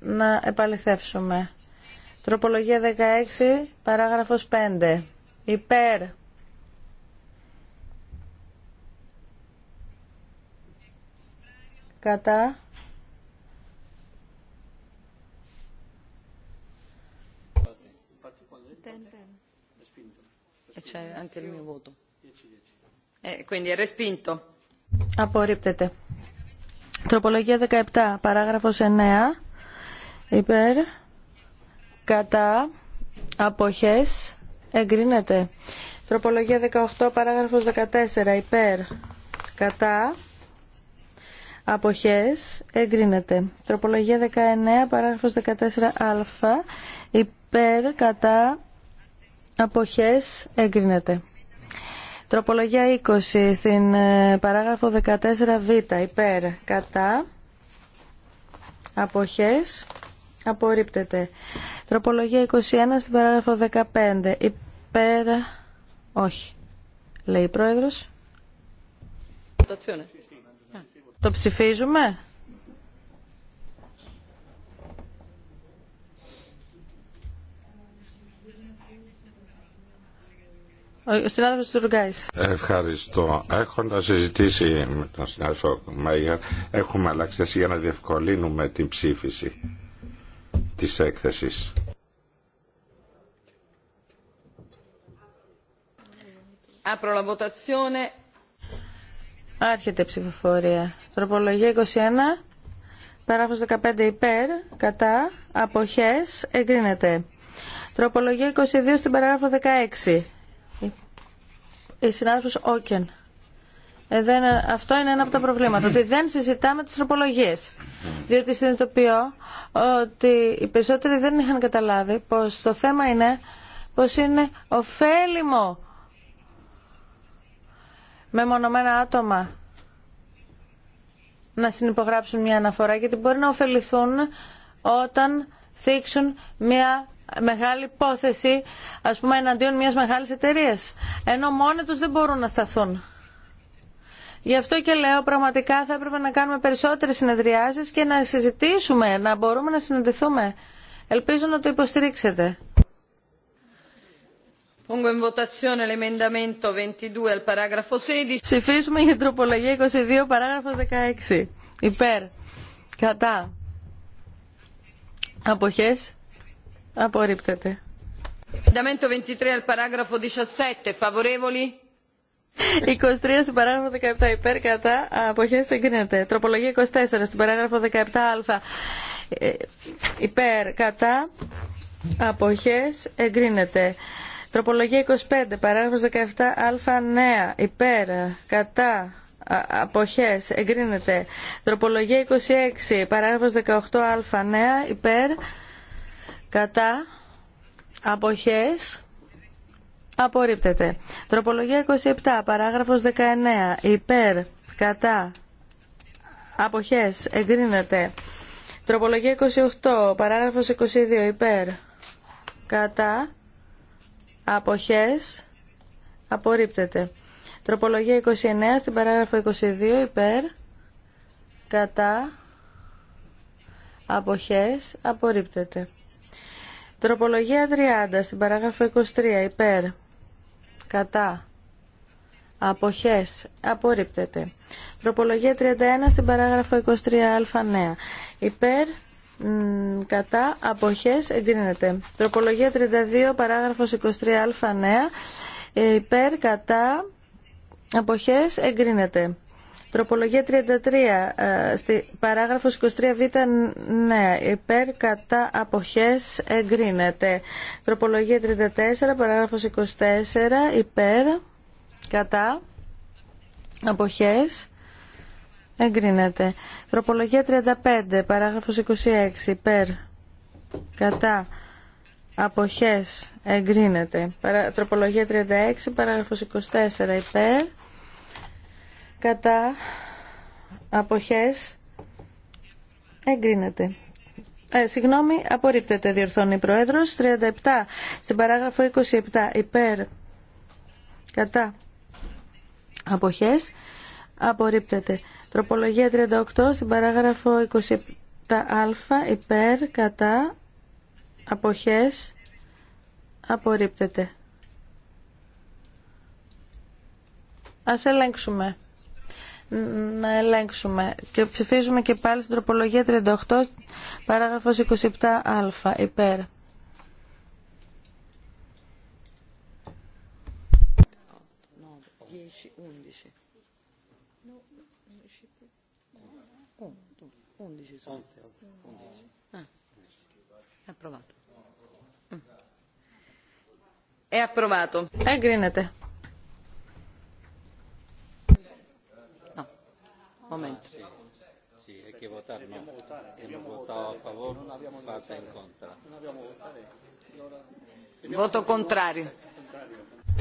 να επαληθεύσουμε. Τροπολογία 16, παράγραφος 5. Υπέρ. Κατά. E eh, Απορρίπτεται. Τροπολογία 17, παράγραφος 9 υπέρ κατά αποχές εγκρίνεται τροπολογία 18 παράγραφος 14 υπέρ κατά αποχές εγκρίνεται τροπολογία 19 παράγραφος 14α υπέρ κατά αποχές εγκρίνεται Τροπολογία 20 στην ε, παράγραφο 14β υπέρ κατά αποχές Απορρίπτεται. Τροπολογία 21 στην παράγραφο 15. Υπέρα Όχι. Λέει η Πρόεδρος. Το ψηφίζουμε. Ο συνάδελφος Ρουγκάης. Ευχαριστώ. να συζητήσει με τον συνάδελφο Μέγερ, έχουμε αλλάξει θέση για να διευκολύνουμε την ψήφιση της έκθεσης. Άρχεται η ψηφοφορία. Τροπολογία 21, παράφος 15 υπέρ, κατά, αποχές, εγκρίνεται. Τροπολογία 22 στην παράγραφο 16. Η συνάδελφος Όκεν. Ε, δεν, αυτό είναι ένα από τα προβλήματα, ότι δεν συζητάμε τις τροπολογίες. Διότι συνειδητοποιώ ότι οι περισσότεροι δεν είχαν καταλάβει πως το θέμα είναι πως είναι ωφέλιμο με μονομένα άτομα να συνυπογράψουν μια αναφορά γιατί μπορεί να ωφεληθούν όταν θίξουν μια μεγάλη υπόθεση ας πούμε εναντίον μιας μεγάλης εταιρείας ενώ μόνοι τους δεν μπορούν να σταθούν. Γι' αυτό και λέω πραγματικά θα έπρεπε να κάνουμε περισσότερες συνεδριάσεις και να συζητήσουμε, να μπορούμε να συναντηθούμε. Ελπίζω να το υποστηρίξετε. Ψηφίσουμε για τροπολογία 22 παράγραφο 16. Υπέρ. Κατά. Αποχές. Απορρίπτεται. Emendamento 23 al 17. Favorevoli. 23 στην παράγραφο 17 υπέρ κατά αποχές εγκρίνεται. Τροπολογία 24 στην παράγραφο 17α ε, υπέρ κατά αποχές εγκρίνεται. Τροπολογία 25 παράγραφος 17α νέα υπέρ κατά αποχές εγκρίνεται. Τροπολογία 26 παράγραφος 18α νέα υπέρ κατά αποχές Απορρίπτεται. Τροπολογία 27, παράγραφος 19. Υπέρ, κατά, αποχές, εγκρίνεται. Τροπολογία 28, παράγραφος 22. Υπέρ, κατά, αποχές, απορρίπτεται. Τροπολογία 29, στην παράγραφο 22. Υπέρ, κατά, αποχές, απορρίπτεται. Τροπολογία 30, στην παράγραφο 23. Υπέρ, κατά, αποχές, απορρίπτεται. Τροπολογία 31 στην παράγραφο 23α νέα. Ε, υπέρ, κατά, αποχές, εγκρίνεται. Τροπολογία 32, παράγραφος 23α νέα. Υπέρ, κατά, αποχές, εγκρίνεται. Τροπολογία 33, ε, στη παράγραφος 23β, ναι, υπέρ κατά αποχές εγκρίνεται. Τροπολογία 34, παράγραφος 24, υπέρ κατά αποχές εγκρίνεται. Τροπολογία 35, παράγραφος 26, υπέρ κατά αποχές εγκρίνεται. Τροπολογία 36, παράγραφος 24, υπέρ κατά αποχές εγκρίνεται. Ε, συγγνώμη, απορρίπτεται, διορθώνει η Πρόεδρος. 37, στην παράγραφο 27, υπέρ, κατά, αποχές, απορρίπτεται. Τροπολογία 38, στην παράγραφο 27α, υπέρ, κατά, αποχές, απορρίπτεται. Ας ελέγξουμε να ελέγξουμε. Και ψηφίζουμε και πάλι στην τροπολογία 38, παράγραφος 27α, υπέρ. Ε, ε, Εγκρίνεται. Momento. Sì, è che Abbiamo votato a favore, in contra. Voto contrario.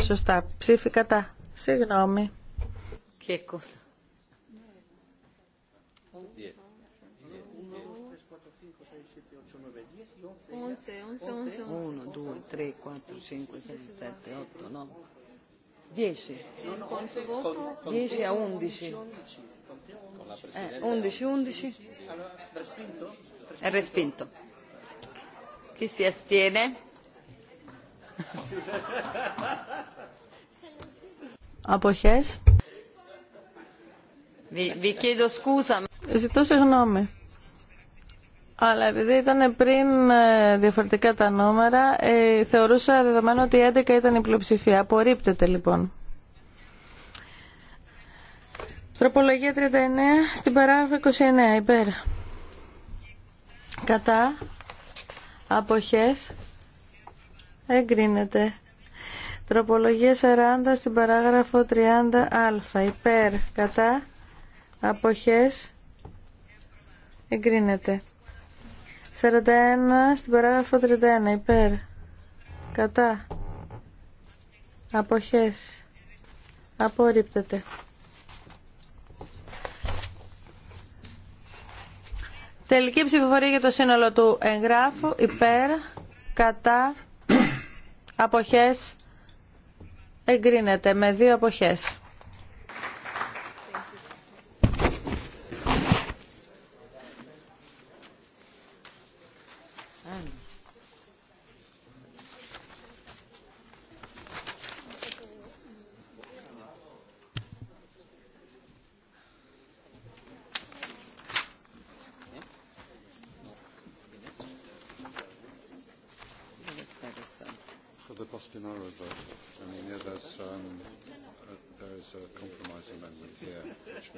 Σωστά. psífica tá. Συγγνώμη. Και cosa? Uno, due, tre, quattro, cinque, sei, sette, otto, nove. Dieci. Dieci a undici. 11 11 eh, è respinto chi si astiene Αποχές. Vi, chiedo scusa. Ζητώ συγγνώμη. Αλλά επειδή ήταν πριν ε, διαφορετικά τα νούμερα, ε, θεωρούσα δεδομένο ότι η 11 ήταν η πλειοψηφία. Απορρίπτεται λοιπόν. Τροπολογία 39 στην παράγραφο 29 υπέρ. Κατά. Αποχές. Εγκρίνεται. Τροπολογία 40 στην παράγραφο 30α υπέρ. Κατά. Αποχές. Εγκρίνεται. 41 στην παράγραφο 31 υπέρ. Κατά. Αποχές. Απορρίπτεται. Τελική ψηφοφορία για το σύνολο του εγγράφου υπέρ, κατά, αποχές εγκρίνεται με δύο αποχές.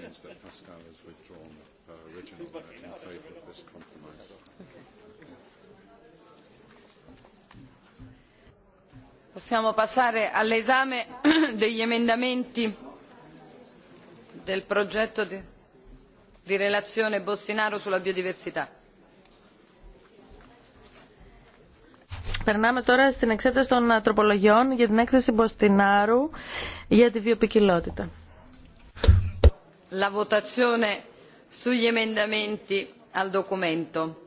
means that Pascal has withdrawn her original in favour of this compromise. Possiamo passare all'esame degli emendamenti del progetto di relazione Bostinaro sulla biodiversità. Περνάμε τώρα στην εξέταση των τροπολογιών για την έκθεση Μποστινάρου για τη βιοπικιλότητα la votazione sugli emendamenti al documento.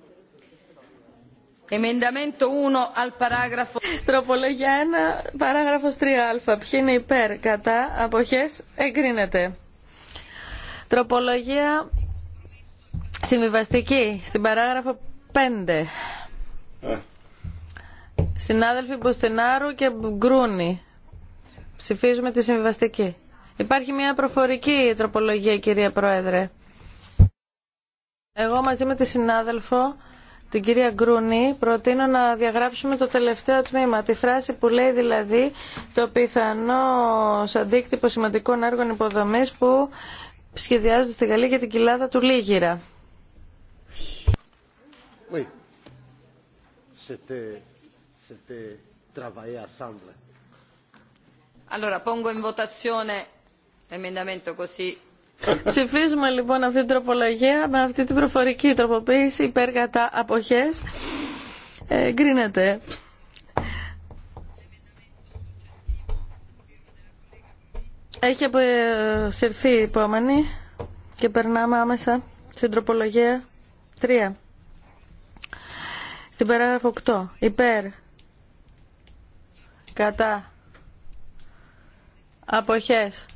Emendamento 1 al paragrafo. Τροπολογία 1, παράγραφος 3α. Ποιοι είναι υπέρ, κατά, αποχές, εγκρίνεται. Τροπολογία συμβιβαστική, στην παράγραφο 5. Συνάδελφοι Μποστινάρου και Γκρούνη. Ψηφίζουμε τη συμβιβαστική. Υπάρχει μια προφορική τροπολογία, κυρία Πρόεδρε. Εγώ μαζί με τη συνάδελφο, την κυρία Γκρούνη, προτείνω να διαγράψουμε το τελευταίο τμήμα. Τη φράση που λέει δηλαδή το πιθανό αντίκτυπο σημαντικών έργων υποδομής που σχεδιάζεται στη Γαλλία για την κοιλάδα του Λίγυρα. Oui. Ψηφίζουμε λοιπόν αυτή την τροπολογία με αυτή την προφορική τροποποίηση υπέρ κατά αποχές. Ε, γκρίνεται. Έχει αποσυρθεί η επόμενη και περνάμε άμεσα στην τροπολογία 3. Στην παράγραφο 8. Υπέρ. Κατά. Αποχές.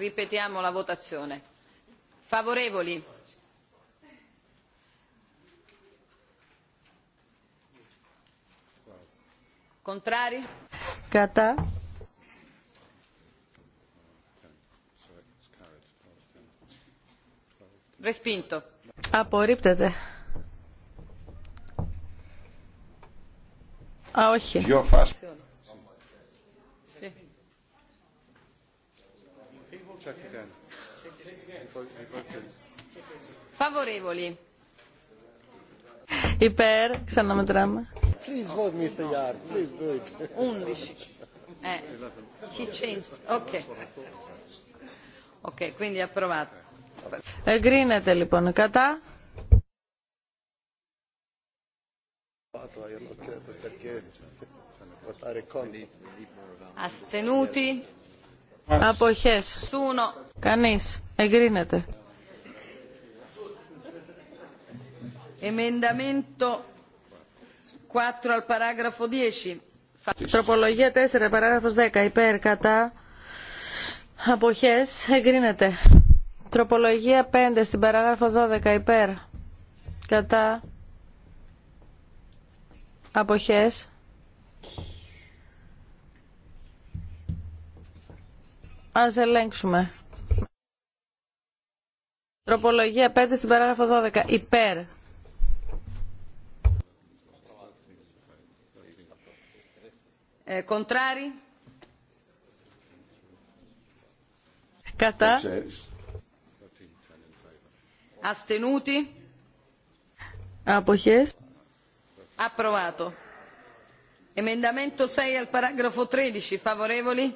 ripetiamo la votazione favorevoli contrari κατά respinto απορρίπτεται α όχι Δύο φάσεις. Favorevoli. Υπέρ, ξαναμετράμε. Please vote, Mr. Yard. Please do it. Eh, he changed. Ok. Ok, quindi approvato. Εγκρίνεται λοιπόν. Κατά. Astenuti. Αποχές. Κανείς. Εγκρίνεται. 4 10. Τροπολογία 4, παράγραφος 10. Υπέρ, κατά, αποχές, εγκρίνεται. Τροπολογία 5, στην παράγραφο 12. Υπέρ, κατά, αποχές, Ας ελέγξουμε. Τροπολογία 5 στην παράγραφο 12. Υπέρ. Ε, κοντράρι. Κατά. Αστενούτη. Αποχές. Approvato. Emendamento 6 al παράγραφο 13. Favorevoli.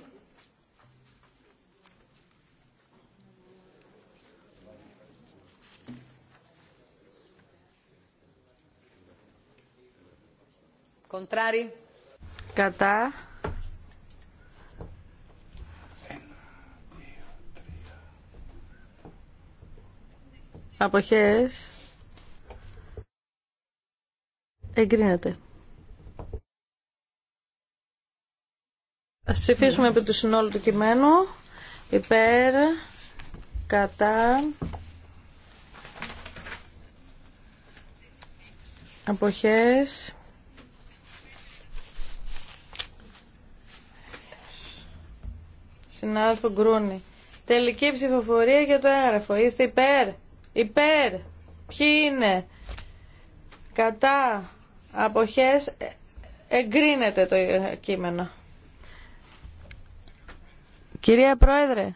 Κατά. Αποχές. Εγκρίνεται. Ας ψηφίσουμε επί του συνόλου του κειμένου. Υπέρ, κατά, αποχές, συνάδελφο Γκρούνη. Τελική ψηφοφορία για το έγραφο. Είστε υπέρ. Υπέρ. Ποιοι είναι. Κατά. Αποχές. Ε, εγκρίνεται το κείμενο. Κυρία Πρόεδρε.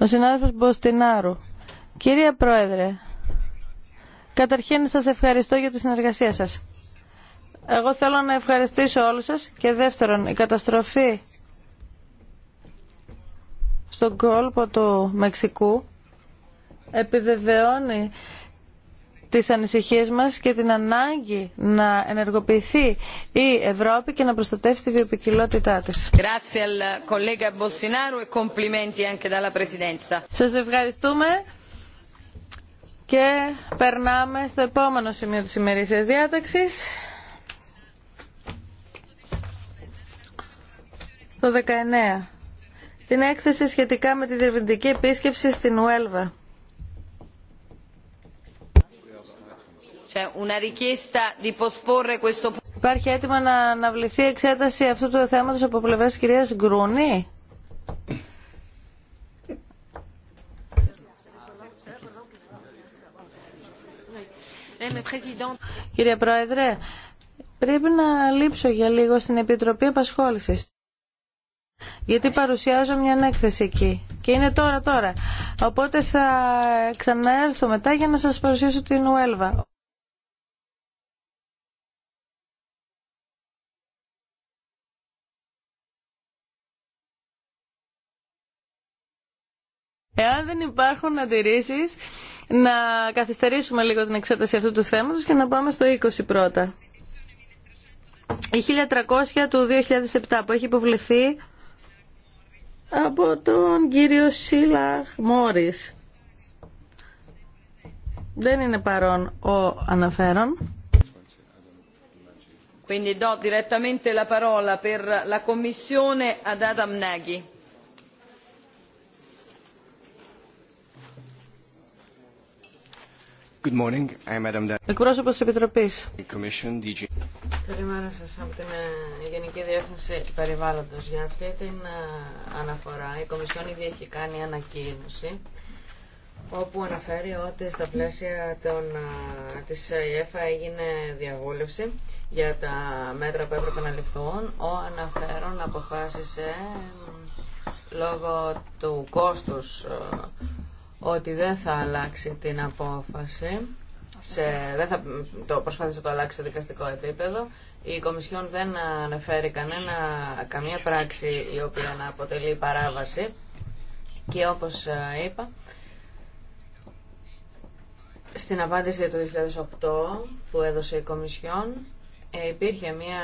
Ο συνάδελφος Μποστινάρου. Κυρία Πρόεδρε. Καταρχήν σας ευχαριστώ για τη συνεργασία σας. Εγώ θέλω να ευχαριστήσω όλους σας και δεύτερον η καταστροφή στον κόλπο του Μεξικού επιβεβαιώνει τις ανησυχίες μας και την ανάγκη να ενεργοποιηθεί η Ευρώπη και να προστατεύσει τη βιοπικιλότητά της. E Σας ευχαριστούμε και περνάμε στο επόμενο σημείο της ημερήσιας διάταξης. Το 19 την έκθεση σχετικά με τη διευρυντική επίσκεψη στην Ουέλβα. Υπάρχει έτοιμο να αναβληθεί η εξέταση αυτού του θέματος από πλευράς της κυρίας Γκρούνη. Κύριε Πρόεδρε, πρέπει να λείψω για λίγο στην Επιτροπή Απασχόλησης γιατί παρουσιάζω μια ανέκθεση εκεί και είναι τώρα τώρα. Οπότε θα ξαναέλθω μετά για να σας παρουσιάσω την Ουέλβα. Εάν δεν υπάρχουν αντιρρήσει να καθυστερήσουμε λίγο την εξέταση αυτού του θέματος και να πάμε στο 20 πρώτα. Η 1300 του 2007 που έχει υποβληθεί από τον κύριο Σίλα Μόρις. Δεν είναι παρόν ο αναφέρον. Quindi do direttamente la parola per la Commissione ad Adam Nagy. Good Εκπρόσωπος της Επιτροπής. Καλημέρα σας από την ε, Γενική Διεύθυνση Περιβάλλοντος. Για αυτή την ε, αναφορά η Κομισιόν ήδη έχει κάνει ανακοίνωση όπου αναφέρει ότι στα πλαίσια των, ε, της ΕΕΦΑ έγινε διαβούλευση για τα μέτρα που έπρεπε να ληφθούν. Ο αναφέρον αποφάσισε λόγω του κόστους ότι δεν θα αλλάξει την απόφαση. Σε, δεν θα το προσπάθησε να το αλλάξει σε δικαστικό επίπεδο. Η Κομισιόν δεν αναφέρει κανένα, καμία πράξη η οποία να αποτελεί παράβαση. Και όπως ε, είπα, στην απάντηση του 2008 που έδωσε η Κομισιόν, ε, υπήρχε μια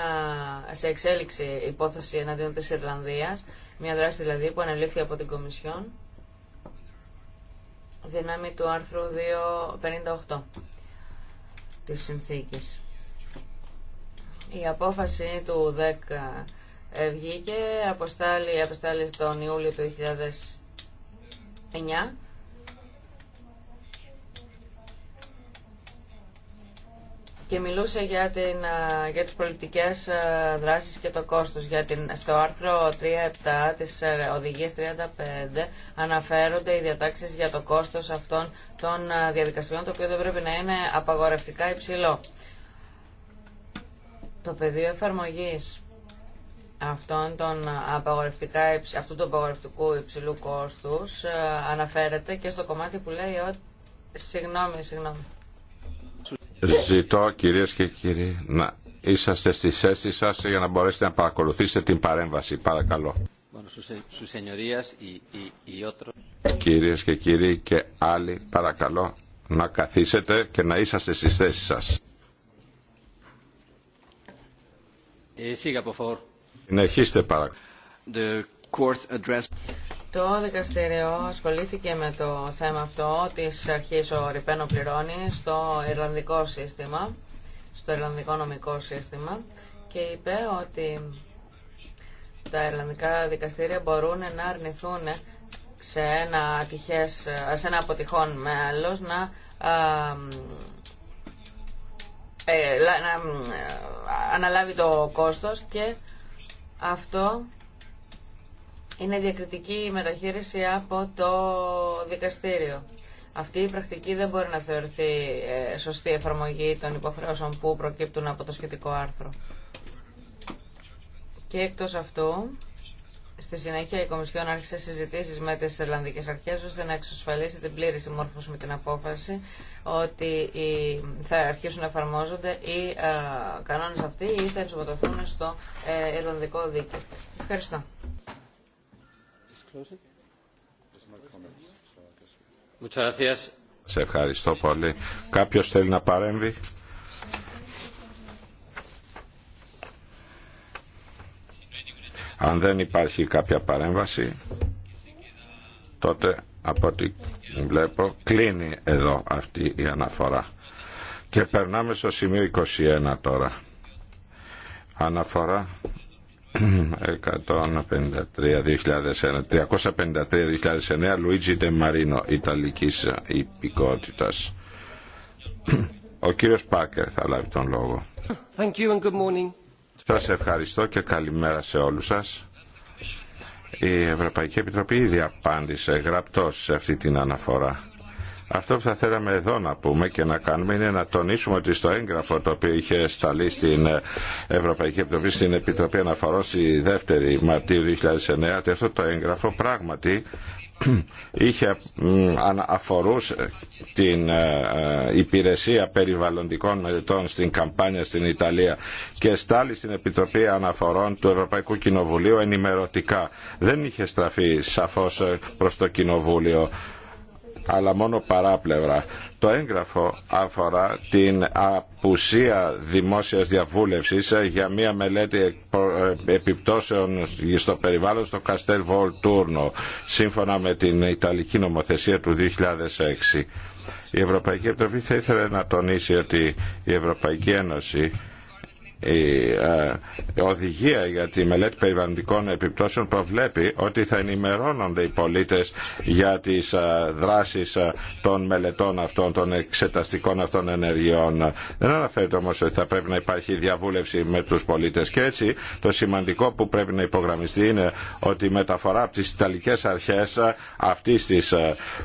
σε εξέλιξη υπόθεση εναντίον της Ιρλανδίας, μια δράση δηλαδή που ανελήφθη από την Κομισιόν δυνάμει του άρθρου 258 της συνθήκης. Η απόφαση του 10 βγήκε, αποστάλει, αποστάλει τον Ιούλιο του 2009 και μιλούσε για, την, για τις πολιτικές δράσεις και το κόστος. Για την, στο άρθρο 3.7 της ε, οδηγίας 35 αναφέρονται οι διατάξεις για το κόστος αυτών των διαδικασιών, το οποίο δεν πρέπει να είναι απαγορευτικά υψηλό. Το πεδίο εφαρμογής αυτών των απαγορευτικά, αυτού του απαγορευτικού υψηλού κόστους ε, αναφέρεται και στο κομμάτι που λέει ότι... Συγγνώμη, συγγνώμη. Ζητώ κυρίες και κύριοι να είσαστε στη θέση σας για να μπορέσετε να παρακολουθήσετε την παρέμβαση. Παρακαλώ. Κυρίες και κύριοι και άλλοι παρακαλώ να καθίσετε και να είσαστε στις θέσεις σας. Ε, Συνεχίστε παρακαλώ. Το δικαστήριο ασχολήθηκε με το θέμα αυτό της αρχής ο Ριπένο πληρώνει στο Ιρλανδικό σύστημα, στο Ιρλανδικό νομικό σύστημα και είπε ότι τα Ιρλανδικά δικαστήρια μπορούν να αρνηθούν σε ένα, ατυχές, σε ένα αποτυχόν μέλος να, ε, να ε, αναλάβει το κόστος και αυτό είναι διακριτική η μεταχείριση από το δικαστήριο. Αυτή η πρακτική δεν μπορεί να θεωρηθεί ε, σωστή εφαρμογή των υποχρεώσεων που προκύπτουν από το σχετικό άρθρο. Και εκτός αυτού, στη συνέχεια η Κομισιόν άρχισε συζητήσεις με τις Ιρλανδικές Αρχές ώστε να εξασφαλίσει την πλήρη συμμόρφωση με την απόφαση ότι θα αρχίσουν να εφαρμόζονται οι ε, κανόνες αυτοί ή θα ενσωματωθούν στο ελλανδικό Δίκαιο. Ευχαριστώ. Σε ευχαριστώ πολύ. Κάποιος θέλει να παρέμβει. Αν δεν υπάρχει κάποια παρέμβαση, τότε από ό,τι βλέπω κλείνει εδώ αυτή η αναφορά. Και περνάμε στο σημείο 21 τώρα. Αναφορά 353-2009 Λουίτζι Ντε Μαρίνο Ιταλικής υπηκότητας Ο κύριος Πάκερ θα λάβει τον λόγο Thank you and good morning. Σας ευχαριστώ και καλημέρα σε όλους σας Η Ευρωπαϊκή Επιτροπή ήδη απάντησε γραπτός σε αυτή την αναφορά αυτό που θα θέλαμε εδώ να πούμε και να κάνουμε είναι να τονίσουμε ότι στο έγγραφο το οποίο είχε σταλεί στην ε, Ευρωπαϊκή Επιτροπή, στην Επιτροπή Αναφορών στη 2η Μαρτίου 2009, ότι αυτό το έγγραφο πράγματι είχε αφορούς την ε, ε, υπηρεσία περιβαλλοντικών μελετών στην καμπάνια στην Ιταλία και στάλει στην Επιτροπή Αναφορών του Ευρωπαϊκού Κοινοβουλίου ενημερωτικά. Δεν είχε στραφεί σαφώς προς το Κοινοβούλιο αλλά μόνο παράπλευρα. Το έγγραφο αφορά την απουσία δημόσιας διαβούλευσης για μια μελέτη ε, επιπτώσεων στο περιβάλλον στο Καστέλ Βολτούρνο, σύμφωνα με την Ιταλική νομοθεσία του 2006. Η Ευρωπαϊκή Επιτροπή θα ήθελε να τονίσει ότι η Ευρωπαϊκή Ένωση ε, η οδηγία για τη μελέτη περιβαλλοντικών επιπτώσεων προβλέπει ότι θα ενημερώνονται οι πολίτες για τις ε, δράσεις ε, των μελετών αυτών, των εξεταστικών αυτών ενεργειών. Δεν αναφέρεται όμως ότι θα πρέπει να υπάρχει διαβούλευση με τους πολίτες και έτσι το σημαντικό που πρέπει να υπογραμμιστεί είναι ότι η μεταφορά από τις Ιταλικές αρχές αυτής της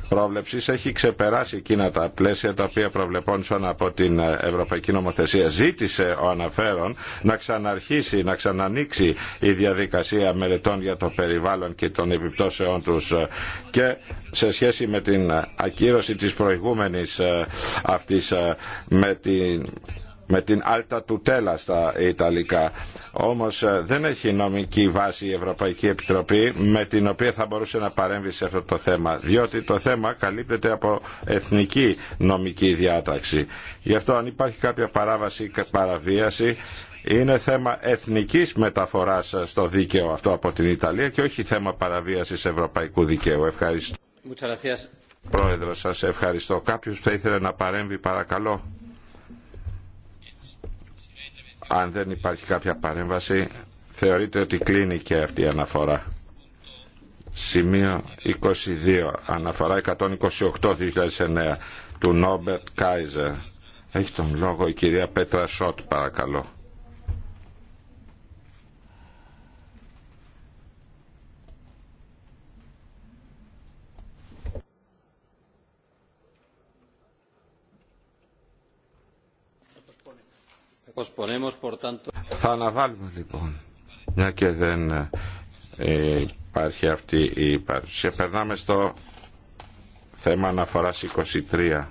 πρόβλεψης έχει ξεπεράσει εκείνα τα πλαίσια τα οποία προβλεπόντουσαν από την Ευρωπαϊκή Νομοθεσία. Ζήτησε ο αναφέρον να ξαναρχίσει, να ξανανοίξει η διαδικασία μελετών για το περιβάλλον και των επιπτώσεών τους και σε σχέση με την ακύρωση της προηγούμενης ε, αυτής ε, με την με την Alta Tutela στα Ιταλικά. Όμως ε, δεν έχει νομική βάση η Ευρωπαϊκή Επιτροπή με την οποία θα μπορούσε να παρέμβει σε αυτό το θέμα, διότι το θέμα καλύπτεται από εθνική νομική διάταξη. Γι' αυτό αν υπάρχει κάποια παράβαση ή παραβίαση, είναι θέμα εθνικής μεταφοράς στο δίκαιο αυτό από την Ιταλία και όχι θέμα παραβίασης ευρωπαϊκού δικαίου. Ευχαριστώ. Πρόεδρο, σας ευχαριστώ. Κάποιος θα ήθελε να παρέμβει παρακαλώ. Αν δεν υπάρχει κάποια παρέμβαση, θεωρείται ότι κλείνει και αυτή η αναφορά. Σημείο 22, αναφορά 128-2009 του Νόμπερτ Κάιζερ. Έχει τον λόγο η κυρία Πέτρα Σότ, παρακαλώ. Θα αναβάλουμε λοιπόν, μια και δεν ε, υπάρχει αυτή η παρουσία. Περνάμε στο θέμα αναφοράς 23.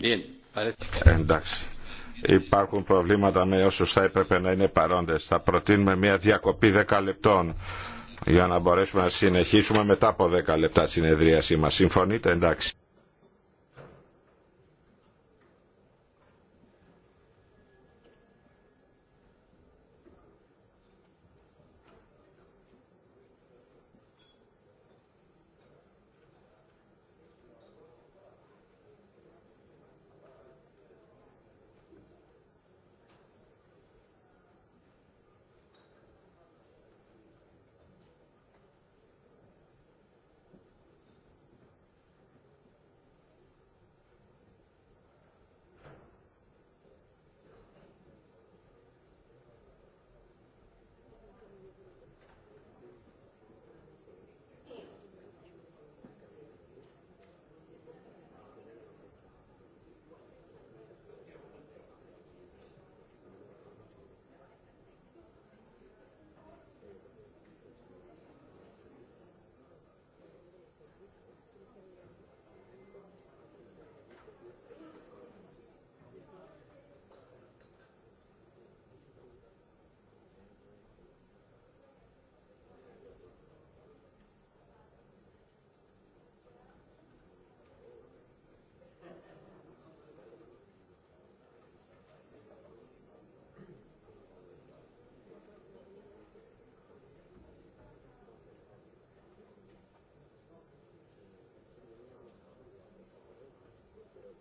Ε, εντάξει. Υπάρχουν προβλήματα με όσους θα έπρεπε να είναι παρόντες. Θα προτείνουμε μια διακοπή 10 λεπτών για να μπορέσουμε να συνεχίσουμε μετά από 10 λεπτά συνεδρίασή μας. Συμφωνείτε, εντάξει.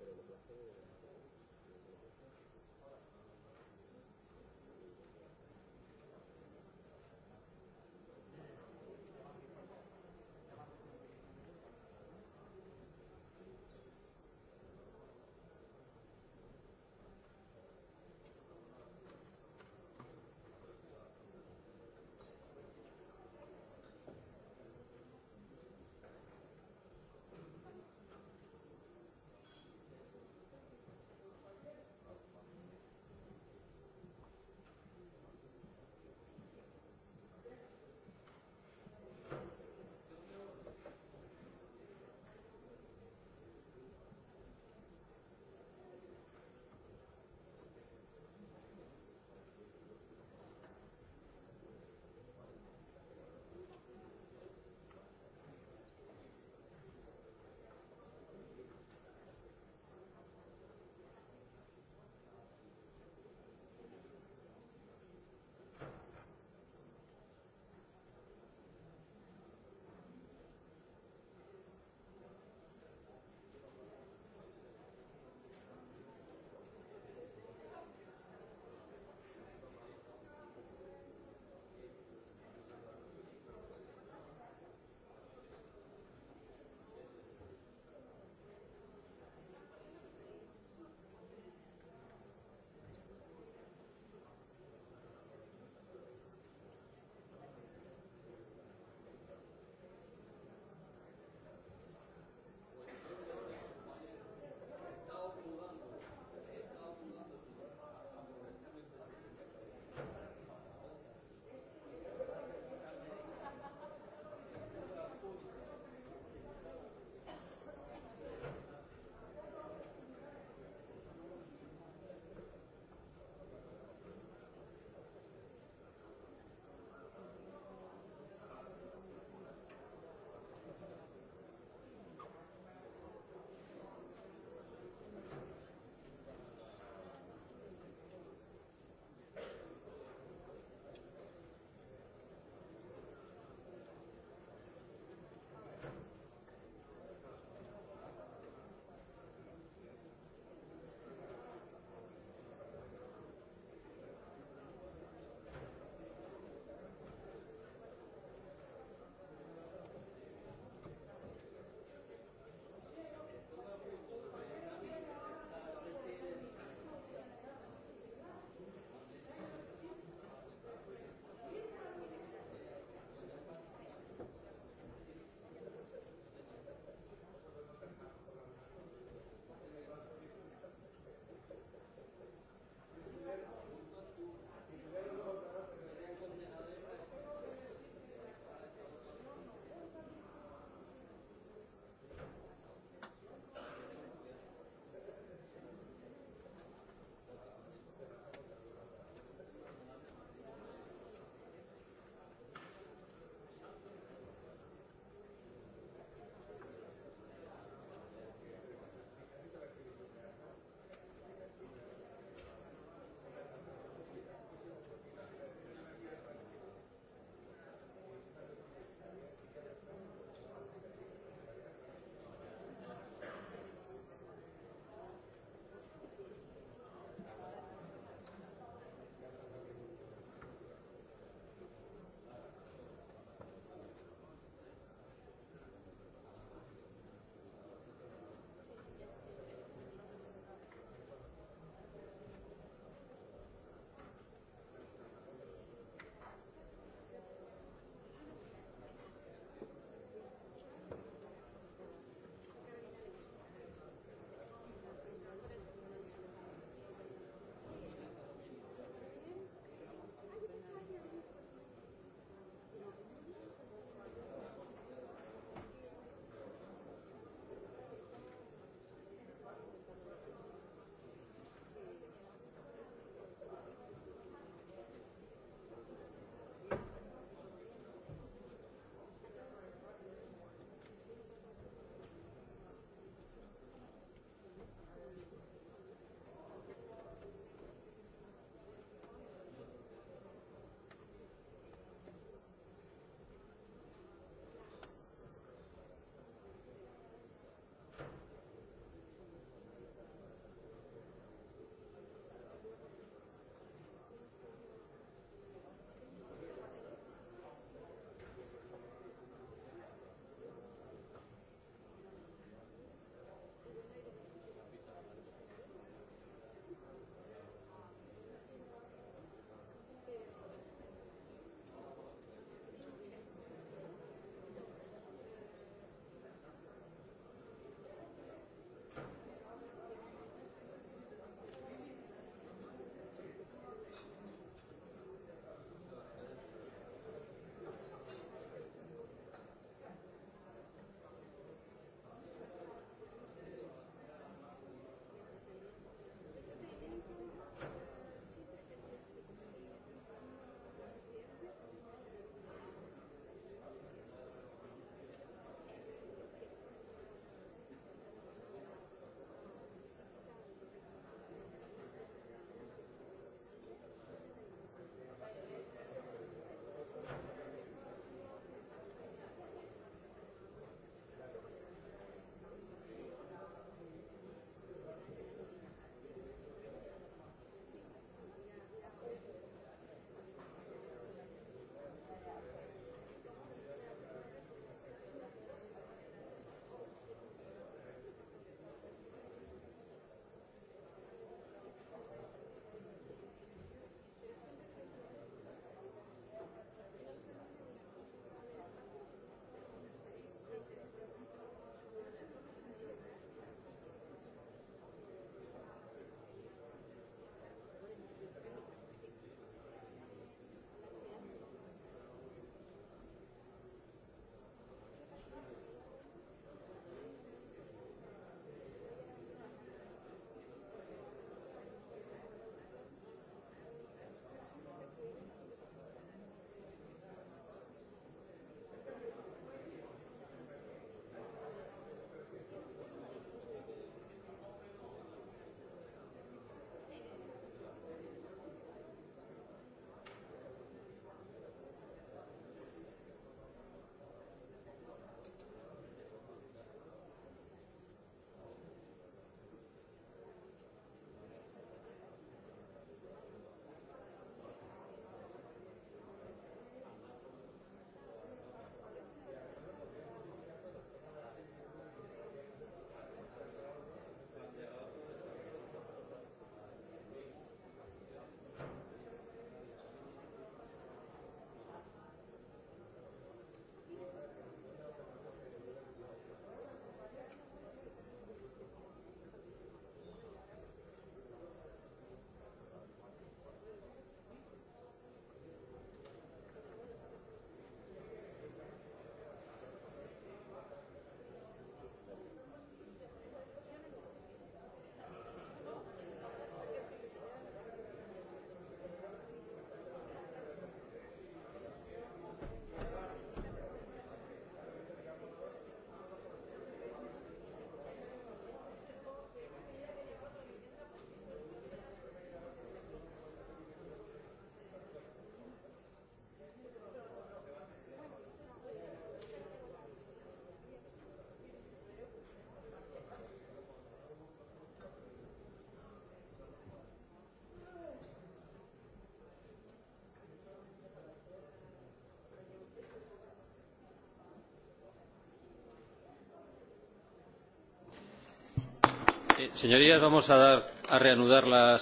Ευχαριστώ.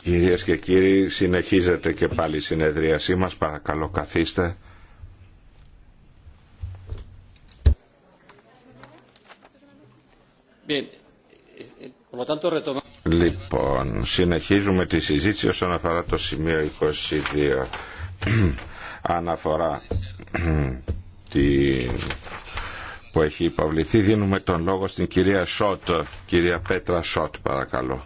Κυρίες και κύριοι, συνεχίζεται και πάλι η συνεδρίασή μας. Παρακαλώ καθίστε. Eh, λοιπόν, συνεχίζουμε τη συζήτηση όσον αφορά το σημείο 22. Αναφορά τη που έχει υποβληθεί. Δίνουμε τον λόγο στην κυρία Σότ. Κυρία Πέτρα Σότ, παρακαλώ.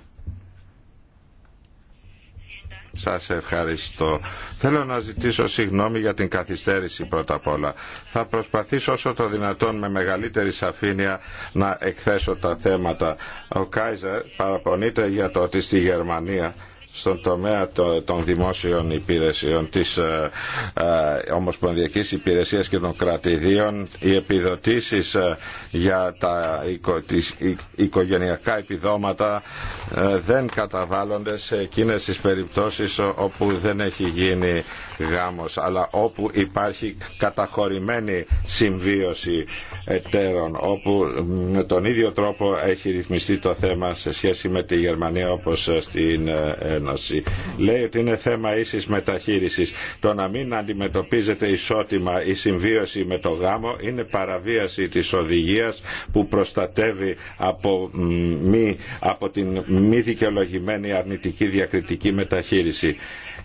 Σας ευχαριστώ. Θέλω να ζητήσω συγγνώμη για την καθυστέρηση πρώτα απ' όλα. Θα προσπαθήσω όσο το δυνατόν με μεγαλύτερη σαφήνεια να εκθέσω τα θέματα. Ο Κάιζερ παραπονείται για το ότι στη Γερμανία στον τομέα των δημόσιων υπηρεσιών της ε, ε, Ομοσπονδιακής Υπηρεσίας και των κρατηδίων οι επιδοτήσεις ε, για τα οικογενειακά επιδόματα δεν καταβάλλονται σε εκείνες τις περιπτώσεις όπου δεν έχει γίνει γάμος αλλά όπου υπάρχει καταχωρημένη συμβίωση εταίρων όπου με τον ίδιο τρόπο έχει ρυθμιστεί το θέμα σε σχέση με τη Γερμανία όπως στην Λέει ότι είναι θέμα ίσης μεταχείρισης. Το να μην αντιμετωπίζεται ισότιμα η συμβίωση με το γάμο είναι παραβίαση της οδηγίας που προστατεύει από, μη, από την μη δικαιολογημένη αρνητική διακριτική μεταχείριση.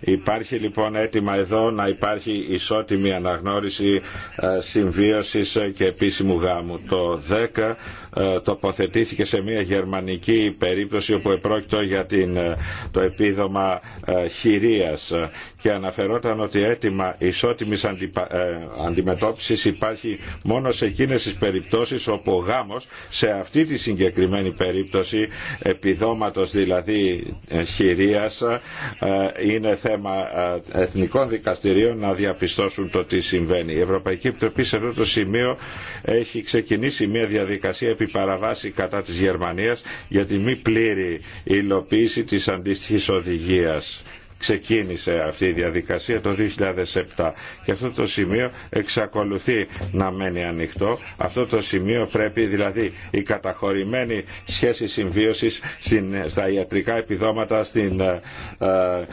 Υπάρχει λοιπόν έτοιμα εδώ να υπάρχει ισότιμη αναγνώριση ε, συμβίωσης και επίσημου γάμου. Το 10 ε, τοποθετήθηκε σε μια γερμανική περίπτωση όπου επρόκειτο για την, ε, το επίδομα ε, χειρίας και αναφερόταν ότι έτοιμα ισότιμης αντιπα... αντιμετώπισης υπάρχει μόνο σε εκείνες τις περιπτώσεις όπου ο γάμος σε αυτή τη συγκεκριμένη περίπτωση επιδόματος δηλαδή χειρίας είναι θέμα εθνικών δικαστηρίων να διαπιστώσουν το τι συμβαίνει. Η Ευρωπαϊκή Επιτροπή σε αυτό το σημείο έχει ξεκινήσει μια διαδικασία παραβάση κατά της Γερμανίας για τη μη πλήρη υλοποίηση της αντίστοιχης οδηγίας ξεκίνησε αυτή η διαδικασία το 2007 και αυτό το σημείο εξακολουθεί να μένει ανοιχτό. Αυτό το σημείο πρέπει δηλαδή η καταχωρημένη σχέση συμβίωσης στην, στα ιατρικά επιδόματα, στην ε, ε,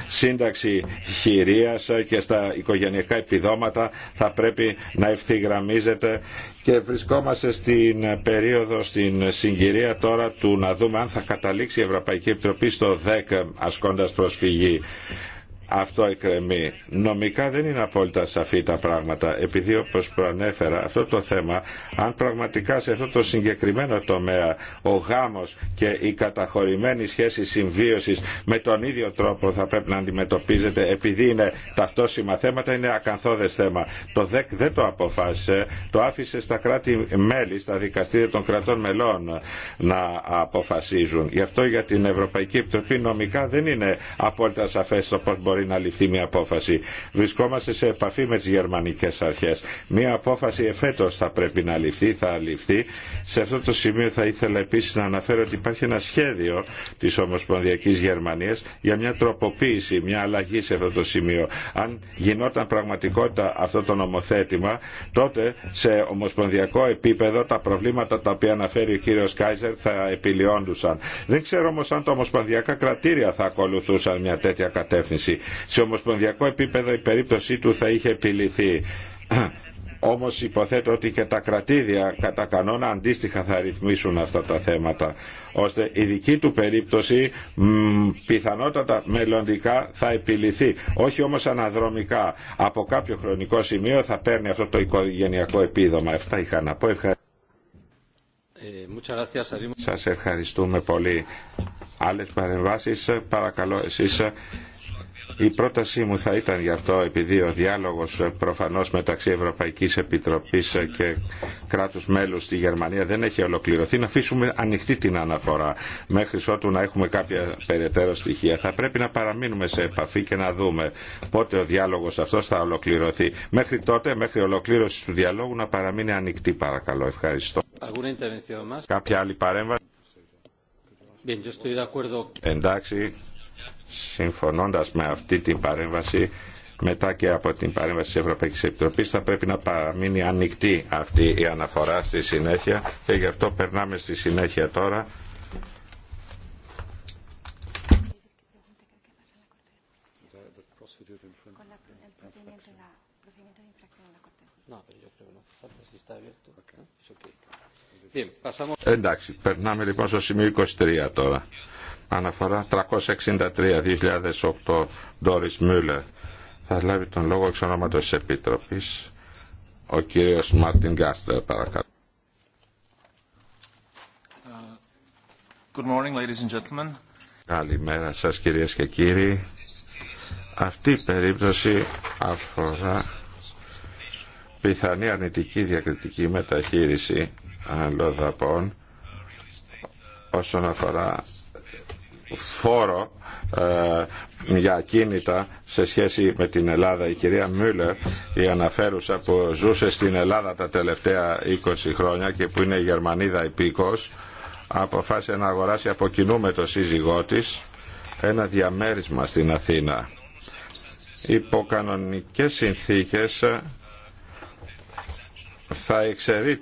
σύνταξη χειρίας και στα οικογενειακά επιδόματα θα πρέπει να ευθυγραμμίζεται και βρισκόμαστε στην περίοδο, στην συγκυρία τώρα του να δούμε αν θα καταλήξει η Ευρωπαϊκή Επιτροπή στο 10 ασκώντας προσφυγή αυτό εκκρεμεί. Νομικά δεν είναι απόλυτα σαφή τα πράγματα, επειδή όπως προανέφερα αυτό το θέμα, αν πραγματικά σε αυτό το συγκεκριμένο τομέα ο γάμος και η καταχωρημένη σχέση συμβίωσης με τον ίδιο τρόπο θα πρέπει να αντιμετωπίζεται, επειδή είναι ταυτόσιμα θέματα, είναι ακαθόδες θέμα. Το ΔΕΚ δεν το αποφάσισε, το άφησε στα κράτη-μέλη, στα δικαστήρια των κρατών μελών να αποφασίζουν. Γι' αυτό για την Ευρωπαϊκή Επιτροπή νομικά δεν είναι απόλυτα σαφές το πώς μπορεί μπορεί να ληφθεί μια απόφαση. Βρισκόμαστε σε επαφή με τις γερμανικές αρχές. Μια απόφαση εφέτος θα πρέπει να ληφθεί, θα ληφθεί. Σε αυτό το σημείο θα ήθελα επίσης να αναφέρω ότι υπάρχει ένα σχέδιο της Ομοσπονδιακής Γερμανίας για μια τροποποίηση, μια αλλαγή σε αυτό το σημείο. Αν γινόταν πραγματικότητα αυτό το νομοθέτημα, τότε σε ομοσπονδιακό επίπεδο τα προβλήματα τα οποία αναφέρει ο κύριος Κάιζερ θα επιλειόντουσαν. Δεν ξέρω όμως αν τα ομοσπονδιακά κρατήρια θα ακολουθούσαν μια τέτοια κατεύθυνση. Σε ομοσπονδιακό επίπεδο η περίπτωσή του θα είχε επιληθεί. Όμως υποθέτω ότι και τα κρατήδια κατά κανόνα αντίστοιχα θα ρυθμίσουν αυτά τα θέματα ώστε η δική του περίπτωση μ, πιθανότατα μελλοντικά θα επιληθεί. Όχι όμω αναδρομικά. Από κάποιο χρονικό σημείο θα παίρνει αυτό το οικογενειακό επίδομα. Αυτά είχα να πω. Ε, ευχαριστούμε πολύ. άλλε παρεμβάσει, παρακαλώ εσεί. Η πρότασή μου θα ήταν γι' αυτό, επειδή ο διάλογος προφανώς μεταξύ Ευρωπαϊκής Επιτροπής και κράτους μέλους στη Γερμανία δεν έχει ολοκληρωθεί, να αφήσουμε ανοιχτή την αναφορά μέχρι ότου να έχουμε κάποια περαιτέρω στοιχεία. Θα πρέπει να παραμείνουμε σε επαφή και να δούμε πότε ο διάλογος αυτός θα ολοκληρωθεί. Μέχρι τότε, μέχρι ολοκλήρωση του διαλόγου, να παραμείνει ανοιχτή παρακαλώ. Ευχαριστώ. Κάποια άλλη παρέμβαση. Bien, yo estoy de acuerdo. Εντάξει, συμφωνώντας με αυτή την παρέμβαση μετά και από την παρέμβαση της Ευρωπαϊκής Επιτροπής θα πρέπει να παραμείνει ανοιχτή αυτή η αναφορά στη συνέχεια και γι' αυτό περνάμε στη συνέχεια τώρα Εντάξει, περνάμε λοιπόν στο σημείο 23 τώρα. Αναφορά 363-2008 Ντόρις Μούλερ. Θα λάβει τον λόγο εξ ονόματος της Επίτροπης ο κύριος Μάρτιν Γκάστερ παρακαλώ. Good morning, ladies and gentlemen. Καλημέρα σας κυρίες και κύριοι. Αυτή η περίπτωση αφορά πιθανή αρνητική διακριτική μεταχείριση αλλοδαπών όσον αφορά φόρο ε, για ακίνητα σε σχέση με την Ελλάδα. Η κυρία Μούλερ, η αναφέρουσα που ζούσε στην Ελλάδα τα τελευταία 20 χρόνια και που είναι Γερμανίδα υπήκος, αποφάσισε να αγοράσει από κοινού με το σύζυγό της ένα διαμέρισμα στην Αθήνα. Υπό κανονικέ συνθήκες θα εξαιρεί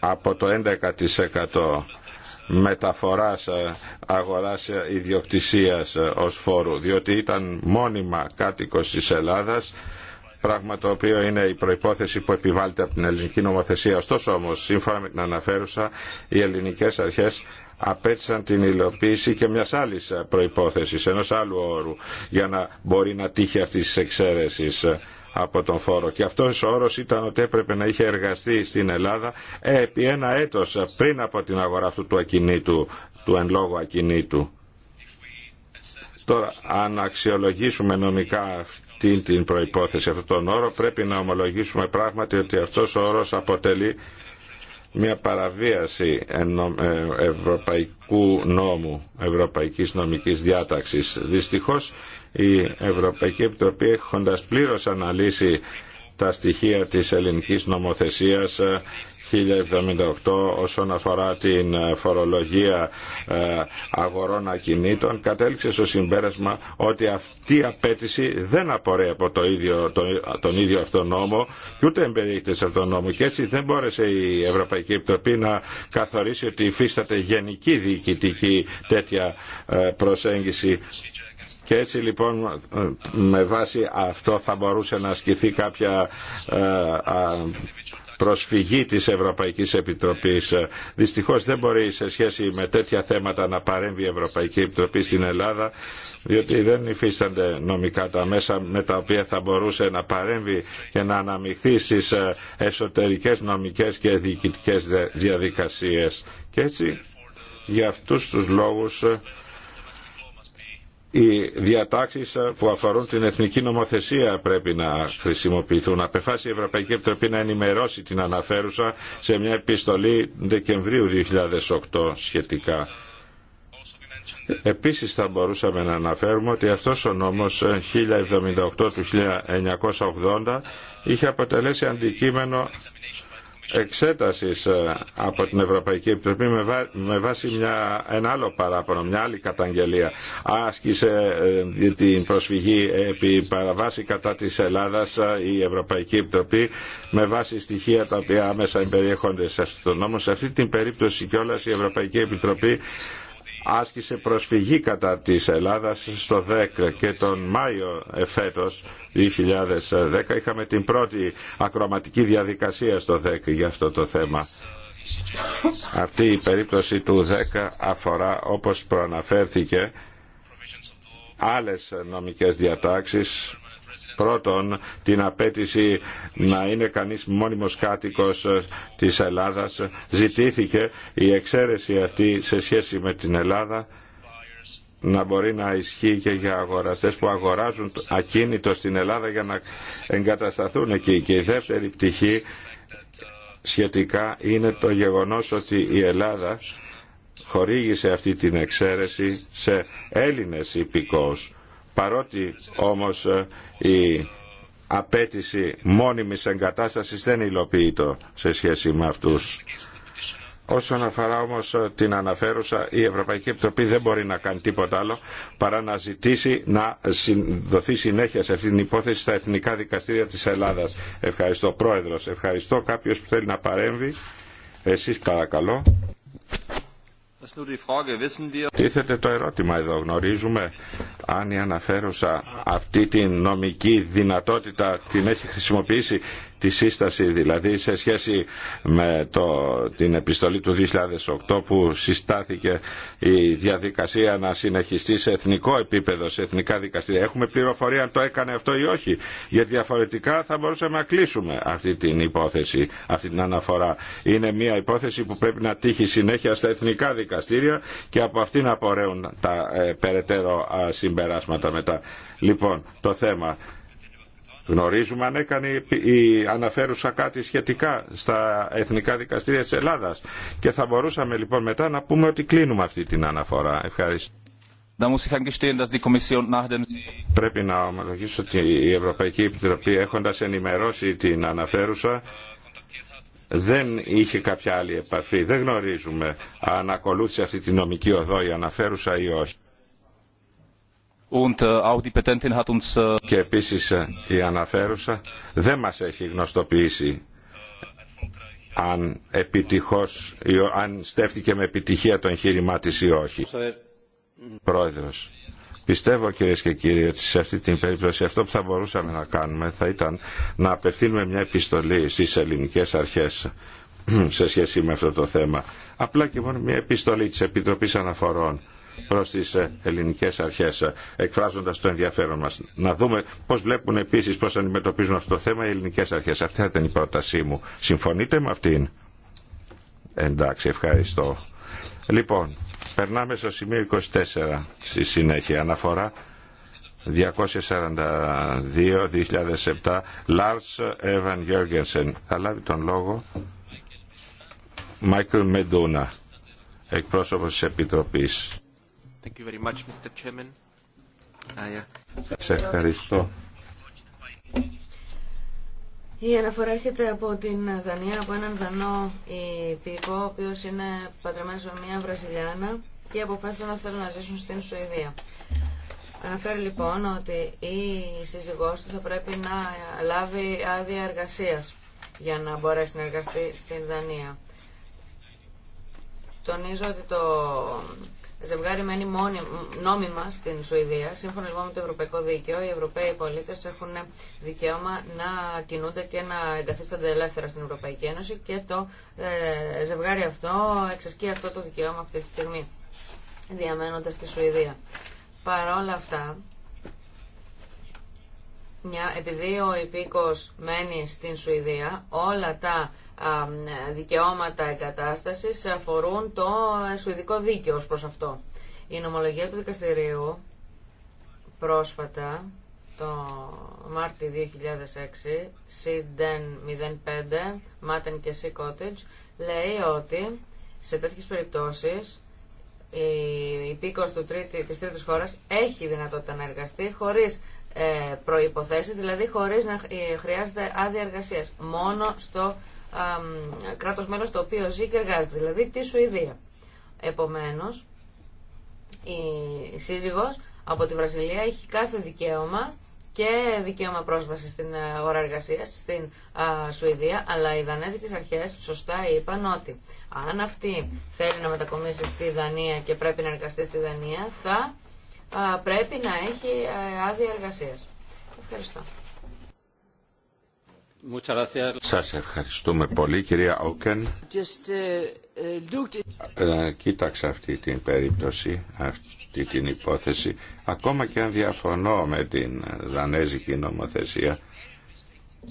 από το 11% μεταφοράς ε, αγοράς ε, ιδιοκτησίας ε, ως φόρου διότι ήταν μόνιμα κάτοικος της Ελλάδας πράγμα το οποίο είναι η προϋπόθεση που επιβάλλεται από την ελληνική νομοθεσία. Ωστόσο όμως, σύμφωνα με την αναφέρουσα, οι ελληνικές αρχές απέτυσαν την υλοποίηση και μιας άλλης προϋπόθεσης, ενός άλλου όρου, για να μπορεί να τύχει αυτής της εξαίρεσης από τον φόρο. Και αυτός ο όρος ήταν ότι έπρεπε να είχε εργαστεί στην Ελλάδα επί ένα έτος πριν από την αγορά αυτού του ακινήτου, του εν λόγω ακινήτου. Τώρα, αν αξιολογήσουμε νομικά αυτή την προϋπόθεση, αυτόν τον όρο, πρέπει να ομολογήσουμε πράγματι ότι αυτός ο όρος αποτελεί μια παραβίαση ε, ευρωπαϊκού νόμου, ευρωπαϊκής νομικής διάταξης. Δυστυχώς η Ευρωπαϊκή Επιτροπή έχοντας πλήρως αναλύσει τα στοιχεία της ελληνικής νομοθεσίας 1078 ε, όσον αφορά την ε, φορολογία ε, αγορών ακινήτων κατέληξε στο συμπέρασμα ότι αυτή η απέτηση δεν απορρέει από το ίδιο, τον, ίδιο αυτόν νόμο και ούτε εμπεριέχεται σε αυτόν νόμο και έτσι δεν μπόρεσε η Ευρωπαϊκή Επιτροπή να καθορίσει ότι υφίσταται γενική διοικητική τέτοια προσέγγιση και έτσι λοιπόν με βάση αυτό θα μπορούσε να ασκηθεί κάποια ε, προσφυγή της Ευρωπαϊκής Επιτροπής. Δυστυχώς δεν μπορεί σε σχέση με τέτοια θέματα να παρέμβει η Ευρωπαϊκή Επιτροπή στην Ελλάδα, διότι δεν υφίστανται νομικά τα μέσα με τα οποία θα μπορούσε να παρέμβει και να αναμειχθεί στις ε, εσωτερικές νομικές και διοικητικές διαδικασίες. Και έτσι, για αυτούς τους λόγους οι διατάξεις που αφορούν την εθνική νομοθεσία πρέπει να χρησιμοποιηθούν. Απεφάσισε η Ευρωπαϊκή Επιτροπή να ενημερώσει την αναφέρουσα σε μια επιστολή Δεκεμβρίου 2008 σχετικά. Επίσης θα μπορούσαμε να αναφέρουμε ότι αυτός ο νόμος 1078 του 1980 είχε αποτελέσει αντικείμενο εξέτασης ε, από την Ευρωπαϊκή Επιτροπή με, βάση μια, ένα άλλο παράπονο, μια άλλη καταγγελία. Άσκησε ε, την προσφυγή επί παραβάση κατά της Ελλάδας ε, η Ευρωπαϊκή Επιτροπή με βάση στοιχεία τα οποία άμεσα εμπεριέχονται σε αυτόν τον νόμο. Σε αυτή την περίπτωση κιόλας η Ευρωπαϊκή Επιτροπή άσκησε προσφυγή κατά της Ελλάδας στο ΔΕΚ και τον Μάιο εφέτος 2010 είχαμε την πρώτη ακροματική διαδικασία στο ΔΕΚ για αυτό το θέμα. Αυτή η περίπτωση του 10 αφορά όπως προαναφέρθηκε άλλες νομικές διατάξεις Πρώτον, την απέτηση να είναι κανείς μόνιμος κάτοικος της Ελλάδας ζητήθηκε η εξαίρεση αυτή σε σχέση με την Ελλάδα να μπορεί να ισχύει και για αγοραστές που αγοράζουν ακίνητο στην Ελλάδα για να εγκατασταθούν εκεί. Και η δεύτερη πτυχή σχετικά είναι το γεγονός ότι η Ελλάδα χορήγησε αυτή την εξαίρεση σε Έλληνες υπηκόους Παρότι όμως ε, η απέτηση μόνιμης εγκατάστασης δεν υλοποιείται σε σχέση με αυτούς. Όσον αφορά όμως ε, την αναφέρουσα, η Ευρωπαϊκή Επιτροπή δεν μπορεί να κάνει τίποτα άλλο παρά να ζητήσει να δοθεί συνέχεια σε αυτή την υπόθεση στα εθνικά δικαστήρια της Ελλάδας. Ευχαριστώ Πρόεδρος. Ευχαριστώ κάποιος που θέλει να παρέμβει. Εσείς παρακαλώ. Τίθεται το ερώτημα εδώ. Γνωρίζουμε αν η αναφέρουσα αυτή την νομική δυνατότητα την έχει χρησιμοποιήσει τη σύσταση δηλαδή σε σχέση με το, την επιστολή του 2008 που συστάθηκε η διαδικασία να συνεχιστεί σε εθνικό επίπεδο, σε εθνικά δικαστήρια. Έχουμε πληροφορία αν το έκανε αυτό ή όχι, γιατί διαφορετικά θα μπορούσαμε να κλείσουμε αυτή την υπόθεση, αυτή την αναφορά. Είναι μια υπόθεση που πρέπει να τύχει συνέχεια στα εθνικά δικαστήρια και από αυτή να απορρέουν τα ε, περαιτέρω συμπεράσματα μετά. Λοιπόν, το θέμα Γνωρίζουμε αν έκανε η αναφέρουσα κάτι σχετικά στα εθνικά δικαστήρια της Ελλάδας και θα μπορούσαμε λοιπόν μετά να πούμε ότι κλείνουμε αυτή την αναφορά. Ευχαριστώ. Πρέπει να ομολογήσω ότι η Ευρωπαϊκή Επιτροπή έχοντας ενημερώσει την αναφέρουσα δεν είχε κάποια άλλη επαφή. Δεν γνωρίζουμε αν ακολούθησε αυτή τη νομική οδό η αναφέρουσα ή όχι. Äh, äh, και επίσης ε, η αναφέρουσα δεν μας έχει γνωστοποιήσει αν επιτυχώς, αν στέφτηκε με επιτυχία το εγχείρημά της ή όχι. Πρόεδρος. Πιστεύω κυρίε και κύριοι ότι σε αυτή την περίπτωση αυτό που θα μπορούσαμε να κάνουμε θα ήταν να απευθύνουμε μια επιστολή στις ελληνικές αρχές σε σχέση με αυτό το θέμα. Απλά και μόνο μια επιστολή της Επιτροπής Αναφορών προς τις ε, ελληνικές αρχές ε, εκφράζοντας το ενδιαφέρον μας. Να δούμε πώς βλέπουν επίσης πώς αντιμετωπίζουν αυτό το θέμα οι ελληνικές αρχές. Αυτή θα ήταν η πρότασή μου. Συμφωνείτε με αυτήν. Εντάξει, ευχαριστώ. Λοιπόν, περνάμε στο σημείο 24 στη συνέχεια. Αναφορά 242-2007 Lars Evan Γιόργενσεν. Θα λάβει τον λόγο Michael Μεντούνα, εκπρόσωπος της Επιτροπής. Thank ah, ευχαριστώ. Η αναφορά έρχεται από την Δανία, από έναν Δανό υπηκό, ο οποίο είναι παντρεμένο με μια Βραζιλιάνα και αποφάσισε να θέλουν να ζήσουν στην Σουηδία. Αναφέρει λοιπόν ότι η σύζυγό του θα πρέπει να λάβει άδεια εργασία για να μπορέσει να εργαστεί στην Δανία. Τονίζω ότι το ζευγάρι μένει μόνοι νόμιμα στην Σουηδία. Σύμφωνα λοιπόν με το Ευρωπαϊκό Δίκαιο, οι Ευρωπαίοι πολίτε έχουν δικαίωμα να κινούνται και να εγκαθίστανται ελεύθερα στην Ευρωπαϊκή Ένωση και το ε, ζευγάρι αυτό εξασκεί αυτό το δικαίωμα αυτή τη στιγμή, διαμένοντα στη Σουηδία. όλα αυτά, μια, επειδή ο υπήκος μένει στην Σουηδία, όλα τα δικαιώματα εγκατάστασης αφορούν το σουηδικό δίκαιο ως προς αυτό. Η νομολογία του δικαστηρίου πρόσφατα, το Μάρτιο 2006, C-05, ΜΑΤΕΝ και C Cottage, λέει ότι σε τέτοιες περιπτώσεις η υπήκος του τρίτη, της τρίτης χώρας έχει δυνατότητα να εργαστεί χωρίς ε, προϋποθέσεις, δηλαδή χωρίς να ε, χρειάζεται άδεια εργασία. Μόνο στο κράτος μέλος το οποίο ζει και εργάζεται, δηλαδή τη Σουηδία. Επομένως, η σύζυγος από τη Βραζιλία έχει κάθε δικαίωμα και δικαίωμα πρόσβαση στην ε, αγορά εργασία στην Σουηδία, αλλά οι Δανέζικε αρχέ σωστά είπαν ότι αν αυτή θέλει να μετακομίσει στη Δανία και πρέπει να εργαστεί στη Δανία, θα πρέπει να έχει ε, άδεια εργασία. Ευχαριστώ. Σας ευχαριστούμε πολύ κυρία Όκεν. Ε, ε, κοίταξα αυτή την περίπτωση, αυτή την υπόθεση. Ακόμα και αν διαφωνώ με την δανέζικη νομοθεσία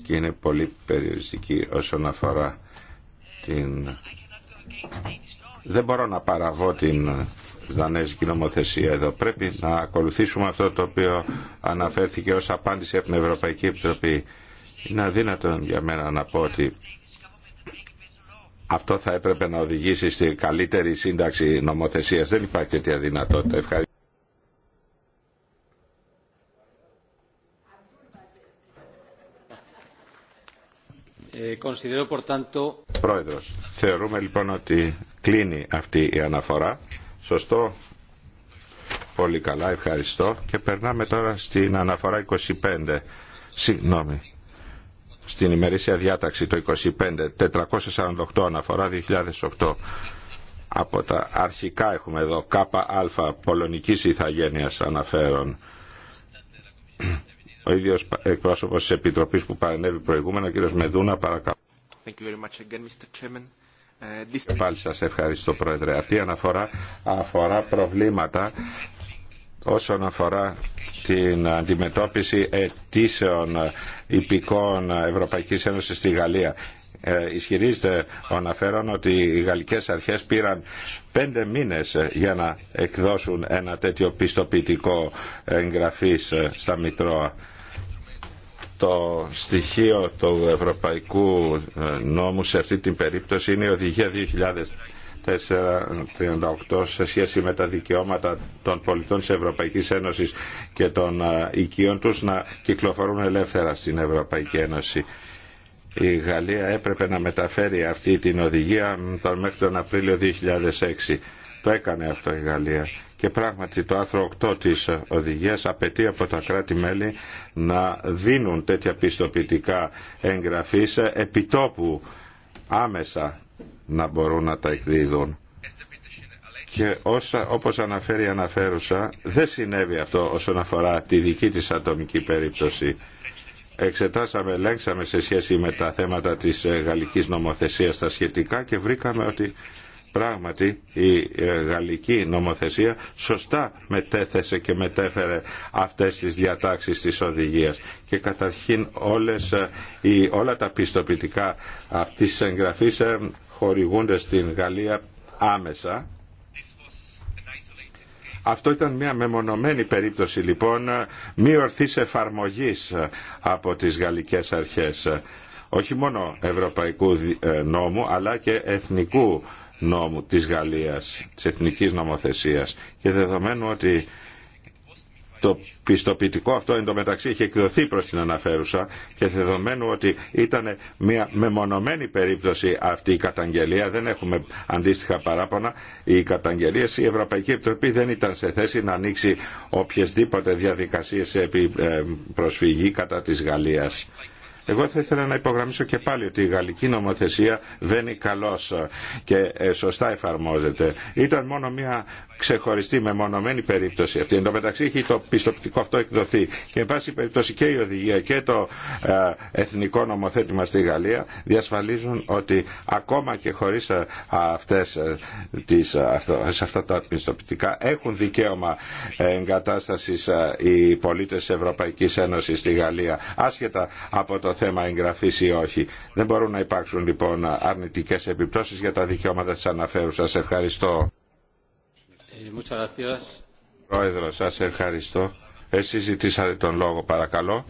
και είναι πολύ περιοριστική όσον αφορά την... Δεν μπορώ να παραβώ την δανέζικη νομοθεσία εδώ. Πρέπει να ακολουθήσουμε αυτό το οποίο αναφέρθηκε ως απάντηση από την Ευρωπαϊκή Επιτροπή. Είναι αδύνατο για μένα να πω ότι αυτό θα έπρεπε να οδηγήσει στη καλύτερη σύνταξη νομοθεσίας. Δεν υπάρχει τέτοια δυνατότητα. Ευχαριστώ. Ε, Πρόεδρος, θεωρούμε λοιπόν ότι κλείνει αυτή η αναφορά. Σωστό. Πολύ καλά, ευχαριστώ. Και περνάμε τώρα στην αναφορά 25. Συγγνώμη. Στην ημερήσια διάταξη το 25, 448 αναφορά 2008. Από τα αρχικά έχουμε εδώ ΚΑΑ Πολωνικής Ιθαγένειας αναφέρον. Ο ίδιος εκπρόσωπος της Επιτροπής που παρενέβη προηγούμενα, κύριος Μεδούνα, παρακαλώ. Thank ε, πάλι σας ευχαριστώ Πρόεδρε. Αυτή η αναφορά αφορά προβλήματα όσον αφορά την αντιμετώπιση αιτήσεων υπηκών Ευρωπαϊκής Ένωσης στη Γαλλία. Ε, ισχυρίζεται ο αναφέρον ότι οι γαλλικές αρχές πήραν πέντε μήνες για να εκδώσουν ένα τέτοιο πιστοποιητικό εγγραφής στα Μητρώα το στοιχείο του Ευρωπαϊκού ε, Νόμου σε αυτή την περίπτωση είναι η Οδηγία σε σχέση με τα δικαιώματα των πολιτών της Ευρωπαϊκής Ένωσης και των ε, οικείων τους να κυκλοφορούν ελεύθερα στην Ευρωπαϊκή Ένωση. Η Γαλλία έπρεπε να μεταφέρει αυτή την οδηγία μέχρι τον Απρίλιο 2006. Το έκανε αυτό η Γαλλία και πράγματι το άρθρο 8 της οδηγίας απαιτεί από τα κράτη-μέλη να δίνουν τέτοια πιστοποιητικά εγγραφής επιτόπου άμεσα να μπορούν να τα εκδίδουν. Και όσα, όπως αναφέρει αναφέρουσα, δεν συνέβη αυτό όσον αφορά τη δική της ατομική περίπτωση. Εξετάσαμε, ελέγξαμε σε σχέση με τα θέματα της γαλλικής νομοθεσίας τα σχετικά και βρήκαμε ότι Πράγματι η ε, γαλλική νομοθεσία σωστά μετέθεσε και μετέφερε αυτές τις διατάξεις της οδηγίας και καταρχήν όλες, η, ε, όλα τα πιστοποιητικά αυτής της εγγραφής ε, χορηγούνται στην Γαλλία άμεσα αυτό ήταν μια μεμονωμένη περίπτωση λοιπόν μη ορθής εφαρμογής από τις γαλλικές αρχές όχι μόνο ευρωπαϊκού νόμου αλλά και εθνικού νόμου της Γαλλίας, της εθνικής νομοθεσίας και δεδομένου ότι το πιστοποιητικό αυτό εντωμεταξύ είχε εκδοθεί προς την αναφέρουσα και δεδομένου ότι ήταν μια μεμονωμένη περίπτωση αυτή η καταγγελία, δεν έχουμε αντίστοιχα παράπονα, οι καταγγελίες, η Ευρωπαϊκή Επιτροπή δεν ήταν σε θέση να ανοίξει οποιασδήποτε διαδικασίες επί ε, προσφυγή κατά της Γαλλίας. Εγώ θα ήθελα να υπογραμμίσω και πάλι ότι η γαλλική νομοθεσία βαίνει καλώς και ε, σωστά εφαρμόζεται. Ήταν μόνο μια ξεχωριστή, μονομένη περίπτωση αυτή. Εν τω μεταξύ έχει το πιστοποιητικό αυτό εκδοθεί και εν πάση περιπτώσει και η οδηγία και το ε, εθνικό νομοθέτημα στη Γαλλία διασφαλίζουν ότι ακόμα και χωρί ε, αυτέ ε, αυτά τα πιστοποιητικά έχουν δικαίωμα εγκατάσταση οι πολίτε της Ευρωπαϊκής Ένωσης στη Γαλλία άσχετα από το θέμα εγγραφή ή όχι. Δεν μπορούν να υπάρξουν λοιπόν αρνητικέ επιπτώσει για τα δικαιώματα της αναφέρουσας. Ευχαριστώ. Ε, Πρόεδρο, σα ευχαριστώ. Εσείς ζητήσατε τον λόγο, παρακαλώ.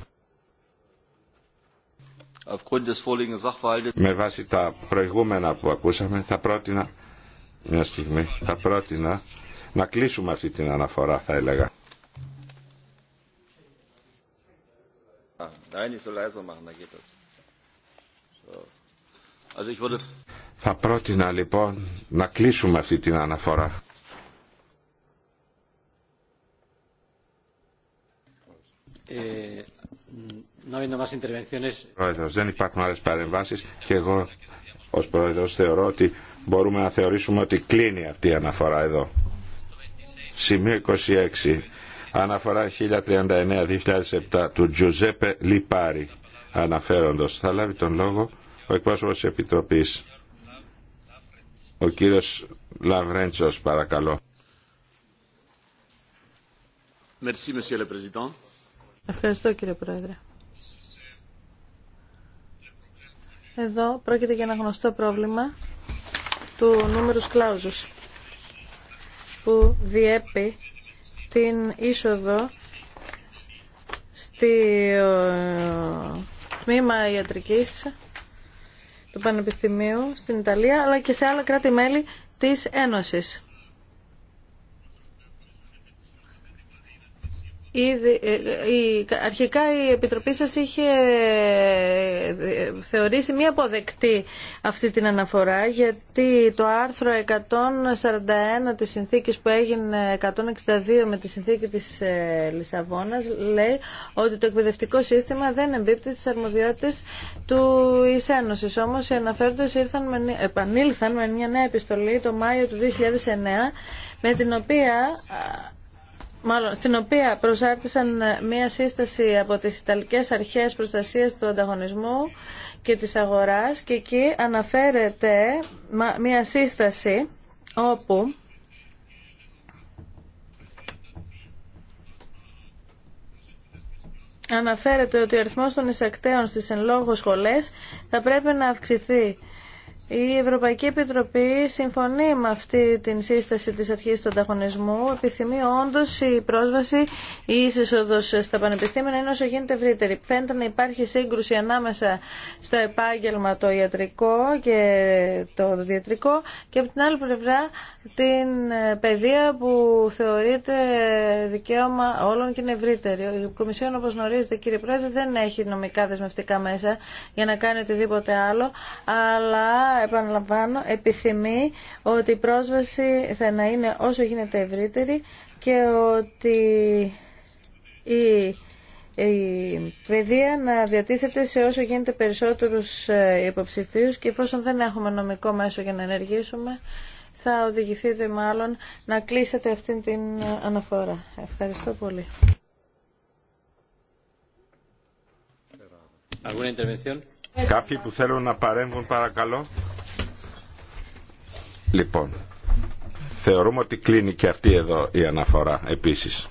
Με βάση τα προηγούμενα που ακούσαμε, θα πρότεινα, μια στιγμή, θα πρότεινα να κλείσουμε αυτή την αναφορά, θα έλεγα. Θα πρότεινα λοιπόν να κλείσουμε αυτή την αναφορά. Ε, πρόεδρος, δεν υπάρχουν άλλες παρεμβάσεις και εγώ ως Πρόεδρος θεωρώ ότι μπορούμε να θεωρήσουμε ότι κλείνει αυτή η αναφορά εδώ. Σημείο 26. Αναφορά 1039-2007 του Τζουζέπε Λιπάρη αναφέροντος. Θα λάβει τον λόγο ο εκπρόσωπος της Επιτροπής. Ο κύριος Λαβρέντσος παρακαλώ. Merci, Monsieur le Ευχαριστώ κύριε Πρόεδρε. Εδώ πρόκειται για ένα γνωστό πρόβλημα του νούμερου κλάουζους που διέπει την είσοδο στη τμήμα ιατρικής του Πανεπιστημίου στην Ιταλία αλλά και σε άλλα κράτη-μέλη της Ένωσης. Ε, η, αρχικά η Επιτροπή σας είχε ε, θεωρήσει μη αποδεκτή αυτή την αναφορά γιατί το άρθρο 141 της συνθήκης που έγινε 162 με τη συνθήκη της ε, Λισαβόνας λέει ότι το εκπαιδευτικό σύστημα δεν εμπίπτει στις αρμοδιότητες του Ισένωσης. Όμως οι αναφέροντες με, επανήλθαν με μια νέα επιστολή το Μάιο του 2009 με την οποία μάλλον, στην οποία προσάρτησαν ε, μία σύσταση από τις Ιταλικές Αρχές Προστασίας του Ανταγωνισμού και της Αγοράς και εκεί αναφέρεται μία σύσταση όπου αναφέρεται ότι ο αριθμός των εισακτέων στις εν λόγω σχολές θα πρέπει να αυξηθεί η Ευρωπαϊκή Επιτροπή συμφωνεί με αυτή την σύσταση της αρχής του ανταγωνισμού. Επιθυμεί όντως η πρόσβαση ή η η στα πανεπιστήμια να είναι όσο γίνεται ευρύτερη. Φαίνεται να υπάρχει σύγκρουση ανάμεσα στο επάγγελμα το ιατρικό και το διατρικό και από την άλλη πλευρά την παιδεία που θεωρείται δικαίωμα όλων και είναι ευρύτερη. Η Κομισιόν όπως γνωρίζετε κύριε Πρόεδρε δεν έχει νομικά δεσμευτικά μέσα για να κάνει οτιδήποτε άλλο αλλά επαναλαμβάνω, επιθυμεί ότι η πρόσβαση θα να είναι όσο γίνεται ευρύτερη και ότι η η παιδεία να διατίθεται σε όσο γίνεται περισσότερους ε, υποψηφίους και εφόσον δεν έχουμε νομικό μέσο για να ενεργήσουμε θα οδηγηθείτε μάλλον να κλείσετε αυτή την ε, αναφορά. Ευχαριστώ πολύ. ¿Alguna intervención? Κάποιοι που θέλουν να παρέμβουν παρακαλώ. Λοιπόν, θεωρούμε ότι κλείνει και αυτή εδώ η αναφορά επίσης.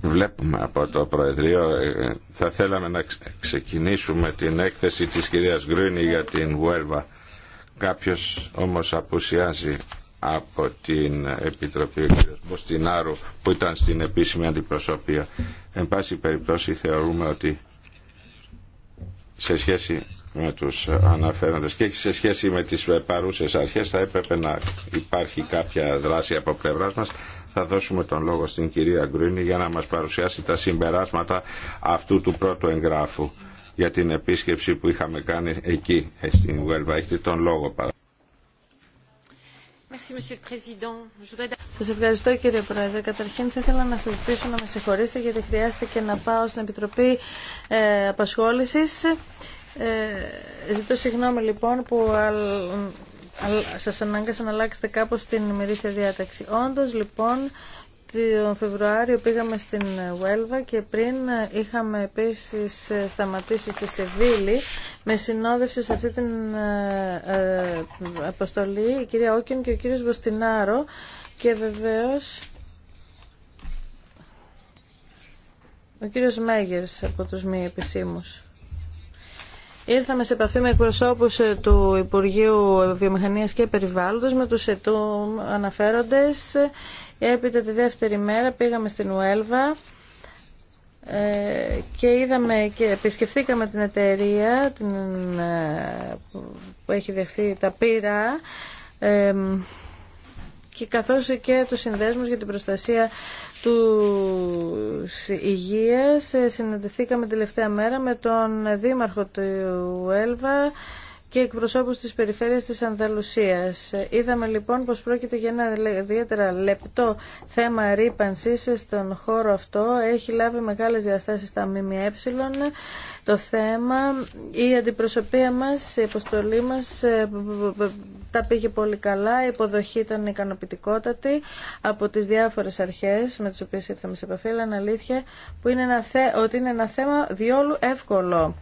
Βλέπουμε από το Προεδρείο, ε, θα θέλαμε να ξεκινήσουμε την έκθεση της κυρίας Γκρίνη για την Βουέλβα. Κάποιος όμως απουσιάζει από την Επιτροπή ο κ. Μποστινάρου που ήταν στην επίσημη αντιπροσωπεία. Εν πάση περιπτώσει θεωρούμε ότι σε σχέση με τους αναφέροντες και σε σχέση με τις παρούσες αρχές θα έπρεπε να υπάρχει κάποια δράση από πλευρά μας θα δώσουμε τον λόγο στην κυρία Γκρίνη για να μας παρουσιάσει τα συμπεράσματα αυτού του πρώτου εγγράφου για την επίσκεψη που είχαμε κάνει εκεί ε, στην Βέλβα Έχετε τον λόγο παρακαλώ. Σα ευχαριστώ κύριε Πρόεδρε. Καταρχήν θα ήθελα να σα ζητήσω να με συγχωρήσετε γιατί χρειάστηκε να πάω στην Επιτροπή ε, Απασχόληση ε, ζητώ συγγνώμη λοιπόν που σας ανάγκασα να αλλάξετε κάπως την ημερήσια διάταξη. Όντως λοιπόν τον Φεβρουάριο πήγαμε στην Βέλβα και πριν είχαμε επίσης σταματήσει στη Σεβίλη με συνόδευση σε αυτή την ε, ε, αποστολή η κυρία Όκιν και ο κύριος Βοστινάρο και βεβαίως ο κύριος Μέγερς από τους μη επισήμους. Ήρθαμε σε επαφή με εκπροσώπους ε, του Υπουργείου Βιομηχανία και Περιβάλλοντος, με ε, του ετού αναφέροντε. Έπειτα τη δεύτερη μέρα πήγαμε στην Ουέλβα ε, και είδαμε και επισκεφθήκαμε την εταιρεία που έχει δεχθεί τα πύρα και καθώς και του συνδέσμους για την προστασία του υγείας. Ε, συναντηθήκαμε τελευταία μέρα με τον δήμαρχο του Έλβα, και εκπροσώπους της περιφέρειας της Ανδαλουσίας. Είδαμε λοιπόν πως πρόκειται για ένα ιδιαίτερα λεπτό θέμα ρήπανσης στον χώρο αυτό. Έχει λάβει μεγάλες διαστάσεις στα ΜΜΕ. Το θέμα, η αντιπροσωπεία μας, η αποστολή μας ε, τα πήγε πολύ καλά. Η υποδοχή ήταν ικανοποιητικότατη από τις διάφορες αρχές με τις οποίες ήρθαμε σε επαφή. Αλλά αλήθεια που είναι ένα ότι είναι ένα θέμα διόλου εύκολο.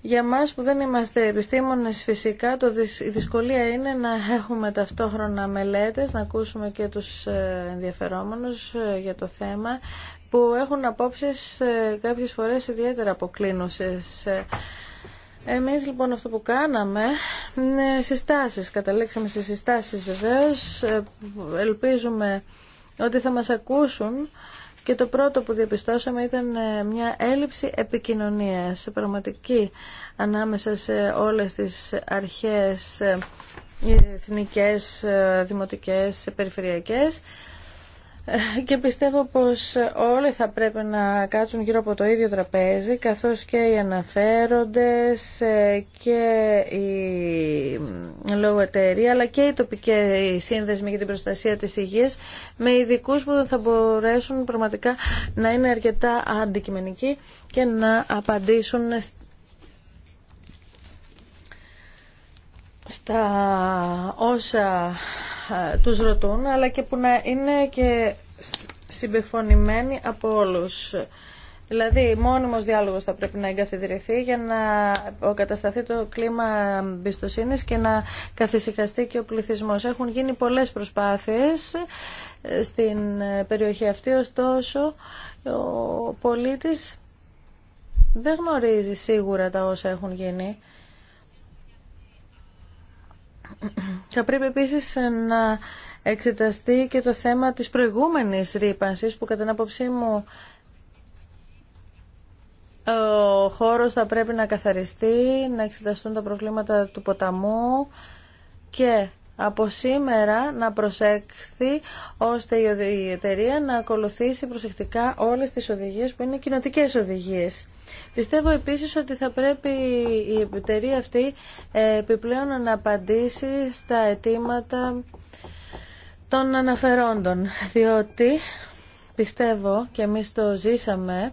Για μας που δεν είμαστε επιστήμονες φυσικά, το, η δυσκολία είναι να έχουμε ταυτόχρονα μελέτες, να ακούσουμε και τους ε, ενδιαφερόμενους ε, για το θέμα, που έχουν απόψεις ε, κάποιες φορές ιδιαίτερα αποκλίνουσες. Εμείς λοιπόν αυτό που κάναμε συστάσεις, καταλήξαμε σε συστάσεις βεβαίως, ελπίζουμε ότι θα μας ακούσουν και το πρώτο που διαπιστώσαμε ήταν ε, μια έλλειψη επικοινωνίας πραγματική ανάμεσα σε όλες τις αρχές ε, εθνικές, ε, δημοτικές, περιφερειακές και πιστεύω πως όλοι θα πρέπει να κάτσουν γύρω από το ίδιο τραπέζι καθώς και οι αναφέροντες ε, και η εταιρεία, αλλά και οι τοπικέ σύνδεσμοι για την προστασία της υγείας με ειδικού που θα μπορέσουν πραγματικά να είναι αρκετά αντικειμενικοί και να απαντήσουν στα όσα ε, τους ρωτούν, αλλά και που να είναι και συμπεφωνημένοι από όλους. Δηλαδή, μόνιμος διάλογος θα πρέπει να εγκαθιδρυθεί για να κατασταθεί το κλίμα εμπιστοσύνη και να καθησυχαστεί και ο πληθυσμός. Έχουν γίνει πολλές προσπάθειες ε, στην ε, περιοχή αυτή, ωστόσο ο πολίτης δεν γνωρίζει σίγουρα τα όσα έχουν γίνει. Θα πρέπει επίσης να εξεταστεί και το θέμα της προηγούμενης ρήπανσης που κατά την άποψή μου ο χώρος θα πρέπει να καθαριστεί, να εξεταστούν τα προβλήματα του ποταμού και από σήμερα να προσέχθει ώστε η εταιρεία να ακολουθήσει προσεκτικά όλες τις οδηγίες που είναι κοινοτικέ οδηγίες. Πιστεύω επίσης ότι θα πρέπει η εταιρεία αυτή ε, επιπλέον να απαντήσει στα αιτήματα των αναφερόντων, διότι πιστεύω και εμείς το ζήσαμε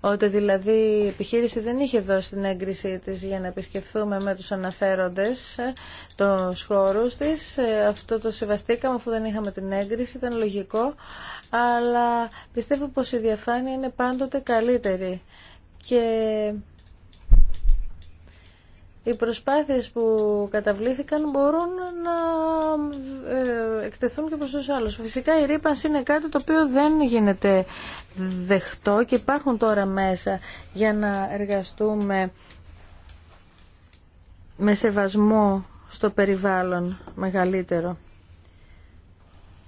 ότι δηλαδή η επιχείρηση δεν είχε δώσει την έγκρισή της για να επισκεφθούμε με τους αναφέροντες ε, το χώρου της. Ε, αυτό το σεβαστήκαμε αφού δεν είχαμε την έγκριση, ήταν λογικό, αλλά πιστεύω πως η διαφάνεια είναι πάντοτε καλύτερη και οι προσπάθειες που καταβλήθηκαν μπορούν να ε, εκτεθούν και προς τους άλλους. Φυσικά η ρήπανση είναι κάτι το οποίο δεν γίνεται δεχτό και υπάρχουν τώρα μέσα για να εργαστούμε με σεβασμό στο περιβάλλον μεγαλύτερο.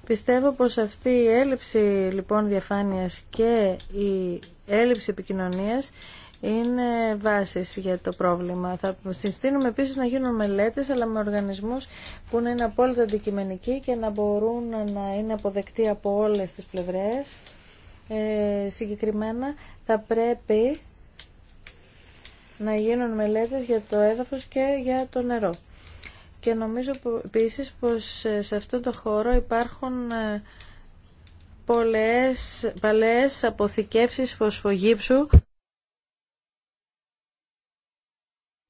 Πιστεύω πως αυτή η έλλειψη λοιπόν διαφάνειας και η έλλειψη επικοινωνίας είναι βάση για το πρόβλημα. Θα συστήνουμε επίσης να γίνουν μελέτες, αλλά με οργανισμούς που να είναι απόλυτα αντικειμενικοί και να μπορούν να είναι αποδεκτοί από όλες τις πλευρές. Ε, συγκεκριμένα θα πρέπει να γίνουν μελέτες για το έδαφος και για το νερό. Και νομίζω επίσης πως ε, σε αυτό το χώρο υπάρχουν ε, πολλές, παλαιές αποθηκεύσεις φωσφογύψου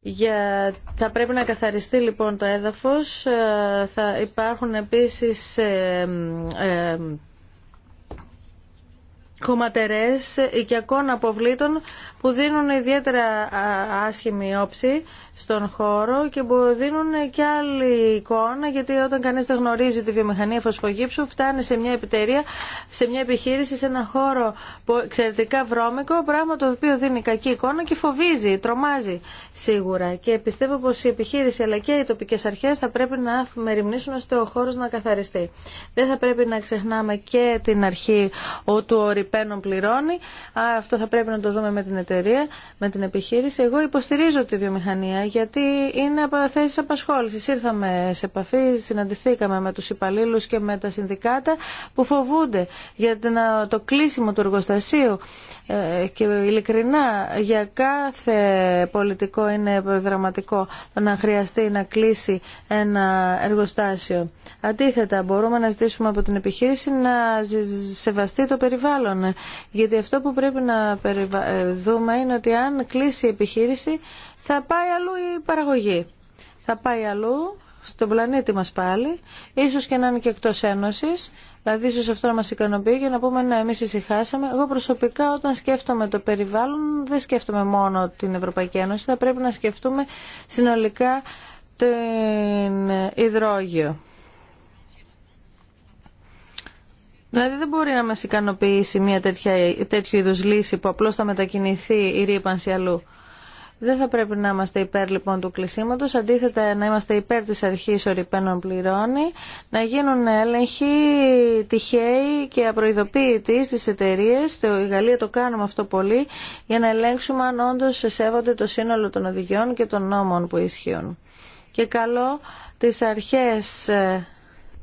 Για... Θα πρέπει να καθαριστεί λοιπόν το έδαφος. Ε, θα υπάρχουν επίσης ε, ε, κομματερές οικιακών αποβλήτων που δίνουν ιδιαίτερα άσχημη όψη στον χώρο και που δίνουν και άλλη εικόνα γιατί όταν κανείς δεν γνωρίζει τη βιομηχανία φωσφογύψου φτάνει σε μια επιτερία, σε μια επιχείρηση, σε ένα χώρο που εξαιρετικά βρώμικο πράγμα το οποίο δίνει κακή εικόνα και φοβίζει, τρομάζει σίγουρα και πιστεύω πως η επιχείρηση αλλά και οι τοπικές αρχές θα πρέπει να μεριμνήσουν ώστε ο χώρος να καθαριστεί. Δεν θα πρέπει να ξεχνάμε και την αρχή του παίρνουν πληρώνει. Άρα αυτό θα πρέπει να το δούμε με την εταιρεία, με την επιχείρηση. Εγώ υποστηρίζω τη βιομηχανία γιατί είναι θέσει απασχόληση. Ήρθαμε σε επαφή, συναντηθήκαμε με του υπαλλήλου και με τα συνδικάτα που φοβούνται για το κλείσιμο του εργοστασίου ε, και ειλικρινά για κάθε πολιτικό είναι δραματικό το να χρειαστεί να κλείσει ένα εργοστάσιο. Αντίθετα, μπορούμε να ζητήσουμε από την επιχείρηση να σεβαστεί το περιβάλλον. Γιατί αυτό που πρέπει να ε, δούμε είναι ότι αν κλείσει η επιχείρηση θα πάει αλλού η παραγωγή. Θα πάει αλλού, στον πλανήτη μας πάλι, ίσως και να είναι και εκτός ένωσης, Δηλαδή, ίσω αυτό να μα ικανοποιεί και να πούμε να εμεί ησυχάσαμε. Εγώ προσωπικά, όταν σκέφτομαι το περιβάλλον, δεν σκέφτομαι μόνο την Ευρωπαϊκή Ένωση. Θα πρέπει να σκεφτούμε συνολικά την υδρόγειο. Δηλαδή δεν μπορεί να μας ικανοποιήσει μια τέτοια, τέτοιου είδους λύση που απλώς θα μετακινηθεί η ρήπανση αλλού. Δεν θα πρέπει να είμαστε υπέρ λοιπόν του κλεισίματο. αντίθετα να είμαστε υπέρ τη αρχή ορυπαίνων πληρώνει, να γίνουν έλεγχοι τυχαίοι και απροειδοποίητοι στις εταιρείε. στη Γαλλία το κάνουμε αυτό πολύ, για να ελέγξουμε αν όντως σέβονται το σύνολο των οδηγιών και των νόμων που ισχύουν. Και καλό τι αρχέ, ε,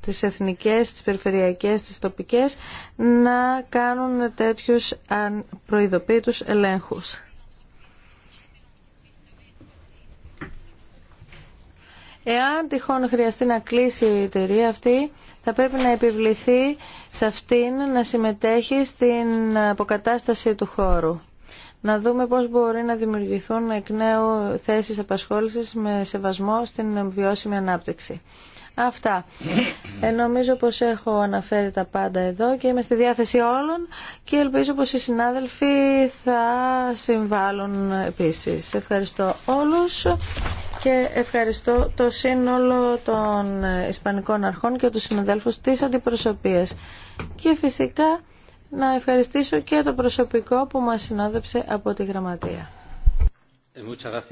τις εθνικές, τις περιφερειακές, τις τοπικές να κάνουν τέτοιους προειδοποίητους ελέγχους. Εάν τυχόν χρειαστεί να κλείσει η εταιρεία αυτή, θα πρέπει να επιβληθεί σε αυτήν να συμμετέχει στην αποκατάσταση του χώρου. Να δούμε πώς μπορεί να δημιουργηθούν εκ νέου θέσεις απασχόλησης με σεβασμό στην βιώσιμη ανάπτυξη. Αυτά. Ε, νομίζω πως έχω αναφέρει τα πάντα εδώ και είμαι στη διάθεση όλων και ελπίζω πως οι συνάδελφοι θα συμβάλλουν επίσης. Ευχαριστώ όλους και ευχαριστώ το σύνολο των Ισπανικών Αρχών και του συναδέλφου της Αντιπροσωπείας. Και φυσικά να ευχαριστήσω και το προσωπικό που μας συνόδεψε από τη Γραμματεία.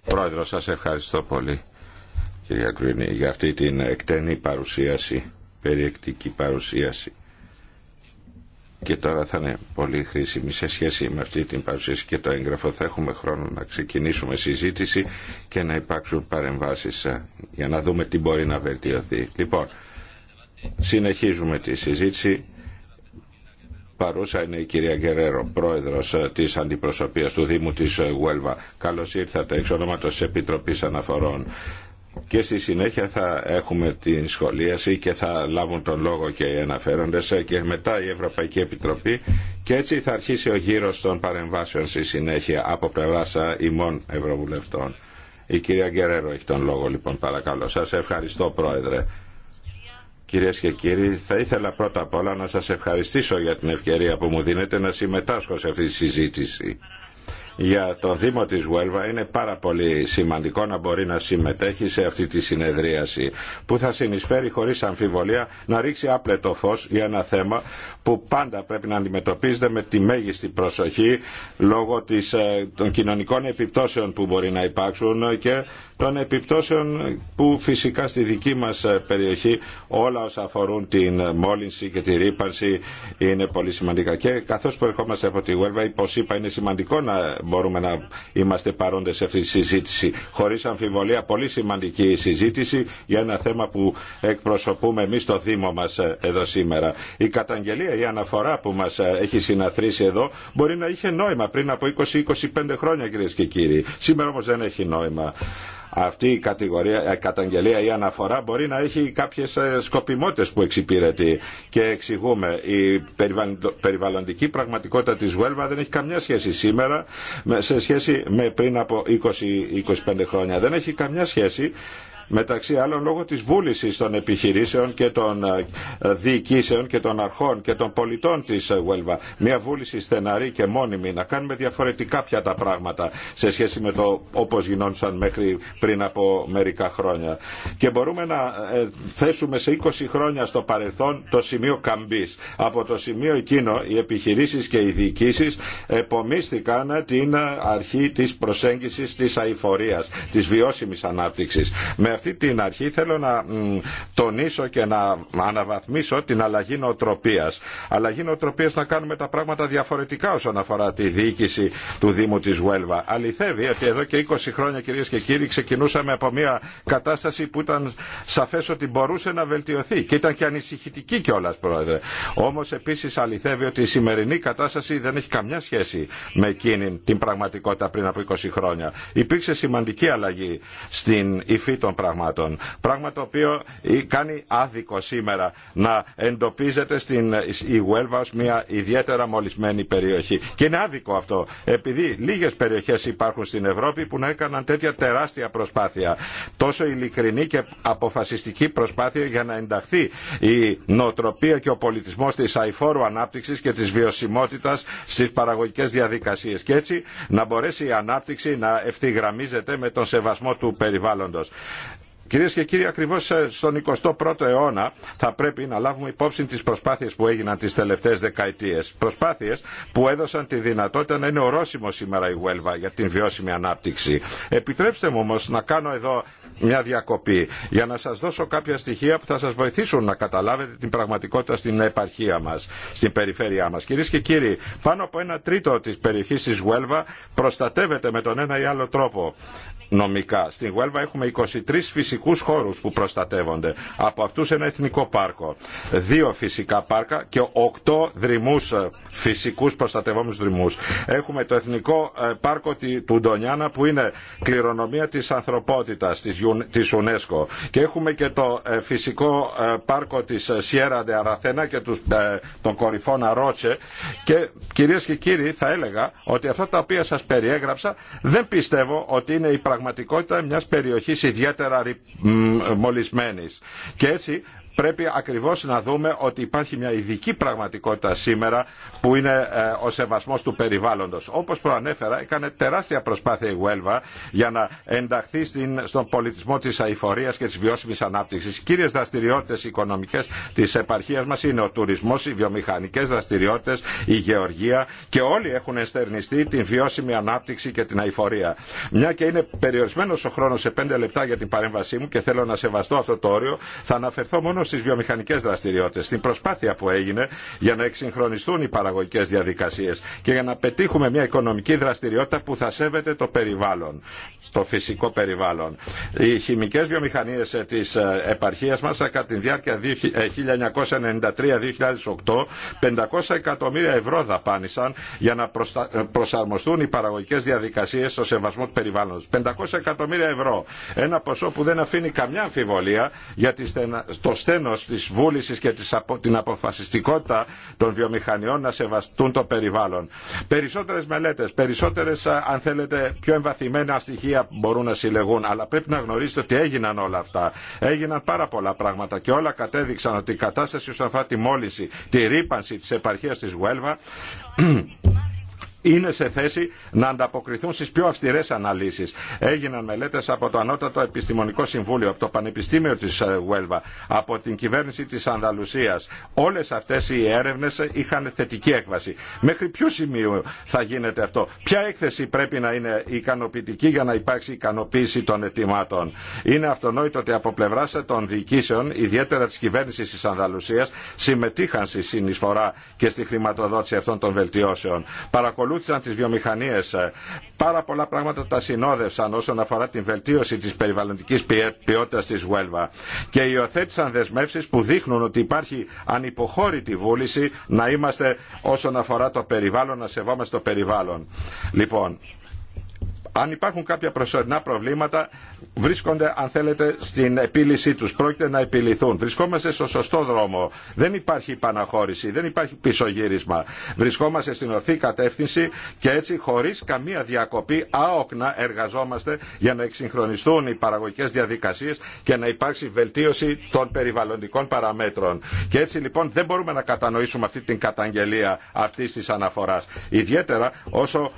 Πρόεδρο, σας ευχαριστώ πολύ κυρία Κρίνη για αυτή την εκτενή παρουσίαση, περιεκτική παρουσίαση και τώρα θα είναι πολύ χρήσιμη σε σχέση με αυτή την παρουσίαση και το έγγραφο. Θα έχουμε χρόνο να ξεκινήσουμε συζήτηση και να υπάρξουν παρεμβάσεις ε, για να δούμε τι μπορεί να βελτιωθεί. Λοιπόν, συνεχίζουμε τη συζήτηση. Παρούσα είναι η κυρία Γκερέρο, πρόεδρος ε, της αντιπροσωπείας του Δήμου της ε, Γουέλβα. Καλώς ήρθατε εξ ονόματος Επιτροπής Αναφορών. Και στη συνέχεια θα έχουμε την σχολίαση και θα λάβουν τον λόγο και οι αναφέροντες και μετά η Ευρωπαϊκή Επιτροπή και έτσι θα αρχίσει ο γύρος των παρεμβάσεων στη συνέχεια από πλευρά ημών Ευρωβουλευτών. Η κυρία Γκερέρο έχει τον λόγο λοιπόν παρακαλώ. Σας ευχαριστώ πρόεδρε. Κυρίε και κύριοι, θα ήθελα πρώτα απ' όλα να σας ευχαριστήσω για την ευκαιρία που μου δίνετε να συμμετάσχω σε αυτή τη συζήτηση για τον Δήμο της Βουέλβα είναι πάρα πολύ σημαντικό να μπορεί να συμμετέχει σε αυτή τη συνεδρίαση που θα συνεισφέρει χωρίς αμφιβολία να ρίξει άπλετο φως για ένα θέμα που πάντα πρέπει να αντιμετωπίζεται με τη μέγιστη προσοχή λόγω της, ε, των κοινωνικών επιπτώσεων που μπορεί να υπάρξουν και των επιπτώσεων που φυσικά στη δική μας ε, περιοχή όλα όσα αφορούν την ε, μόλυνση και τη ρήπανση είναι πολύ σημαντικά. Και καθώς προερχόμαστε από τη Γουέλβα, όπως είπα, είναι σημαντικό να μπορούμε να είμαστε παρόντες σε αυτή τη συζήτηση. Χωρίς αμφιβολία, πολύ σημαντική η συζήτηση για ένα θέμα που εκπροσωπούμε εμείς στο Δήμο μας ε, εδώ σήμερα. Η καταγγελία, η αναφορά που μας έχει συναθρήσει εδώ μπορεί να είχε νόημα πριν από 20-25 χρόνια κύριε και κύριοι. Σήμερα όμως δεν έχει νόημα αυτή η κατηγορία, η ε, καταγγελία ή αναφορά μπορεί να έχει κάποιες ε, σκοπιμότητες που εξυπηρετεί και εξηγούμε η περιβαλλοντική πραγματικότητα της Βέλβα δεν έχει καμιά σχέση σήμερα σε σχέση με πριν από 20-25 χρόνια δεν έχει καμιά σχέση μεταξύ άλλων λόγω της βούλησης των επιχειρήσεων και των ε, διοικήσεων και των αρχών και των πολιτών της Βουέλβα. Ε, Μια βούληση στεναρή και μόνιμη να κάνουμε διαφορετικά πια τα πράγματα σε σχέση με το όπως γινόντουσαν μέχρι πριν από μερικά χρόνια. Και μπορούμε να ε, θέσουμε σε 20 χρόνια στο παρελθόν το σημείο καμπής. Από το σημείο εκείνο οι επιχειρήσεις και οι διοικήσεις επομίστηκαν την αρχή της προσέγγισης της αηφορίας, της βιώσιμης ανάπτυξης αυτή την αρχή θέλω να τονίσω και να αναβαθμίσω την αλλαγή νοοτροπίας. Αλλαγή νοοτροπίας να κάνουμε τα πράγματα διαφορετικά όσον αφορά τη διοίκηση του Δήμου της Βουέλβα. Αληθεύει ότι εδώ και 20 χρόνια κυρίες και κύριοι ξεκινούσαμε από μια κατάσταση που ήταν σαφές ότι μπορούσε να βελτιωθεί και ήταν και ανησυχητική κιόλα πρόεδρε. Όμως επίσης αληθεύει ότι η σημερινή κατάσταση δεν έχει καμιά σχέση με εκείνη την πραγματικότητα πριν από 20 χρόνια. Υπήρξε σημαντική αλλαγή στην υφή των πραγμάτων πραγμάτων. Πράγμα το οποίο κάνει άδικο σήμερα να εντοπίζεται στην Ιουέλβα ως μια ιδιαίτερα μολυσμένη περιοχή. Και είναι άδικο αυτό, επειδή λίγες περιοχές υπάρχουν στην Ευρώπη που να έκαναν τέτοια τεράστια προσπάθεια. Τόσο ειλικρινή και αποφασιστική προσπάθεια για να ενταχθεί η νοοτροπία και ο πολιτισμός της αηφόρου ανάπτυξης και της βιωσιμότητας στις παραγωγικές διαδικασίες. Και έτσι να μπορέσει η ανάπτυξη να ευθυγραμμίζεται με τον σεβασμό του περιβάλλοντος. Κυρίε και κύριοι, ακριβώ ε, στον 21ο αιώνα θα πρέπει να λάβουμε υπόψη τι προσπάθειε που έγιναν τι τελευταίε δεκαετίε. Προσπάθειε που έδωσαν τη δυνατότητα να είναι ορόσημο σήμερα η Γουέλβα για την βιώσιμη ανάπτυξη. Επιτρέψτε μου όμω να κάνω εδώ μια διακοπή για να σα δώσω κάποια στοιχεία που θα σα βοηθήσουν να καταλάβετε την πραγματικότητα στην επαρχία μα, στην περιφέρειά μα. Κυρίε και κύριοι, πάνω από ένα τρίτο τη περιοχή τη Γουέλβα προστατεύεται με τον ένα ή άλλο τρόπο νομικά. Στην Γουέλβα έχουμε 23 φυσικού χώρου που προστατεύονται. Από αυτού ένα εθνικό πάρκο, δύο φυσικά πάρκα και οκτώ δρυμούς ε, φυσικούς προστατευόμενους δρυμούς. Έχουμε το εθνικό ε, πάρκο του Ντονιάνα που είναι κληρονομία τη ανθρωπότητα τη UNESCO και έχουμε και το ε, φυσικό πάρκο τη Σιέρα Ντε και των κορυφών Αρότσε και κυρίες και κύριοι θα έλεγα ότι αυτά τα οποία σας περιέγραψα δεν πιστεύω ότι είναι η πραγματικότητα πραγματικότητα μιας περιοχής ιδιαίτερα μολυσμένης. Και έτσι πρέπει ακριβώς να δούμε ότι υπάρχει μια ειδική πραγματικότητα σήμερα που είναι ε, ο σεβασμός του περιβάλλοντος. Όπως προανέφερα, έκανε τεράστια προσπάθεια η Γουέλβα για να ενταχθεί στον πολιτισμό της αηφορίας και της βιώσιμης ανάπτυξης. Οι κύριες δραστηριότητες οικονομικές της επαρχίας μας είναι ο τουρισμός, οι βιομηχανικές δραστηριότητες, η γεωργία και όλοι έχουν εστερνιστεί την βιώσιμη ανάπτυξη και την αηφορία. Μια και είναι περιορισμένο ο χρόνο σε πέντε λεπτά για την παρέμβασή μου και θέλω να σεβαστώ αυτό το όριο, θα αναφερθώ μόνο Στι βιομηχανικέ δραστηριότητες, στην προσπάθεια που έγινε για να εξυγχρονιστούν οι παραγωγικές διαδικασίες και για να πετύχουμε μια οικονομική δραστηριότητα που θα σέβεται το περιβάλλον το φυσικό περιβάλλον. Οι χημικές βιομηχανίες της ε, επαρχίας μας ε, κατά τη διάρκεια 1993-2008 500 ε, εκατομμύρια ευρώ δαπάνησαν για να προσαρμοστούν οι παραγωγικές διαδικασίες στο σεβασμό του περιβάλλοντος. 500 εκατομμύρια ευρώ. Ένα ποσό που δεν αφήνει καμιά αμφιβολία για το στένος της βούλησης και την αποφασιστικότητα των βιομηχανιών να σεβαστούν το περιβάλλον. Περισσότερες μελέτες, περισσότερε, αν θέλετε πιο εμβαθυμένα στοιχεία που μπορούν να συλλεγούν, αλλά πρέπει να γνωρίζετε ότι έγιναν όλα αυτά. Έγιναν πάρα πολλά πράγματα και όλα κατέδειξαν ότι η κατάσταση όσον αφορά τη μόλυνση, τη ρήπανση τη επαρχία τη Γουέλβα είναι σε θέση να ανταποκριθούν στις πιο αυστηρές αναλύσεις. Έγιναν μελέτες από το Ανώτατο Επιστημονικό Συμβούλιο, από το Πανεπιστήμιο της ε, Γουέλβα, από την κυβέρνηση της Ανδαλουσίας. Όλες αυτές οι έρευνες είχαν θετική έκβαση. Μέχρι ποιο σημείο θα γίνεται αυτό. Ποια έκθεση πρέπει να είναι ικανοποιητική για να υπάρξει ικανοποίηση των αιτημάτων. Είναι αυτονόητο ότι από πλευρά των διοικήσεων, ιδιαίτερα τη κυβέρνηση τη Ανδαλουσία, συμμετείχαν στη συνεισφορά και στη χρηματοδότηση αυτών των βελτιώσεων ακολούθησαν τις βιομηχανίες. Πάρα πολλά πράγματα τα συνόδευσαν όσον αφορά την βελτίωση της περιβαλλοντικής ποιότητας της Γουέλβα και υιοθέτησαν δεσμεύσεις που δείχνουν ότι υπάρχει ανυποχώρητη βούληση να είμαστε όσον αφορά το περιβάλλον, να σεβόμαστε το περιβάλλον. Λοιπόν, αν υπάρχουν κάποια προσωρινά προβλήματα, βρίσκονται, αν θέλετε, στην επίλυσή του. Πρόκειται να επιληθούν. Βρισκόμαστε στο σωστό δρόμο. Δεν υπάρχει παναχώρηση, δεν υπάρχει πισωγύρισμα. Βρισκόμαστε στην ορθή κατεύθυνση και έτσι, χωρί καμία διακοπή, άοκνα εργαζόμαστε για να εξυγχρονιστούν οι παραγωγικέ διαδικασίε και να υπάρξει βελτίωση των περιβαλλοντικών παραμέτρων. Και έτσι, λοιπόν, δεν μπορούμε να κατανοήσουμε αυτή την καταγγελία αυτή τη αναφορά. Ιδιαίτερα όσο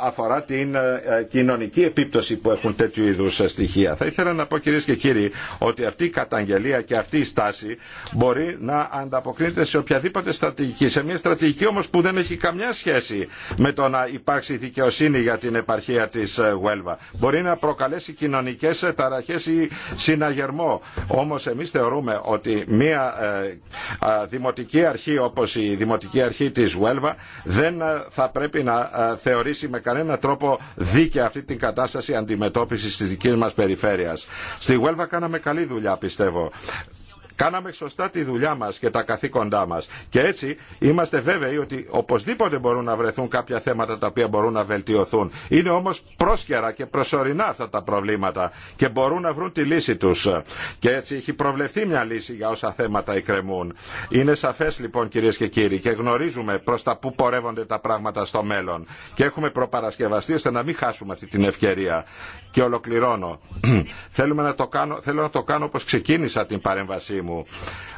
αφορά την ε, ε, κοινωνική επίπτωση που έχουν τέτοιου είδου στοιχεία. Θα ήθελα να πω κυρίε και κύριοι ότι αυτή η καταγγελία και αυτή η στάση μπορεί να ανταποκρίνεται σε οποιαδήποτε στρατηγική. Σε μια στρατηγική όμω που δεν έχει καμιά σχέση με το να υπάρξει δικαιοσύνη για την επαρχία τη ε, Γουέλβα. Μπορεί να προκαλέσει κοινωνικέ ε, ταραχέ ή συναγερμό. Όμω εμεί θεωρούμε ότι μια ε, δημοτική αρχή όπω η δημοτική αρχή τη Γουέλβα δεν θα πρέπει να θεωρήσει με κανένα τρόπο δίκαια αυτή την κατάσταση αντιμετώπιση της δικής μας περιφέρειας. Στη Γουέλβα κάναμε καλή δουλειά πιστεύω. Κάναμε σωστά τη δουλειά μα και τα καθήκοντά μα. Και έτσι είμαστε βέβαιοι ότι οπωσδήποτε μπορούν να βρεθούν κάποια θέματα τα οποία μπορούν να βελτιωθούν. Είναι όμω πρόσκαιρα και προσωρινά αυτά τα προβλήματα και μπορούν να βρουν τη λύση του. Και έτσι έχει προβλεφθεί μια λύση για όσα θέματα εκκρεμούν. Είναι σαφέ λοιπόν κυρίε και κύριοι και γνωρίζουμε προ τα που πορεύονται τα πράγματα στο μέλλον. Και έχουμε προπαρασκευαστεί ώστε να μην χάσουμε αυτή την ευκαιρία. Και ολοκληρώνω. Θέλουμε να το κάνω, θέλω να το κάνω όπω ξεκίνησα την παρέμβασή μου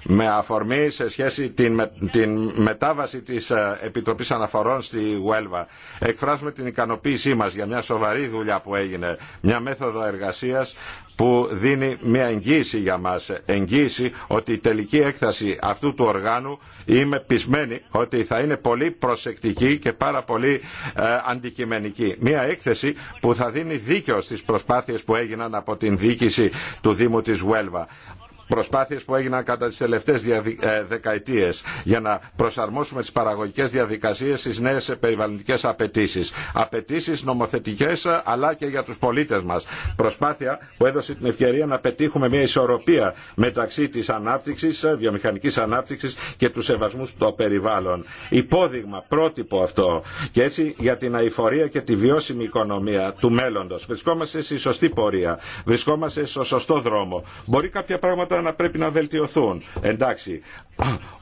με αφορμή σε σχέση την, την μετάβαση της ε, Επιτροπής Αναφορών στη Γουέλβα. Εκφράζουμε την ικανοποίησή μας για μια σοβαρή δουλειά που έγινε, μια μέθοδο εργασίας που δίνει μια εγγύηση για μας, εγγύηση ότι η τελική έκταση αυτού του οργάνου είμαι πισμένη ότι θα είναι πολύ προσεκτική και πάρα πολύ ε, αντικειμενική. Μια έκθεση που θα δίνει δίκαιο στις προσπάθειες που έγιναν από την διοίκηση του Δήμου της Βουέλβα προσπάθειες που έγιναν κατά τις τελευταίες ε, δεκαετίες για να προσαρμόσουμε τις παραγωγικές διαδικασίες στις νέες περιβαλλοντικές απαιτήσει. Απαιτήσεις νομοθετικές αλλά και για τους πολίτες μας. Προσπάθεια που έδωσε την ευκαιρία να πετύχουμε μια ισορροπία μεταξύ της ανάπτυξης, βιομηχανικής ανάπτυξης και του σεβασμού στο περιβάλλον. Υπόδειγμα, πρότυπο αυτό και έτσι για την αηφορία και τη βιώσιμη οικονομία του μέλλοντος. Βρισκόμαστε στη σωστή πορεία. Βρισκόμαστε στο σωστό δρόμο. Μπορεί κάποια πράγματα να πρέπει να βελτιωθούν. Εντάξει.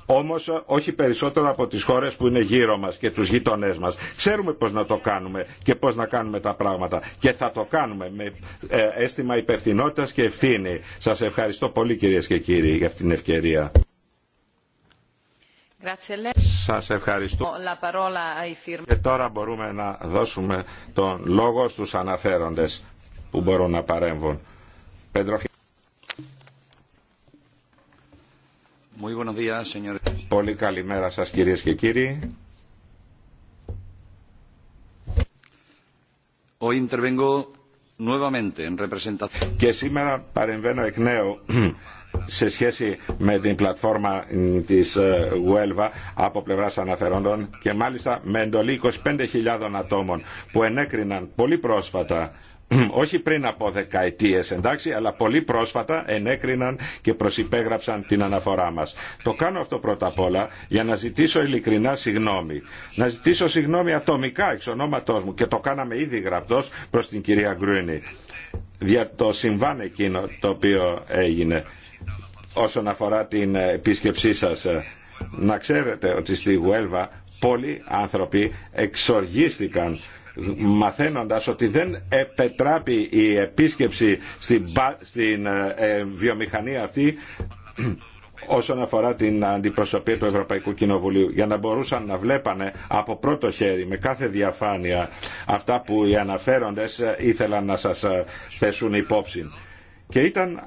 Όμως όχι περισσότερο από τις χώρες που είναι γύρω μας και τους γείτονές μας. Ξέρουμε πώς να το κάνουμε και πώς να κάνουμε τα πράγματα. Και θα το κάνουμε με ε, αίσθημα υπευθυνότητα και ευθύνη. Σας ευχαριστώ πολύ κυρίες και κύριοι για αυτήν την ευκαιρία. Σας ευχαριστώ. Και τώρα μπορούμε να δώσουμε τον λόγο στους αναφέροντε που μπορούν να παρέμβουν. Πολύ καλημέρα σας κυρίες και κύριοι. Και σήμερα παρεμβαίνω εκ νέου σε σχέση με την πλατφόρμα ε, της ε, Γουέλβα από πλευράς αναφερόντων και μάλιστα με εντολή 25.000 ατόμων που ενέκριναν πολύ πρόσφατα όχι πριν από δεκαετίες εντάξει, αλλά πολύ πρόσφατα ενέκριναν και προσυπέγραψαν την αναφορά μας. Το κάνω αυτό πρώτα απ' όλα για να ζητήσω ειλικρινά συγγνώμη. Να ζητήσω συγγνώμη ατομικά εξ ονόματός μου και το κάναμε ήδη γραπτός προς την κυρία Γκρούνη για το συμβάν εκείνο το οποίο έγινε όσον αφορά την επίσκεψή σας. Να ξέρετε ότι στη Γουέλβα πολλοί άνθρωποι εξοργίστηκαν μαθαίνοντας ότι δεν επετράπει η επίσκεψη στην ε, ε, βιομηχανία αυτή όσον αφορά την αντιπροσωπεία του Ευρωπαϊκού Κοινοβουλίου για να μπορούσαν να βλέπανε από πρώτο χέρι με κάθε διαφάνεια αυτά που οι αναφέροντες ε, ήθελαν να σας θέσουν υπόψη και ήταν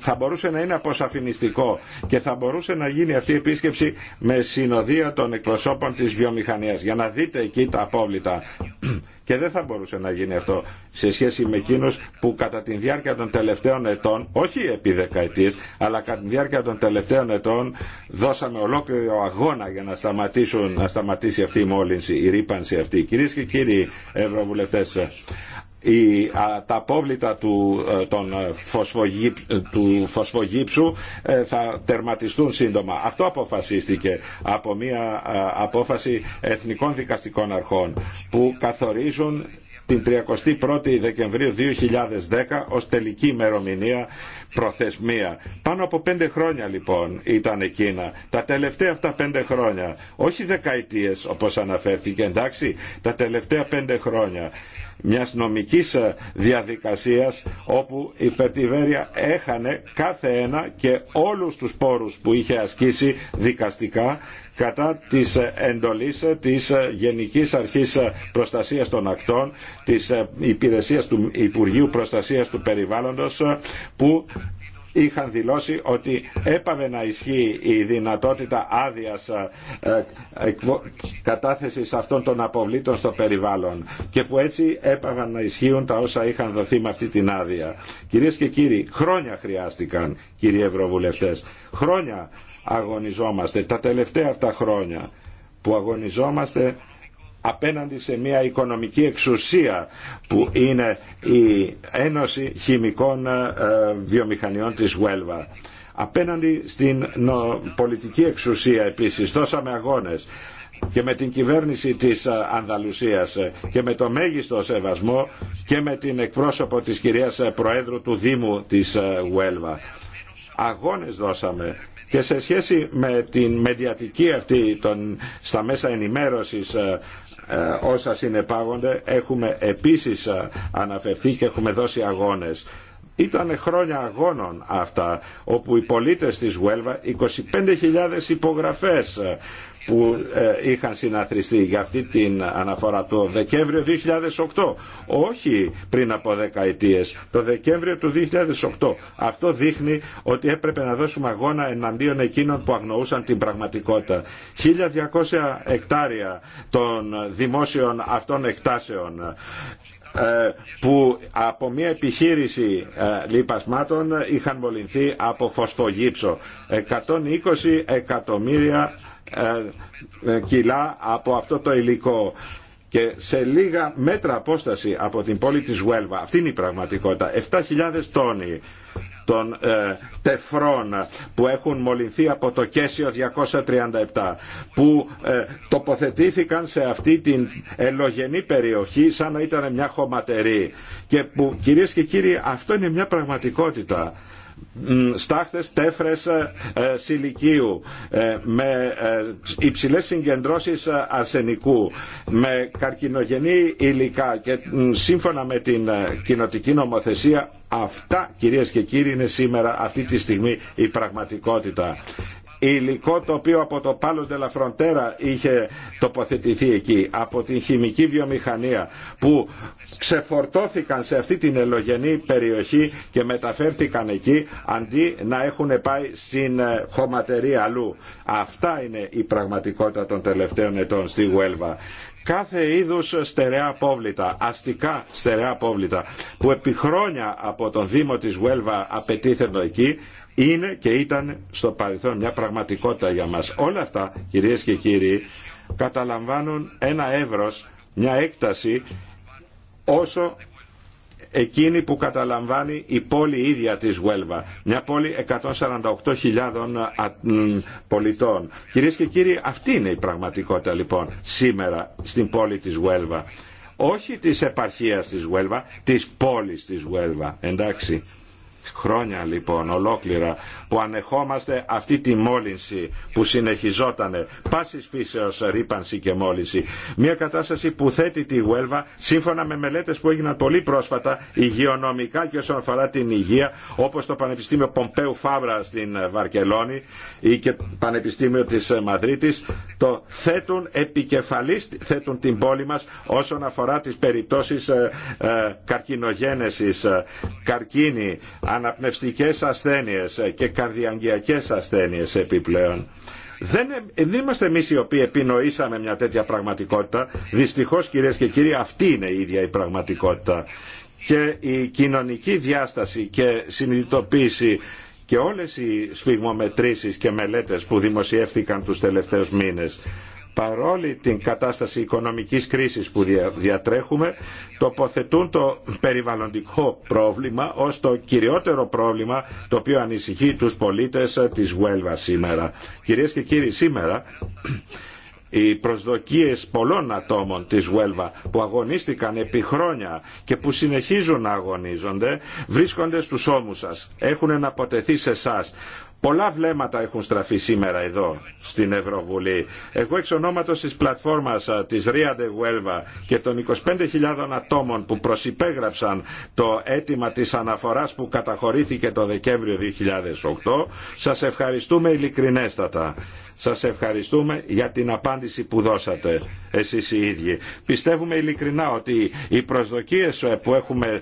θα μπορούσε να είναι αποσαφινιστικό και θα μπορούσε να γίνει αυτή η επίσκεψη με συνοδεία των εκπροσώπων της βιομηχανίας για να δείτε εκεί τα απόβλητα και δεν θα μπορούσε να γίνει αυτό σε σχέση με εκείνου που κατά τη διάρκεια των τελευταίων ετών, όχι επί δεκαετίε, αλλά κατά τη διάρκεια των τελευταίων ετών δώσαμε ολόκληρο αγώνα για να, σταματήσουν, να σταματήσει αυτή η μόλυνση, η ρήπανση αυτή. Κυρίε και κύριοι Ευρωβουλευτέ, η, τα απόβλητα του ε, ε, φωσφογύψου ε, θα τερματιστούν σύντομα. Αυτό αποφασίστηκε από μια απόφαση εθνικών δικαστικών αρχών που καθορίζουν την 31η Δεκεμβρίου 2010 ως τελική ημερομηνία προθεσμία. Πάνω από πέντε χρόνια λοιπόν ήταν εκείνα. Τα τελευταία αυτά πέντε χρόνια, όχι δεκαετίες όπως αναφέρθηκε εντάξει, τα τελευταία πέντε χρόνια μιας νομικής ε, διαδικασίας όπου η Φερτιβέρια έχανε κάθε ένα και όλους τους πόρους που είχε ασκήσει δικαστικά κατά της εντολής της Γενικής Αρχής Προστασίας των Ακτών, της Υπηρεσίας του Υπουργείου Προστασίας του Περιβάλλοντος που είχαν δηλώσει ότι έπαβε να ισχύει η δυνατότητα άδειας ε, κατάθεσης αυτών των αποβλήτων στο περιβάλλον και που έτσι έπαβαν να ισχύουν τα όσα είχαν δοθεί με αυτή την άδεια. Κυρίες και κύριοι, χρόνια χρειάστηκαν, κύριοι Ευρωβουλευτές, χρόνια αγωνιζόμαστε τα τελευταία αυτά χρόνια που αγωνιζόμαστε απέναντι σε μια οικονομική εξουσία που είναι η Ένωση Χημικών ε, Βιομηχανιών της Γουέλβα. Απέναντι στην πολιτική εξουσία επίσης δώσαμε αγώνες και με την κυβέρνηση της ε, Ανδαλουσίας ε, και με το μέγιστο σεβασμό και με την εκπρόσωπο της κυρίας Προέδρου του Δήμου της Γουέλβα. Αγώνες δώσαμε και σε σχέση με την μεδιατική αυτή των, στα μέσα ενημέρωσης ε, ε, όσα συνεπάγονται έχουμε επίσης ε, αναφερθεί και έχουμε δώσει αγώνες. Ήταν χρόνια αγώνων αυτά, όπου οι πολίτες της Γουέλβα, 25.000 υπογραφές που ε, είχαν συναθριστεί για αυτή την αναφορά το Δεκέμβριο 2008 όχι πριν από δεκαετίες το Δεκέμβριο του 2008 αυτό δείχνει ότι έπρεπε να δώσουμε αγώνα εναντίον εκείνων που αγνοούσαν την πραγματικότητα 1200 εκτάρια των δημόσιων αυτών εκτάσεων ε, που από μια επιχείρηση ε, λιπασμάτων είχαν μολυνθεί από φωσφογύψο 120 εκατομμύρια ε, ε, κιλά από αυτό το υλικό και σε λίγα μέτρα απόσταση από την πόλη της Βουέλβα, Αυτή είναι η πραγματικότητα. 7.000 τόνοι των ε, τεφρών που έχουν μολυνθεί από το Κέσιο 237 που τοποθετήθηκαν σε αυτή την ελογενή περιοχή σαν να ήταν μια χωματερή και που κυρίες και κύριοι αυτό είναι μια πραγματικότητα στάχτες τέφρες ε, ε, σιλικίου ε, με υψηλές συγκεντρώσεις αρσενικού με καρκινογενή υλικά και σύμφωνα με την κοινοτική νομοθεσία αυτά κυρίες και κύριοι είναι σήμερα αυτή τη στιγμή η πραγματικότητα υλικό το οποίο από το Πάλος de la Frontera είχε τοποθετηθεί εκεί, από την χημική βιομηχανία που ξεφορτώθηκαν σε αυτή την ελογενή περιοχή και μεταφέρθηκαν εκεί αντί να έχουν πάει στην ε, χωματερή αλλού. Αυτά είναι η πραγματικότητα των τελευταίων ετών στη Γουέλβα κάθε είδους στερεά απόβλητα, αστικά στερεά απόβλητα, που επί χρόνια από τον Δήμο της Γουέλβα απαιτήθεντο εκεί, είναι και ήταν στο παρελθόν μια πραγματικότητα για μας. Όλα αυτά, κυρίες και κύριοι, καταλαμβάνουν ένα εύρος, μια έκταση, όσο εκείνη που καταλαμβάνει η πόλη ίδια της Γουέλβα. Μια πόλη 148.000 πολιτών. Κυρίες και κύριοι, αυτή είναι η πραγματικότητα λοιπόν σήμερα στην πόλη της Γουέλβα. Όχι της επαρχίας της Γουέλβα, της πόλης της Γουέλβα. Εντάξει. Χρόνια λοιπόν ολόκληρα που ανεχόμαστε αυτή τη μόλυνση που συνεχιζότανε. Πάσης φύσεως ρήπανση και μόλυνση. Μια κατάσταση που θέτει τη Γουέλβα σύμφωνα με μελέτες που έγιναν πολύ πρόσφατα υγειονομικά και όσον αφορά την υγεία όπως το Πανεπιστήμιο Πομπέου Φάβρα στην Βαρκελόνη ή και το Πανεπιστήμιο της Μαδρίτης το θέτουν επικεφαλής, θέτουν την πόλη μας όσον αφορά τις περιπτώσεις ε, ε, καρκινογένεσης, ε, καρκίνη, αναπνευστικές ασθένειες και καρδιαγγειακές ασθένειες επιπλέον. Δεν, ε, ε, είμαστε εμεί οι οποίοι επινοήσαμε μια τέτοια πραγματικότητα. Δυστυχώ κυρίε και κύριοι αυτή είναι η ίδια η πραγματικότητα. Και η κοινωνική διάσταση και συνειδητοποίηση και όλες οι σφιγμομετρήσεις και μελέτες που δημοσιεύθηκαν τους τελευταίους μήνες παρόλη την κατάσταση οικονομικής κρίσης που διατρέχουμε τοποθετούν το περιβαλλοντικό πρόβλημα ως το κυριότερο πρόβλημα το οποίο ανησυχεί τους πολίτες της Βουέλβα σήμερα. Κυρίες και κύριοι, σήμερα οι προσδοκίες πολλών ατόμων της Βουέλβα που αγωνίστηκαν επί χρόνια και που συνεχίζουν να αγωνίζονται βρίσκονται στους ώμους σας. Έχουν αναποτεθεί σε εσά Πολλά βλέμματα έχουν στραφεί σήμερα εδώ στην Ευρωβουλή. Εγώ εξ ονόματος της πλατφόρμας της Ria de Huelva και των 25.000 ατόμων που προσυπέγραψαν το αίτημα της αναφοράς που καταχωρήθηκε το Δεκέμβριο 2008 σας ευχαριστούμε ειλικρινέστατα σας ευχαριστούμε για την απάντηση που δώσατε εσείς οι ίδιοι. Πιστεύουμε ειλικρινά ότι οι προσδοκίες που έχουμε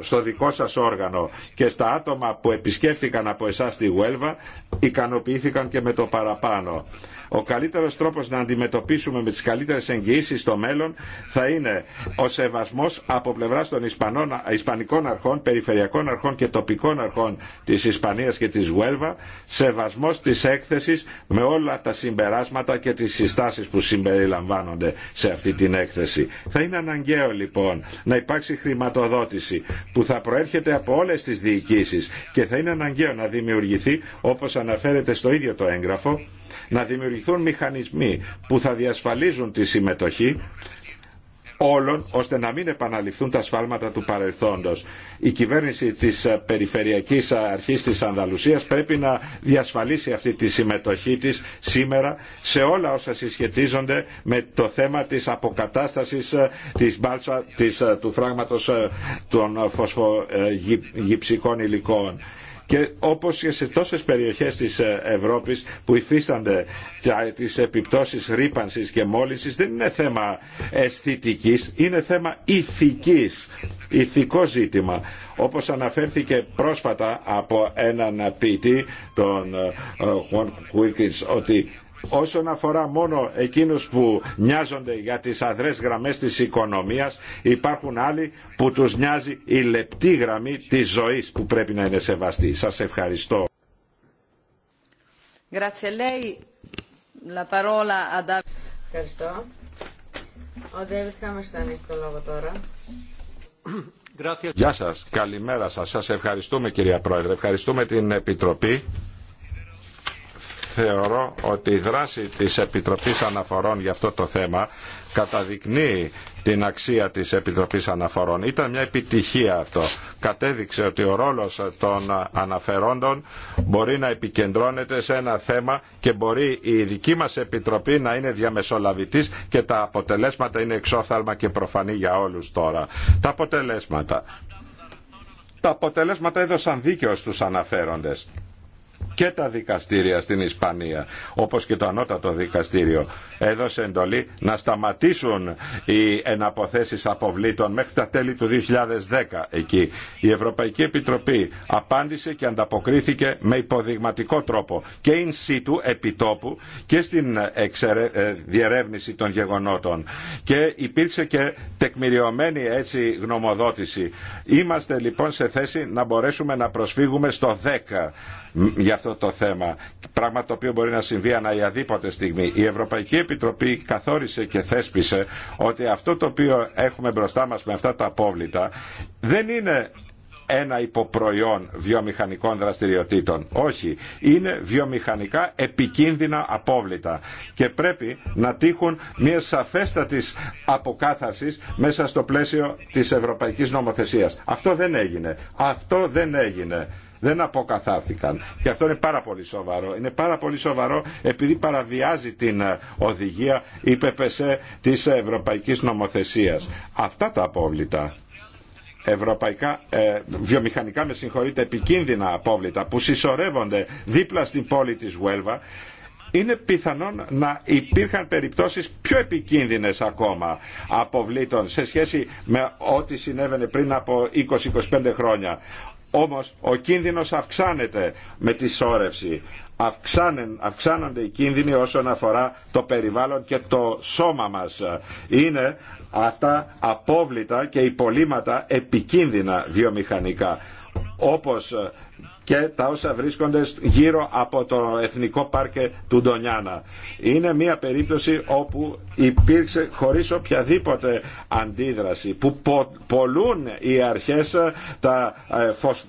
στο δικό σας όργανο και στα άτομα που επισκέφθηκαν από εσάς στη Γουέλβα ικανοποιήθηκαν και με το παραπάνω. Ο καλύτερος τρόπος να αντιμετωπίσουμε με τις καλύτερες εγγυήσεις στο μέλλον θα είναι ο σεβασμός από πλευράς των Ισπανών, Ισπανικών αρχών, περιφερειακών αρχών και τοπικών αρχών της Ισπανίας και της Γουέλβα, σεβασμός της έκθεσης με όλα τα συμπεράσματα και τις συστάσεις που συμπεριλαμβάνονται σε αυτή την έκθεση. Θα είναι αναγκαίο λοιπόν να υπάρξει χρηματοδότηση που θα προέρχεται από όλες τις διοικήσεις και θα είναι αναγκαίο να δημιουργηθεί όπως αναφέρεται στο ίδιο το έγγραφο να δημιουργηθούν μηχανισμοί που θα διασφαλίζουν τη συμμετοχή όλων ώστε να μην επαναληφθούν τα σφάλματα του παρελθόντος. Η κυβέρνηση της Περιφερειακής Αρχής της Ανδαλουσίας πρέπει να διασφαλίσει αυτή τη συμμετοχή της σήμερα σε όλα όσα συσχετίζονται με το θέμα της αποκατάστασης της μπάλσα της, του φράγματος των φωσφογυψικών υλικών και όπως και σε τόσες περιοχές της ε, Ευρώπης που υφίστανται τις επιπτώσεις ρήπανσης και μόλυνσης δεν είναι θέμα αισθητικής, είναι θέμα ηθικής, ηθικό ζήτημα. Όπως αναφέρθηκε πρόσφατα από έναν ποιητή, τον Χουάν ε, ότι όσον αφορά μόνο εκείνους που νοιάζονται για τις αδρές γραμμές της οικονομίας υπάρχουν άλλοι που τους νοιάζει η λεπτή γραμμή της ζωής που πρέπει να είναι σεβαστή. Σας ευχαριστώ. Ευχαριστώ. Γεια σας, καλημέρα σας. Σας ευχαριστούμε κυρία Πρόεδρε. Ευχαριστούμε την Επιτροπή θεωρώ ότι η δράση της Επιτροπής Αναφορών για αυτό το θέμα καταδεικνύει την αξία της Επιτροπής Αναφορών. Ήταν μια επιτυχία αυτό. Κατέδειξε ότι ο ρόλος των αναφερόντων μπορεί να επικεντρώνεται σε ένα θέμα και μπορεί η δική μας Επιτροπή να είναι διαμεσολαβητής και τα αποτελέσματα είναι εξόφθαλμα και προφανή για όλους τώρα. Τα αποτελέσματα. Τα αποτελέσματα έδωσαν δίκαιο στους αναφέροντες και τα δικαστήρια στην Ισπανία, όπως και το ανώτατο δικαστήριο, έδωσε εντολή να σταματήσουν οι εναποθέσεις αποβλήτων μέχρι τα τέλη του 2010 εκεί. Η Ευρωπαϊκή Επιτροπή απάντησε και ανταποκρίθηκε με υποδειγματικό τρόπο και in situ επιτόπου και στην ε, διερεύνηση των γεγονότων. Και υπήρξε και τεκμηριωμένη έτσι γνωμοδότηση. Είμαστε λοιπόν σε θέση να μπορέσουμε να προσφύγουμε στο 10 για αυτό το θέμα. Πράγμα το οποίο μπορεί να συμβεί αναδιαδήποτε στιγμή. Η Ευρωπαϊκή Επιτροπή καθόρισε και θέσπισε ότι αυτό το οποίο έχουμε μπροστά μας με αυτά τα απόβλητα δεν είναι ένα υποπροϊόν βιομηχανικών δραστηριοτήτων. Όχι, είναι βιομηχανικά επικίνδυνα απόβλητα και πρέπει να τύχουν μια σαφέστατης αποκάθαρσης μέσα στο πλαίσιο της ευρωπαϊκής νομοθεσίας. Αυτό δεν έγινε. Αυτό δεν έγινε δεν αποκαθάρθηκαν. Και αυτό είναι πάρα πολύ σοβαρό. Είναι πάρα πολύ σοβαρό επειδή παραβιάζει την ε, οδηγία ΙΠΠΣ της Ευρωπαϊκής Νομοθεσίας. Αυτά τα απόβλητα ευρωπαϊκά, ε, βιομηχανικά με συγχωρείτε, επικίνδυνα απόβλητα που συσσωρεύονται δίπλα στην πόλη της Βουέλβα... είναι πιθανόν να υπήρχαν περιπτώσεις πιο επικίνδυνες ακόμα αποβλήτων σε σχέση με ό,τι συνέβαινε πριν από 20-25 χρόνια όμως ο κίνδυνος αυξάνεται με τη σόρευση. αυξάνονται οι κίνδυνοι όσον αφορά το περιβάλλον και το σώμα μας. Είναι αυτά απόβλητα και υπολείμματα επικίνδυνα βιομηχανικά όπως και τα όσα βρίσκονται γύρω από το Εθνικό Πάρκε του Ντονιάνα. Είναι μια περίπτωση όπου υπήρξε χωρίς οποιαδήποτε αντίδραση που πολλούν οι αρχές ε, τα, ε, φωσ...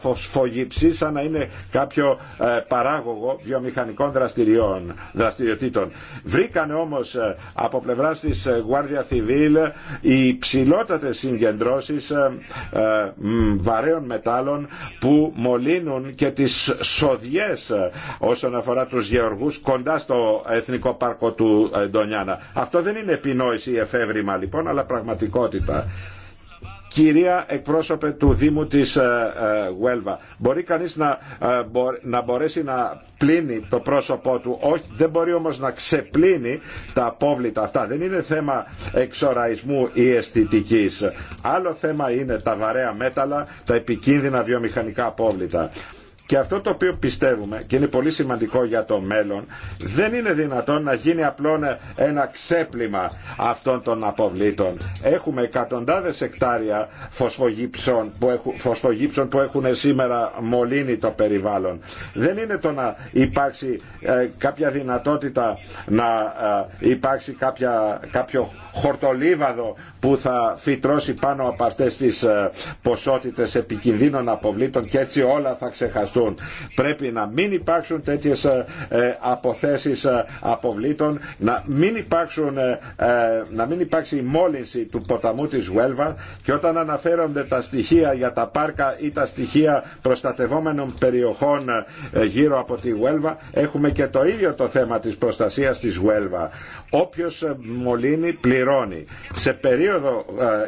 φωσφογυψή σαν να είναι κάποιο ε, παράγωγο βιομηχανικών δραστηριών, δραστηριοτήτων. Βρήκαν όμως από πλευράς της Guardia Civil οι υψηλότατες συγκεντρώσεις βαρέων μετάλλων που μολύνουν και τις σοδιές όσον αφορά τους γεωργούς κοντά στο Εθνικό Πάρκο του Ντονιάνα. Αυτό δεν είναι επινόηση ή εφεύρημα λοιπόν, αλλά πραγματικότητα. Κυρία εκπρόσωπε του Δήμου της ε, ε, Γουέλβα, μπορεί κανείς να, ε, να μπορέσει να πλύνει το πρόσωπό του, όχι, δεν μπορεί όμως να ξεπλύνει τα απόβλητα αυτά. Δεν είναι θέμα εξοραϊσμού ή αισθητική. Άλλο θέμα είναι τα βαρέα μέταλλα, τα επικίνδυνα βιομηχανικά απόβλητα. Και αυτό το οποίο πιστεύουμε και είναι πολύ σημαντικό για το μέλλον, δεν είναι δυνατόν να γίνει απλόν ένα ξέπλυμα αυτών των αποβλήτων. Έχουμε εκατοντάδες εκτάρια φωσφογύψων που, έχουν, φωσφογύψων που έχουν σήμερα μολύνει το περιβάλλον. Δεν είναι το να υπάρξει ε, κάποια δυνατότητα να ε, υπάρξει κάποια, κάποιο χορτολίβαδο που θα φυτρώσει πάνω από αυτές τις ε, ποσότητες επικινδύνων αποβλήτων και έτσι όλα θα ξεχαστούν Πρέπει να μην υπάρξουν τέτοιε ε, ε, αποθέσεις ε, αποβλήτων, να μην, υπάρξουν, να μην υπάρξει η μόλυνση του ποταμού της Γουέλβα και όταν αναφέρονται τα στοιχεία για τα πάρκα ή τα στοιχεία προστατευόμενων περιοχών γύρω από τη Γουέλβα έχουμε και το ίδιο το θέμα της προστασίας της Βουέλβα, Όποιος μολύνει πληρώνει. Σε περίοδο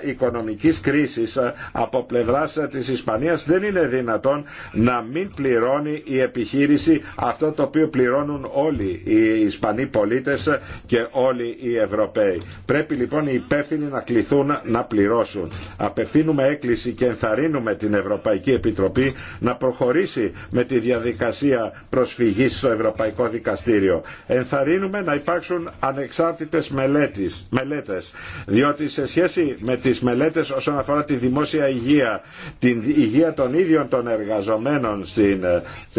οικονομικής κρίση από πλευρά τη Ισπανία δεν είναι δυνατόν να μην πληρώνει η επιχείρηση αυτό το οποίο πληρώνουν όλοι οι Ισπανοί πολίτες και όλοι οι Ευρωπαίοι. Πρέπει λοιπόν οι υπεύθυνοι να κληθούν να πληρώσουν. Απευθύνουμε έκκληση και ενθαρρύνουμε την Ευρωπαϊκή Επιτροπή να προχωρήσει με τη διαδικασία προσφυγής στο Ευρωπαϊκό Δικαστήριο. Ενθαρρύνουμε να υπάρξουν ανεξάρτητες μελέτες, μελέτες διότι σε σχέση με τις μελέτες όσον αφορά τη δημόσια υγεία, την υγεία των ίδιων των εργαζομένων την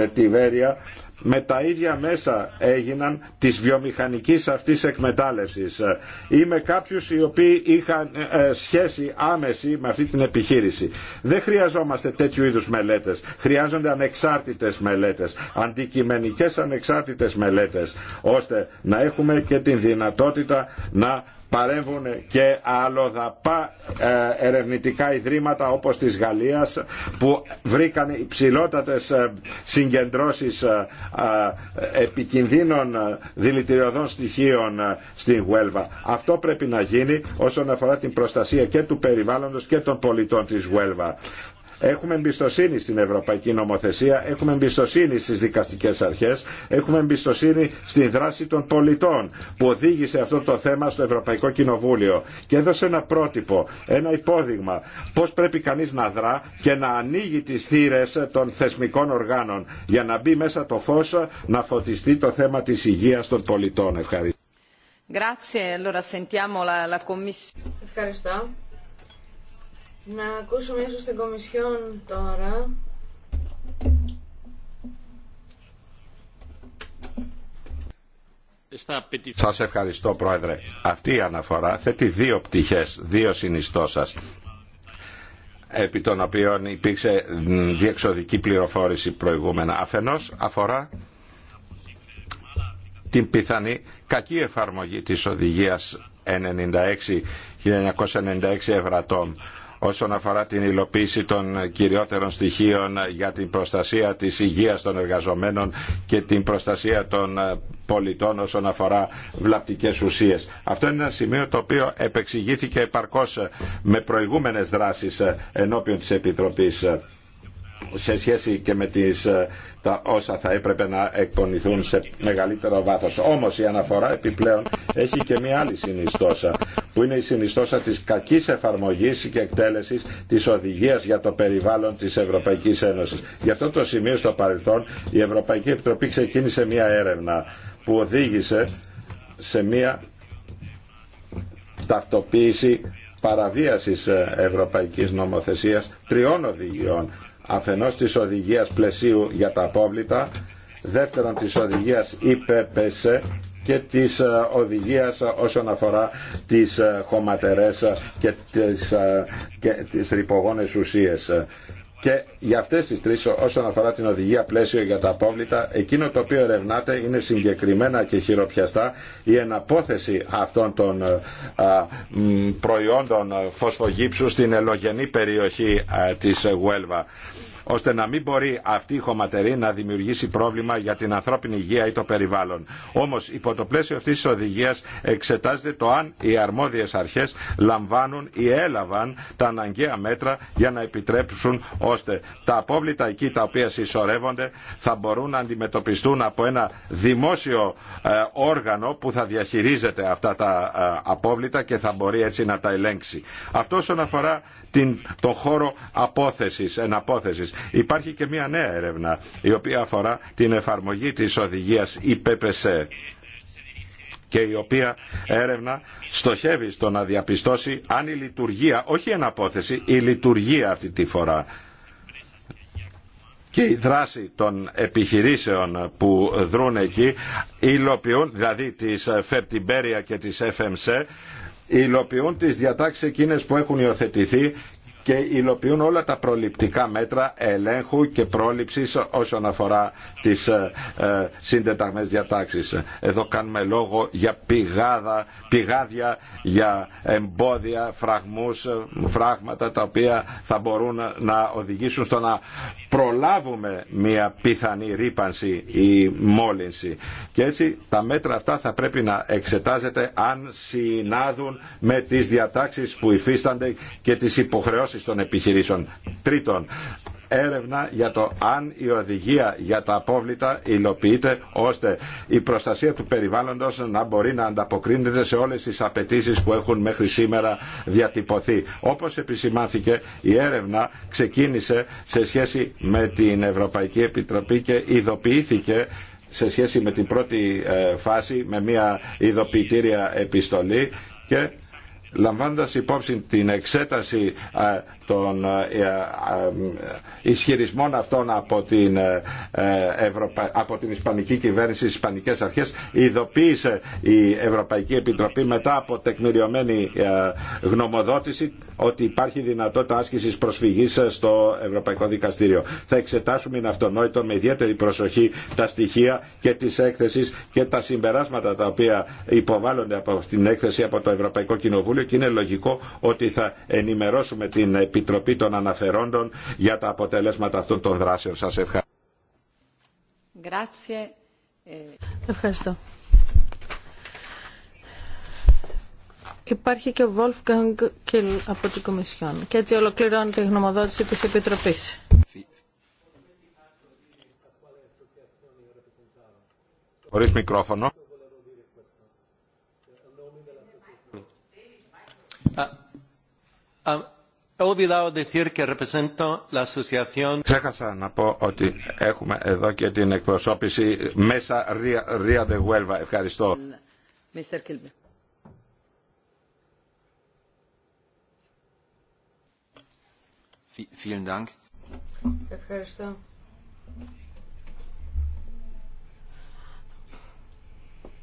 ε, Τιβέρια με τα ίδια μέσα έγιναν της βιομηχανικής αυτής εκμετάλλευσης ή ε, με κάποιους οι οποίοι είχαν ε, σχέση άμεση με αυτή την επιχείρηση. Δεν χρειαζόμαστε τέτοιου είδους μελέτες. Χρειάζονται ανεξάρτητες μελέτες, αντικειμενικές ανεξάρτητες μελέτες, ώστε να έχουμε και την δυνατότητα να παρέμβουν και αλλοδαπά ε, ερευνητικά ιδρύματα όπως της Γαλλίας που βρήκαν υψηλότατες ε, συγκεντρώσεις ε, επικινδύνων δηλητηριωδών στοιχείων στην Γουέλβα. Αυτό πρέπει να γίνει όσον αφορά την προστασία και του περιβάλλοντος και των πολιτών της Γουέλβα. Έχουμε εμπιστοσύνη στην Ευρωπαϊκή Νομοθεσία, έχουμε εμπιστοσύνη στις δικαστικές αρχές, έχουμε εμπιστοσύνη στην δράση των πολιτών που οδήγησε αυτό το θέμα στο Ευρωπαϊκό Κοινοβούλιο και έδωσε ένα πρότυπο, ένα υπόδειγμα πώς πρέπει κανείς να δρά και να ανοίγει τις θύρες των θεσμικών οργάνων για να μπει μέσα το φως να φωτιστεί το θέμα της υγείας των πολιτών. Ευχαριστώ. Ευχαριστώ. Να ακούσουμε ίσως την Κομισιόν τώρα. Σας ευχαριστώ Πρόεδρε. Αυτή η αναφορά θέτει δύο πτυχές, δύο σα, επί των οποίων υπήρξε διεξοδική πληροφόρηση προηγούμενα. Αφενός αφορά την πιθανή κακή εφαρμογή της οδηγίας 96, 1996 Ευρατών όσον αφορά την υλοποίηση των κυριότερων στοιχείων για την προστασία της υγείας των εργαζομένων και την προστασία των πολιτών όσον αφορά βλαπτικές ουσίες. Αυτό είναι ένα σημείο το οποίο επεξηγήθηκε επαρκώς με προηγούμενες δράσεις ενώπιον της Επιτροπής σε σχέση και με τις, ε, τα όσα θα έπρεπε να εκπονηθούν σε μεγαλύτερο βάθος. Όμως η αναφορά επιπλέον έχει και μια άλλη συνιστόσα που είναι η συνιστόσα της κακής εφαρμογής και εκτέλεσης της οδηγίας για το περιβάλλον της Ευρωπαϊκής Ένωσης. Γι' αυτό το σημείο στο παρελθόν η Ευρωπαϊκή Επιτροπή ξεκίνησε μια έρευνα που οδήγησε σε μια ταυτοποίηση παραβίασης ε, ευρωπαϊκής νομοθεσίας τριών οδηγιών αφενός της οδηγίας πλαισίου για τα απόβλητα, δεύτερον της οδηγίας IPPS και της ε, οδηγίας όσον αφορά τις ε, χωματερές και τις, ε, και τις ουσίες. Και για αυτές τις τρεις όσον αφορά την οδηγία πλαίσιο για τα απόβλητα, εκείνο το οποίο ερευνάται είναι συγκεκριμένα και χειροπιαστά η εναπόθεση αυτών των ε, προϊόντων φωσφογύψου στην ελογενή περιοχή ε, της Γουέλβα ώστε να μην μπορεί αυτή η χωματερή να δημιουργήσει πρόβλημα για την ανθρώπινη υγεία ή το περιβάλλον. Όμω, υπό το πλαίσιο αυτή τη οδηγία εξετάζεται το αν οι αρμόδιε αρχέ λαμβάνουν ή έλαβαν τα αναγκαία μέτρα για να επιτρέψουν ώστε τα απόβλητα εκεί τα οποία συσσωρεύονται θα μπορούν να αντιμετωπιστούν από ένα δημόσιο ε, όργανο που θα διαχειρίζεται αυτά τα ε, απόβλητα και θα μπορεί έτσι να τα ελέγξει. Αυτό όσον αφορά την, το χώρο απόθεσης, εναπόθεσης. Υπάρχει και μια νέα έρευνα η οποία αφορά την εφαρμογή της οδηγίας IPPC και η οποία έρευνα στοχεύει στο να διαπιστώσει αν η λειτουργία, όχι η εναπόθεση, η λειτουργία αυτή τη φορά και η δράση των επιχειρήσεων που δρούν εκεί υλοποιούν, δηλαδή της Φερτιμπέρια και της FMC υλοποιούν τις διατάξεις εκείνες που έχουν υιοθετηθεί και υλοποιούν όλα τα προληπτικά μέτρα ελέγχου και πρόληψης όσον αφορά τις ε, ε συντεταγμένες διατάξεις. Εδώ κάνουμε λόγο για πηγάδα, πηγάδια, για εμπόδια, φραγμούς, ε, φράγματα τα οποία θα μπορούν να οδηγήσουν στο να προλάβουμε μια πιθανή ρήπανση ή μόλυνση. Και έτσι τα μέτρα αυτά θα πρέπει να εξετάζεται αν συνάδουν με τις διατάξεις που υφίστανται και τις υποχρεώσεις των επιχειρήσεων. Τρίτον, έρευνα για το αν η οδηγία για τα απόβλητα υλοποιείται ώστε η προστασία του περιβάλλοντος να μπορεί να ανταποκρίνεται σε όλες τις απαιτήσει που έχουν μέχρι σήμερα διατυπωθεί. Όπως επισημάνθηκε η έρευνα ξεκίνησε σε σχέση με την Ευρωπαϊκή Επιτροπή και ειδοποιήθηκε σε σχέση με την πρώτη ε, φάση με μια ειδοποιητήρια επιστολή και λαμβάνοντας υπόψη την εξέταση των ε, ε, ε, ισχυρισμών αυτών από την, από την Ισπανική κυβέρνηση, τις Ισπανικές αρχές, ειδοποίησε η Ευρωπαϊκή Επιτροπή μετά από τεκμηριωμένη γνωμοδότηση ότι υπάρχει δυνατότητα άσκησης προσφυγής στο Ευρωπαϊκό Δικαστήριο. Θα εξετάσουμε είναι αυτονόητο με ιδιαίτερη προσοχή τα στοιχεία και τη έκθεση και τα συμπεράσματα τα οποία υποβάλλονται από την έκθεση από το Ευρωπαϊκό Κοινοβούλιο και είναι λογικό ότι θα ενημερώσουμε την Επιτροπή Επιτροπή των Αναφερόντων για τα αποτελέσματα αυτών των δράσεων. Σας ευχαριστώ. Ευχαριστώ. Υπάρχει και ο Wolfgang Kill από την Κομισιόν. Και έτσι ολοκληρώνεται η γνωμοδότηση της Επιτροπής. Χωρίς μικρόφωνο. Uh, um. Ξέχασα να πω ότι έχουμε εδώ και την εκπροσώπηση μέσα Ρία de Huelva. Ευχαριστώ. Ευχαριστώ.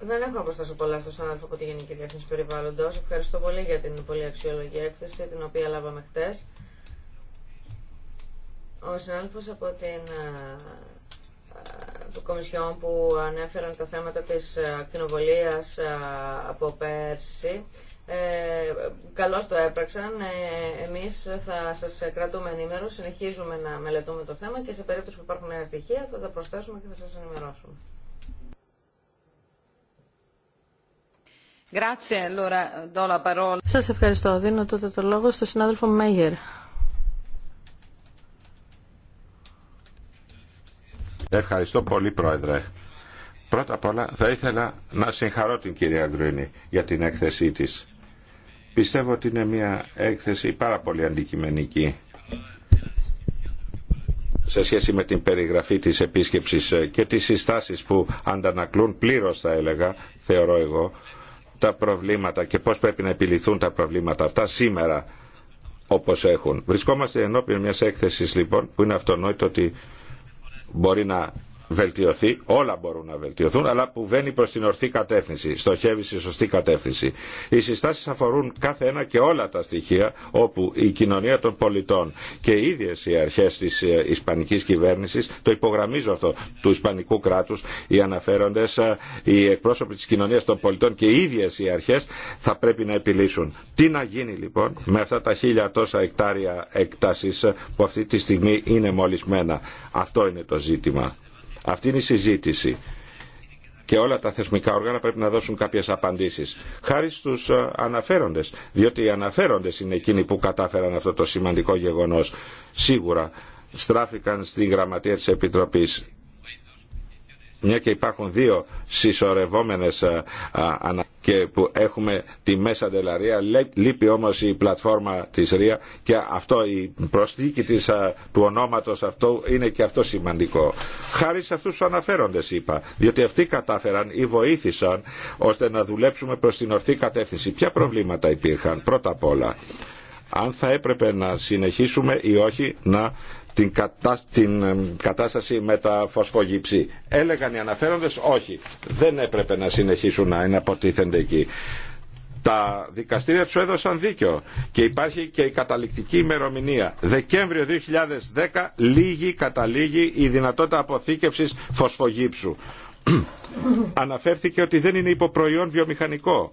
Δεν έχω να προσθέσω πολλά στο συνάδελφο από τη Γενική Διεύθυνση Περιβάλλοντο. Ευχαριστώ πολύ για την πολύ αξιολογική έκθεση την οποία λάβαμε χτε. Ο συνάδελφο από την ε, ε, του Κομισιόν που ανέφεραν τα θέματα της ε, ακτινοβολίας από πέρσι. Ε, καλώς το έπραξαν. Ε, εμείς θα σας κρατούμε ενημέρωση, συνεχίζουμε να μελετούμε το θέμα και σε περίπτωση που υπάρχουν νέα στοιχεία θα τα προσθέσουμε και θα σας ενημερώσουμε. Σας ευχαριστώ. Δίνω τότε το λόγο στον συνάδελφο Μέγερ. Ευχαριστώ πολύ, Πρόεδρε. Πρώτα απ' όλα θα ήθελα να συγχαρώ την κυρία Γκρίνη για την έκθεσή της. Πιστεύω ότι είναι μια έκθεση πάρα πολύ αντικειμενική σε σχέση με την περιγραφή της επίσκεψης και τις συστάσεις που αντανακλούν πλήρως θα έλεγα, θεωρώ εγώ, τα προβλήματα και πώς πρέπει να επιληθούν τα προβλήματα αυτά σήμερα όπως έχουν. Βρισκόμαστε ενώπιον μιας έκθεσης λοιπόν που είναι αυτονόητο ότι μπορεί να βελτιωθεί, όλα μπορούν να βελτιωθούν, αλλά που βαίνει προς την ορθή κατεύθυνση, στοχεύει στη σωστή κατεύθυνση. Οι συστάσεις αφορούν κάθε ένα και όλα τα στοιχεία όπου η κοινωνία των πολιτών και οι ίδιες οι αρχές της ε, Ισπανικής κυβέρνησης, το υπογραμμίζω αυτό, του Ισπανικού κράτους, οι αναφέροντες, ε, οι εκπρόσωποι της κοινωνίας των πολιτών και οι ίδιες οι αρχές θα πρέπει να επιλύσουν. Τι να γίνει λοιπόν με αυτά τα χίλια τόσα εκτάρια εκτάσεις που αυτή τη στιγμή είναι μολυσμένα. Αυτό είναι το ζήτημα αυτή είναι η συζήτηση και όλα τα θεσμικά όργανα πρέπει να δώσουν κάποιες απαντήσεις. Χάρη στου ε, αναφέροντες, διότι οι αναφέροντες είναι εκείνοι που κατάφεραν αυτό το σημαντικό γεγονός. Σίγουρα στράφηκαν στην γραμματεία της Επιτροπής μια και υπάρχουν δύο συσσωρευόμενες ε, και που έχουμε τη Μέσα Ντελαρία. Λείπει όμως η πλατφόρμα της ΡΙΑ και αυτό η προσθήκη της, του ονόματος αυτό είναι και αυτό σημαντικό. Χάρη σε αυτούς τους αναφέροντες είπα, διότι αυτοί κατάφεραν ή βοήθησαν ώστε να δουλέψουμε προς την ορθή κατεύθυνση. Ποια προβλήματα υπήρχαν πρώτα απ' όλα αν θα έπρεπε να συνεχίσουμε ή όχι να την, ε, κατάσταση με τα φωσφογύψη. Έλεγαν οι αναφέροντες όχι, δεν έπρεπε να συνεχίσουν να είναι αποτίθενται εκεί. Τα δικαστήρια του έδωσαν δίκιο και υπάρχει και η καταληκτική ημερομηνία. Δεκέμβριο 2010 λίγη καταλήγει η δυνατότητα αποθήκευσης φωσφογύψου. Αναφέρθηκε ότι δεν είναι υποπροϊόν βιομηχανικό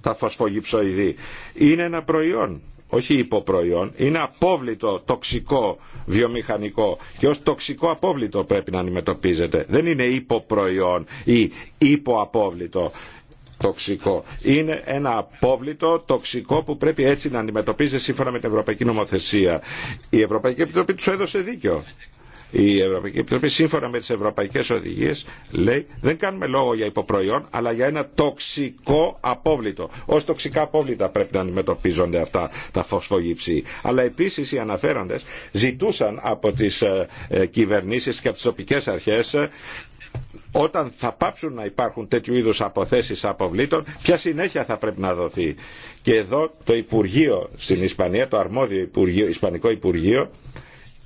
τα φωσφογυψοειδή. Είναι ένα προϊόν όχι υποπροϊόν, είναι απόβλητο τοξικό βιομηχανικό και ως τοξικό απόβλητο πρέπει να αντιμετωπίζεται. Δεν είναι υποπροϊόν ή υποαπόβλητο τοξικό. Είναι ένα απόβλητο τοξικό που πρέπει έτσι να αντιμετωπίζεται σύμφωνα με την Ευρωπαϊκή Νομοθεσία. Η Ευρωπαϊκή Επιτροπή του έδωσε δίκιο η Ευρωπαϊκή Επιτροπή σύμφωνα με τις ευρωπαϊκές οδηγίες λέει δεν κάνουμε λόγο για υποπροϊόν αλλά για ένα τοξικό απόβλητο. Ως τοξικά απόβλητα πρέπει να αντιμετωπίζονται αυτά τα φωσφογύψη. Αλλά επίσης οι αναφέροντες ζητούσαν από τις ε, ε, κυβερνήσεις και από τις τοπικές αρχές ε, όταν θα πάψουν να υπάρχουν τέτοιου είδους αποθέσεις αποβλήτων, ποια συνέχεια θα πρέπει να δοθεί. Και εδώ το Υπουργείο στην Ισπανία, το αρμόδιο Ισπανικό Υπουργείο,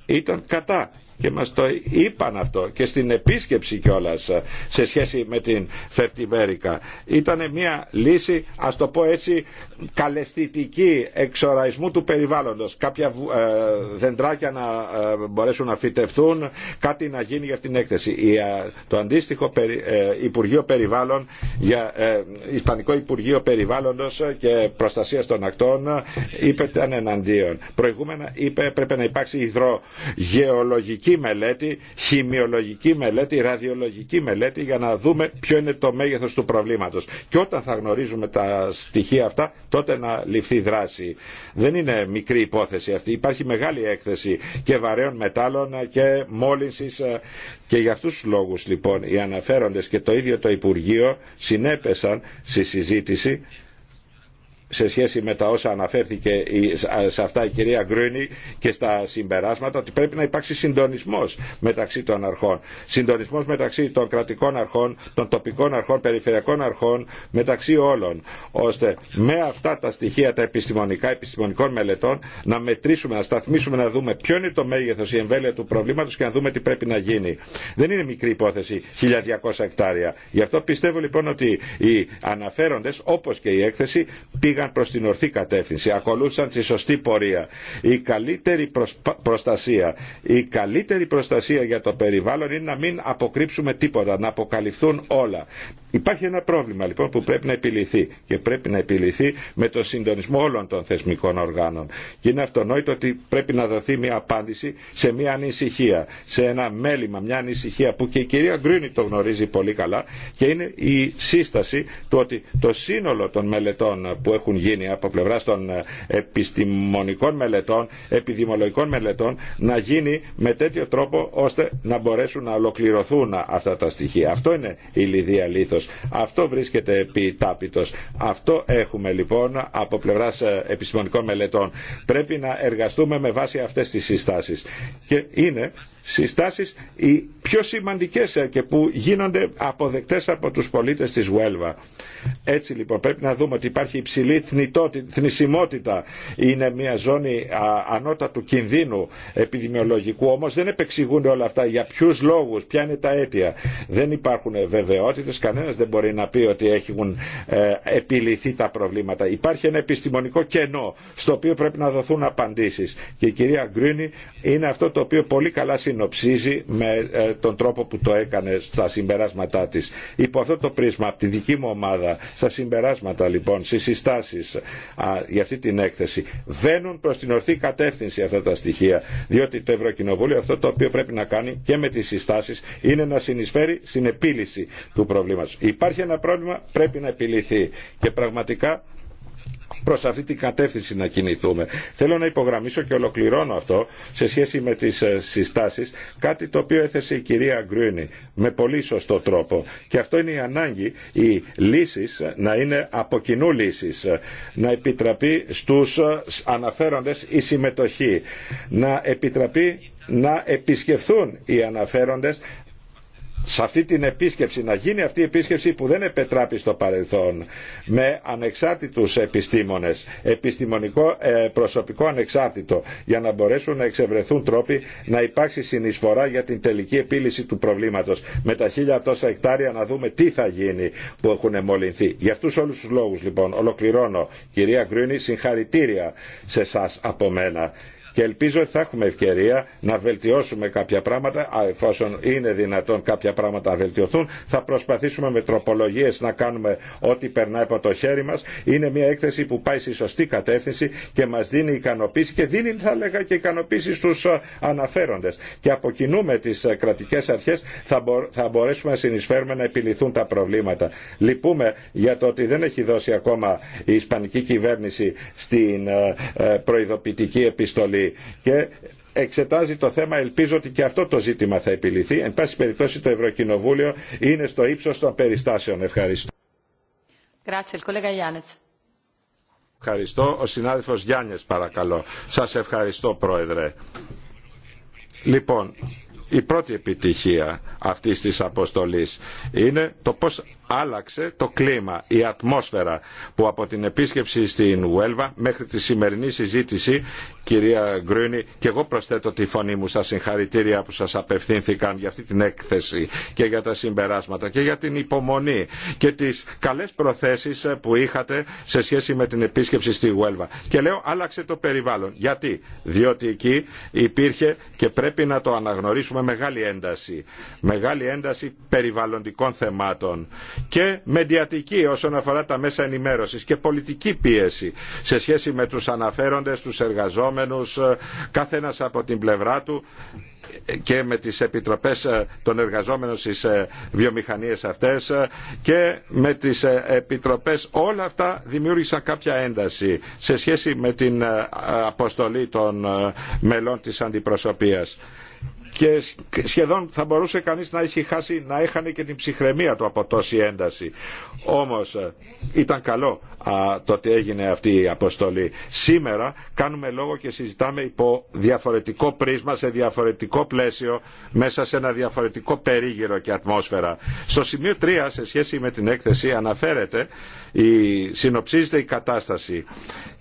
ήταν κατά και μας το είπαν αυτό και στην επίσκεψη κιόλας σε σχέση με την Φερτιβέρικα. Ήταν μια λύση, ας το πω έτσι, καλεσθητική εξοραϊσμού του περιβάλλοντος. Κάποια ε, δεντράκια να ε, μπορέσουν να φυτευτούν, κάτι να γίνει για την έκθεση. Ε, το αντίστοιχο Υπουργείο Περιβάλλον, για, Ισπανικό Υπουργείο Περιβάλλοντος και Προστασία των Ακτών είπε ήταν εναντίον. Προηγούμενα είπε πρέπει να υπάρξει υδρογεολογική χημική μελέτη, χημιολογική μελέτη, ραδιολογική μελέτη για να δούμε ποιο είναι το μέγεθος του προβλήματος. Και όταν θα γνωρίζουμε τα στοιχεία αυτά, τότε να ληφθεί δράση. Δεν είναι μικρή υπόθεση αυτή. Υπάρχει μεγάλη έκθεση και βαρέων μετάλλων και μόλυνσης ε, και για αυτούς τους λόγους λοιπόν οι αναφέροντες και το ίδιο το Υπουργείο συνέπεσαν στη συζήτηση σε σχέση με τα όσα αναφέρθηκε σε αυτά η κυρία Γκρίνι και στα συμπεράσματα ότι πρέπει να υπάρξει συντονισμός μεταξύ των αρχών. Συντονισμός μεταξύ των κρατικών αρχών, των τοπικών αρχών, περιφερειακών αρχών, μεταξύ όλων, ώστε με αυτά τα στοιχεία τα επιστημονικά, επιστημονικών μελετών να μετρήσουμε, να σταθμίσουμε, να δούμε ποιο είναι το μέγεθος, η εμβέλεια του προβλήματος και να δούμε τι πρέπει να γίνει. Δεν είναι μικρή υπόθεση 1200 εκτάρια. Γι' αυτό πιστεύω λοιπόν ότι οι αναφέροντες όπως και η έκθεση πήγαν προς την ορθή κατεύθυνση, ακολούθησαν τη σωστή πορεία. Η καλύτερη προστασία, η καλύτερη προστασία για το περιβάλλον είναι να μην αποκρύψουμε τίποτα, να αποκαλυφθούν όλα. Υπάρχει ένα πρόβλημα λοιπόν που πρέπει να επιληθεί και πρέπει να επιληθεί με το συντονισμό όλων των θεσμικών οργάνων. Και είναι αυτονόητο ότι πρέπει να δοθεί μια απάντηση σε μια ανησυχία, σε ένα μέλημα, μια ανησυχία που και η κυρία Γκρίνι το γνωρίζει πολύ καλά και είναι η σύσταση του ότι το σύνολο των μελετών που έχουν γίνει από πλευρά των επιστημονικών μελετών, επιδημολογικών μελετών να γίνει με τέτοιο τρόπο ώστε να μπορέσουν να ολοκληρωθούν αυτά τα στοιχεία. Αυτό είναι η λιδία λίθος αυτό βρίσκεται επί Αυτό έχουμε λοιπόν από πλευράς ε, επιστημονικών μελετών. Πρέπει να εργαστούμε με βάση αυτές τις συστάσεις. Και είναι συστάσεις οι πιο σημαντικές ε, και που γίνονται αποδεκτές από τους πολίτες της Βουέλβα. Έτσι λοιπόν πρέπει να δούμε ότι υπάρχει υψηλή θνησιμότητα. Είναι μια ζώνη ανώτατου κινδύνου επιδημιολογικού. Όμως δεν επεξηγούνται όλα αυτά. Για ποιους λόγους, ποια είναι τα αίτια. Δεν υπάρχουν βεβαιότητες, κανένα δεν μπορεί να πει ότι έχουν ε, επιληθεί τα προβλήματα. Υπάρχει ένα επιστημονικό κενό στο οποίο πρέπει να δοθούν απαντήσεις. Και η κυρία Γκρίνη είναι αυτό το οποίο πολύ καλά συνοψίζει με ε, τον τρόπο που το έκανε στα συμπεράσματά της. Υπό αυτό το πρίσμα, από τη δική μου ομάδα, στα συμπεράσματα λοιπόν, στις συστάσεις για αυτή την έκθεση, βαίνουν προς την ορθή κατεύθυνση αυτά τα στοιχεία. Διότι το Ευρωκοινοβούλιο αυτό το οποίο πρέπει να κάνει και με τις συστάσεις είναι να συνεισφέρει στην επίλυση του προβλήματος. Υπάρχει ένα πρόβλημα, πρέπει να επιληθεί. Και πραγματικά προς αυτή την κατεύθυνση να κινηθούμε. Θέλω να υπογραμμίσω και ολοκληρώνω αυτό σε σχέση με τις ε, συστάσεις, κάτι το οποίο έθεσε η κυρία Γκρίνη με πολύ σωστό τρόπο. Και αυτό είναι η ανάγκη, οι λύσεις ε, να είναι από κοινού λύσεις, ε, να επιτραπεί στους αναφέροντες η συμμετοχή, να επιτραπεί να επισκεφθούν οι αναφέροντες σε αυτή την επίσκεψη, να γίνει αυτή η επίσκεψη που δεν επετράπη στο παρελθόν με ανεξάρτητους επιστήμονες, επιστημονικό ε, προσωπικό ανεξάρτητο για να μπορέσουν να εξευρεθούν τρόποι να υπάρξει συνεισφορά για την τελική επίλυση του προβλήματος. Με τα χίλια τόσα εκτάρια να δούμε τι θα γίνει που έχουν εμολυνθεί. Για αυτούς όλους τους λόγους λοιπόν ολοκληρώνω. Κυρία Γκρίνη, συγχαρητήρια σε εσά από μένα και ελπίζω ότι θα έχουμε ευκαιρία να βελτιώσουμε κάποια πράγματα, εφόσον είναι δυνατόν κάποια πράγματα να βελτιωθούν, θα προσπαθήσουμε με τροπολογίε να κάνουμε ό,τι περνάει από το χέρι μα. Είναι μια έκθεση που πάει στη σωστή κατεύθυνση και μα δίνει ικανοποίηση και δίνει, θα λέγα, και ικανοποίηση στου αναφέροντε. Και από κοινού με τι ε, κρατικέ αρχέ θα μπορέσουμε να συνεισφέρουμε να επιληθούν τα προβλήματα. Λυπούμε για το ότι δεν έχει δώσει ακόμα η Ισπανική κυβέρνηση στην ε, ε, προειδοποιητική επιστολή και εξετάζει το θέμα. Ελπίζω ότι και αυτό το ζήτημα θα επιληθεί. Εν πάση περιπτώσει το Ευρωκοινοβούλιο είναι στο ύψος των περιστάσεων. Ευχαριστώ. Ευχαριστώ. Ο συνάδελφος Γιάννης παρακαλώ. Σας ευχαριστώ Πρόεδρε. Λοιπόν, η πρώτη επιτυχία αυτής της αποστολής είναι το πώς άλλαξε το κλίμα, η ατμόσφαιρα που από την επίσκεψη στην Ουέλβα μέχρι τη σημερινή συζήτηση, κυρία Γκρούνη, και εγώ προσθέτω τη φωνή μου στα συγχαρητήρια που σας απευθύνθηκαν για αυτή την έκθεση και για τα συμπεράσματα και για την υπομονή και τις καλές προθέσεις που είχατε σε σχέση με την επίσκεψη στη Ουέλβα. Και λέω άλλαξε το περιβάλλον. Γιατί? Διότι εκεί υπήρχε και πρέπει να το αναγνωρίσουμε μεγάλη ένταση. Μεγάλη ένταση περιβαλλοντικών θεμάτων και μεντιατική όσον αφορά τα μέσα ενημέρωσης και πολιτική πίεση σε σχέση με τους αναφέροντες, τους εργαζόμενους, ε, καθένας από την πλευρά του και με τις επιτροπές ε, των εργαζόμενων στις ε, βιομηχανίες αυτές και με τις επιτροπές όλα αυτά δημιούργησαν κάποια ένταση σε σχέση με την αποστολή των μελών της αντιπροσωπείας και σχεδόν θα μπορούσε κανείς να έχει χάσει, να έχανε και την ψυχραιμία του από τόση ένταση. Όμως ε, ήταν καλό α, το ότι έγινε αυτή η αποστολή. Σήμερα κάνουμε λόγο και συζητάμε υπό διαφορετικό πρίσμα, σε διαφορετικό πλαίσιο, μέσα σε ένα διαφορετικό περίγυρο και ατμόσφαιρα. Στο σημείο 3, σε σχέση με την έκθεση, αναφέρεται, η, συνοψίζεται η κατάσταση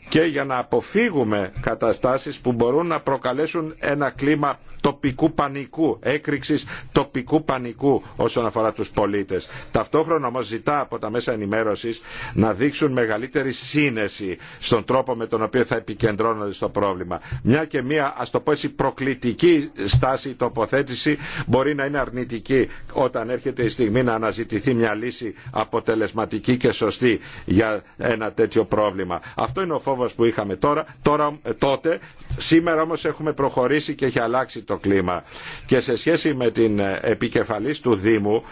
και για να αποφύγουμε καταστάσεις που μπορούν να προκαλέσουν ένα κλίμα τοπικού πανικού, έκρηξης τοπικού πανικού όσον αφορά τους πολίτες. Ταυτόχρονα όμως ζητά από τα μέσα ενημέρωσης να δείξουν μεγαλύτερη σύνεση στον τρόπο με τον οποίο θα επικεντρώνονται στο πρόβλημα. Μια και μια ας το πω έτσι προκλητική στάση τοποθέτηση μπορεί να είναι αρνητική όταν έρχεται η στιγμή να αναζητηθεί μια λύση αποτελεσματική και σωστή για ένα τέτοιο πρόβλημα. Αυτό είναι που είχαμε τώρα, τώρα ε, τότε. Σήμερα όμως έχουμε προχωρήσει και έχει αλλάξει το κλίμα. Και σε σχέση με την ε, επικεφαλής του Δήμου,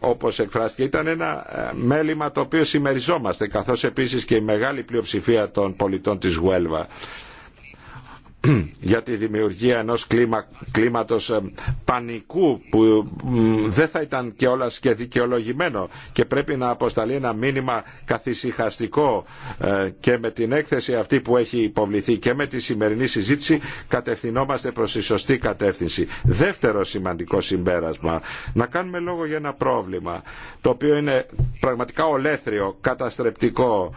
όπως εκφράστηκε ήταν ένα ε, μέλημα το οποίο συμμεριζόμαστε καθώς επίσης και η μεγάλη πλειοψηφία των πολιτών της Γουέλβα για τη δημιουργία ενός κλίμα, κλίματος ε, πανικού που δεν θα ήταν και όλας και δικαιολογημένο και πρέπει να αποσταλεί ένα μήνυμα καθησυχαστικό ε, και με την έκθεση αυτή που έχει υποβληθεί και με τη σημερινή συζήτηση κατευθυνόμαστε προς τη σωστή κατεύθυνση. Δεύτερο σημαντικό συμπέρασμα, να κάνουμε λόγο για ένα πρόβλημα το οποίο είναι πραγματικά ολέθριο, καταστρεπτικό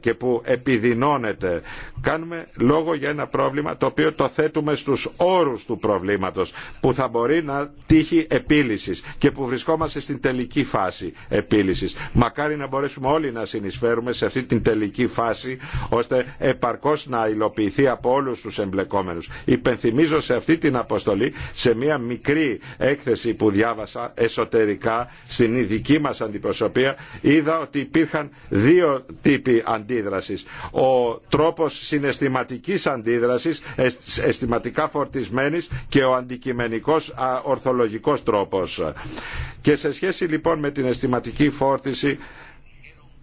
και που επιδεινώνεται. Κάνουμε λόγο για ένα πρόβλημα το οποίο το θέτουμε στους όρους του προβλήματος που θα μπορεί να τύχει επίλυσης και που βρισκόμαστε στην τελική φάση επίλυσης. Μακάρι να μπορέσουμε όλοι να συνεισφέρουμε σε αυτή την τελική φάση ώστε επαρκώς να υλοποιηθεί από όλους τους εμπλεκόμενους. Υπενθυμίζω σε αυτή την αποστολή σε μια μικρή έκθεση που διάβασα εσωτερικά στην ειδική μας αντιπροσωπεία είδα ότι υπήρχαν δύο τύποι αντίδρασης. Ο τρόπος συναισθηματικής αντίδρασης αισθηματικά φορτισμένης και ο αντικειμενικός ορθολογικός τρόπος. Και σε σχέση λοιπόν με την αισθηματική φόρτιση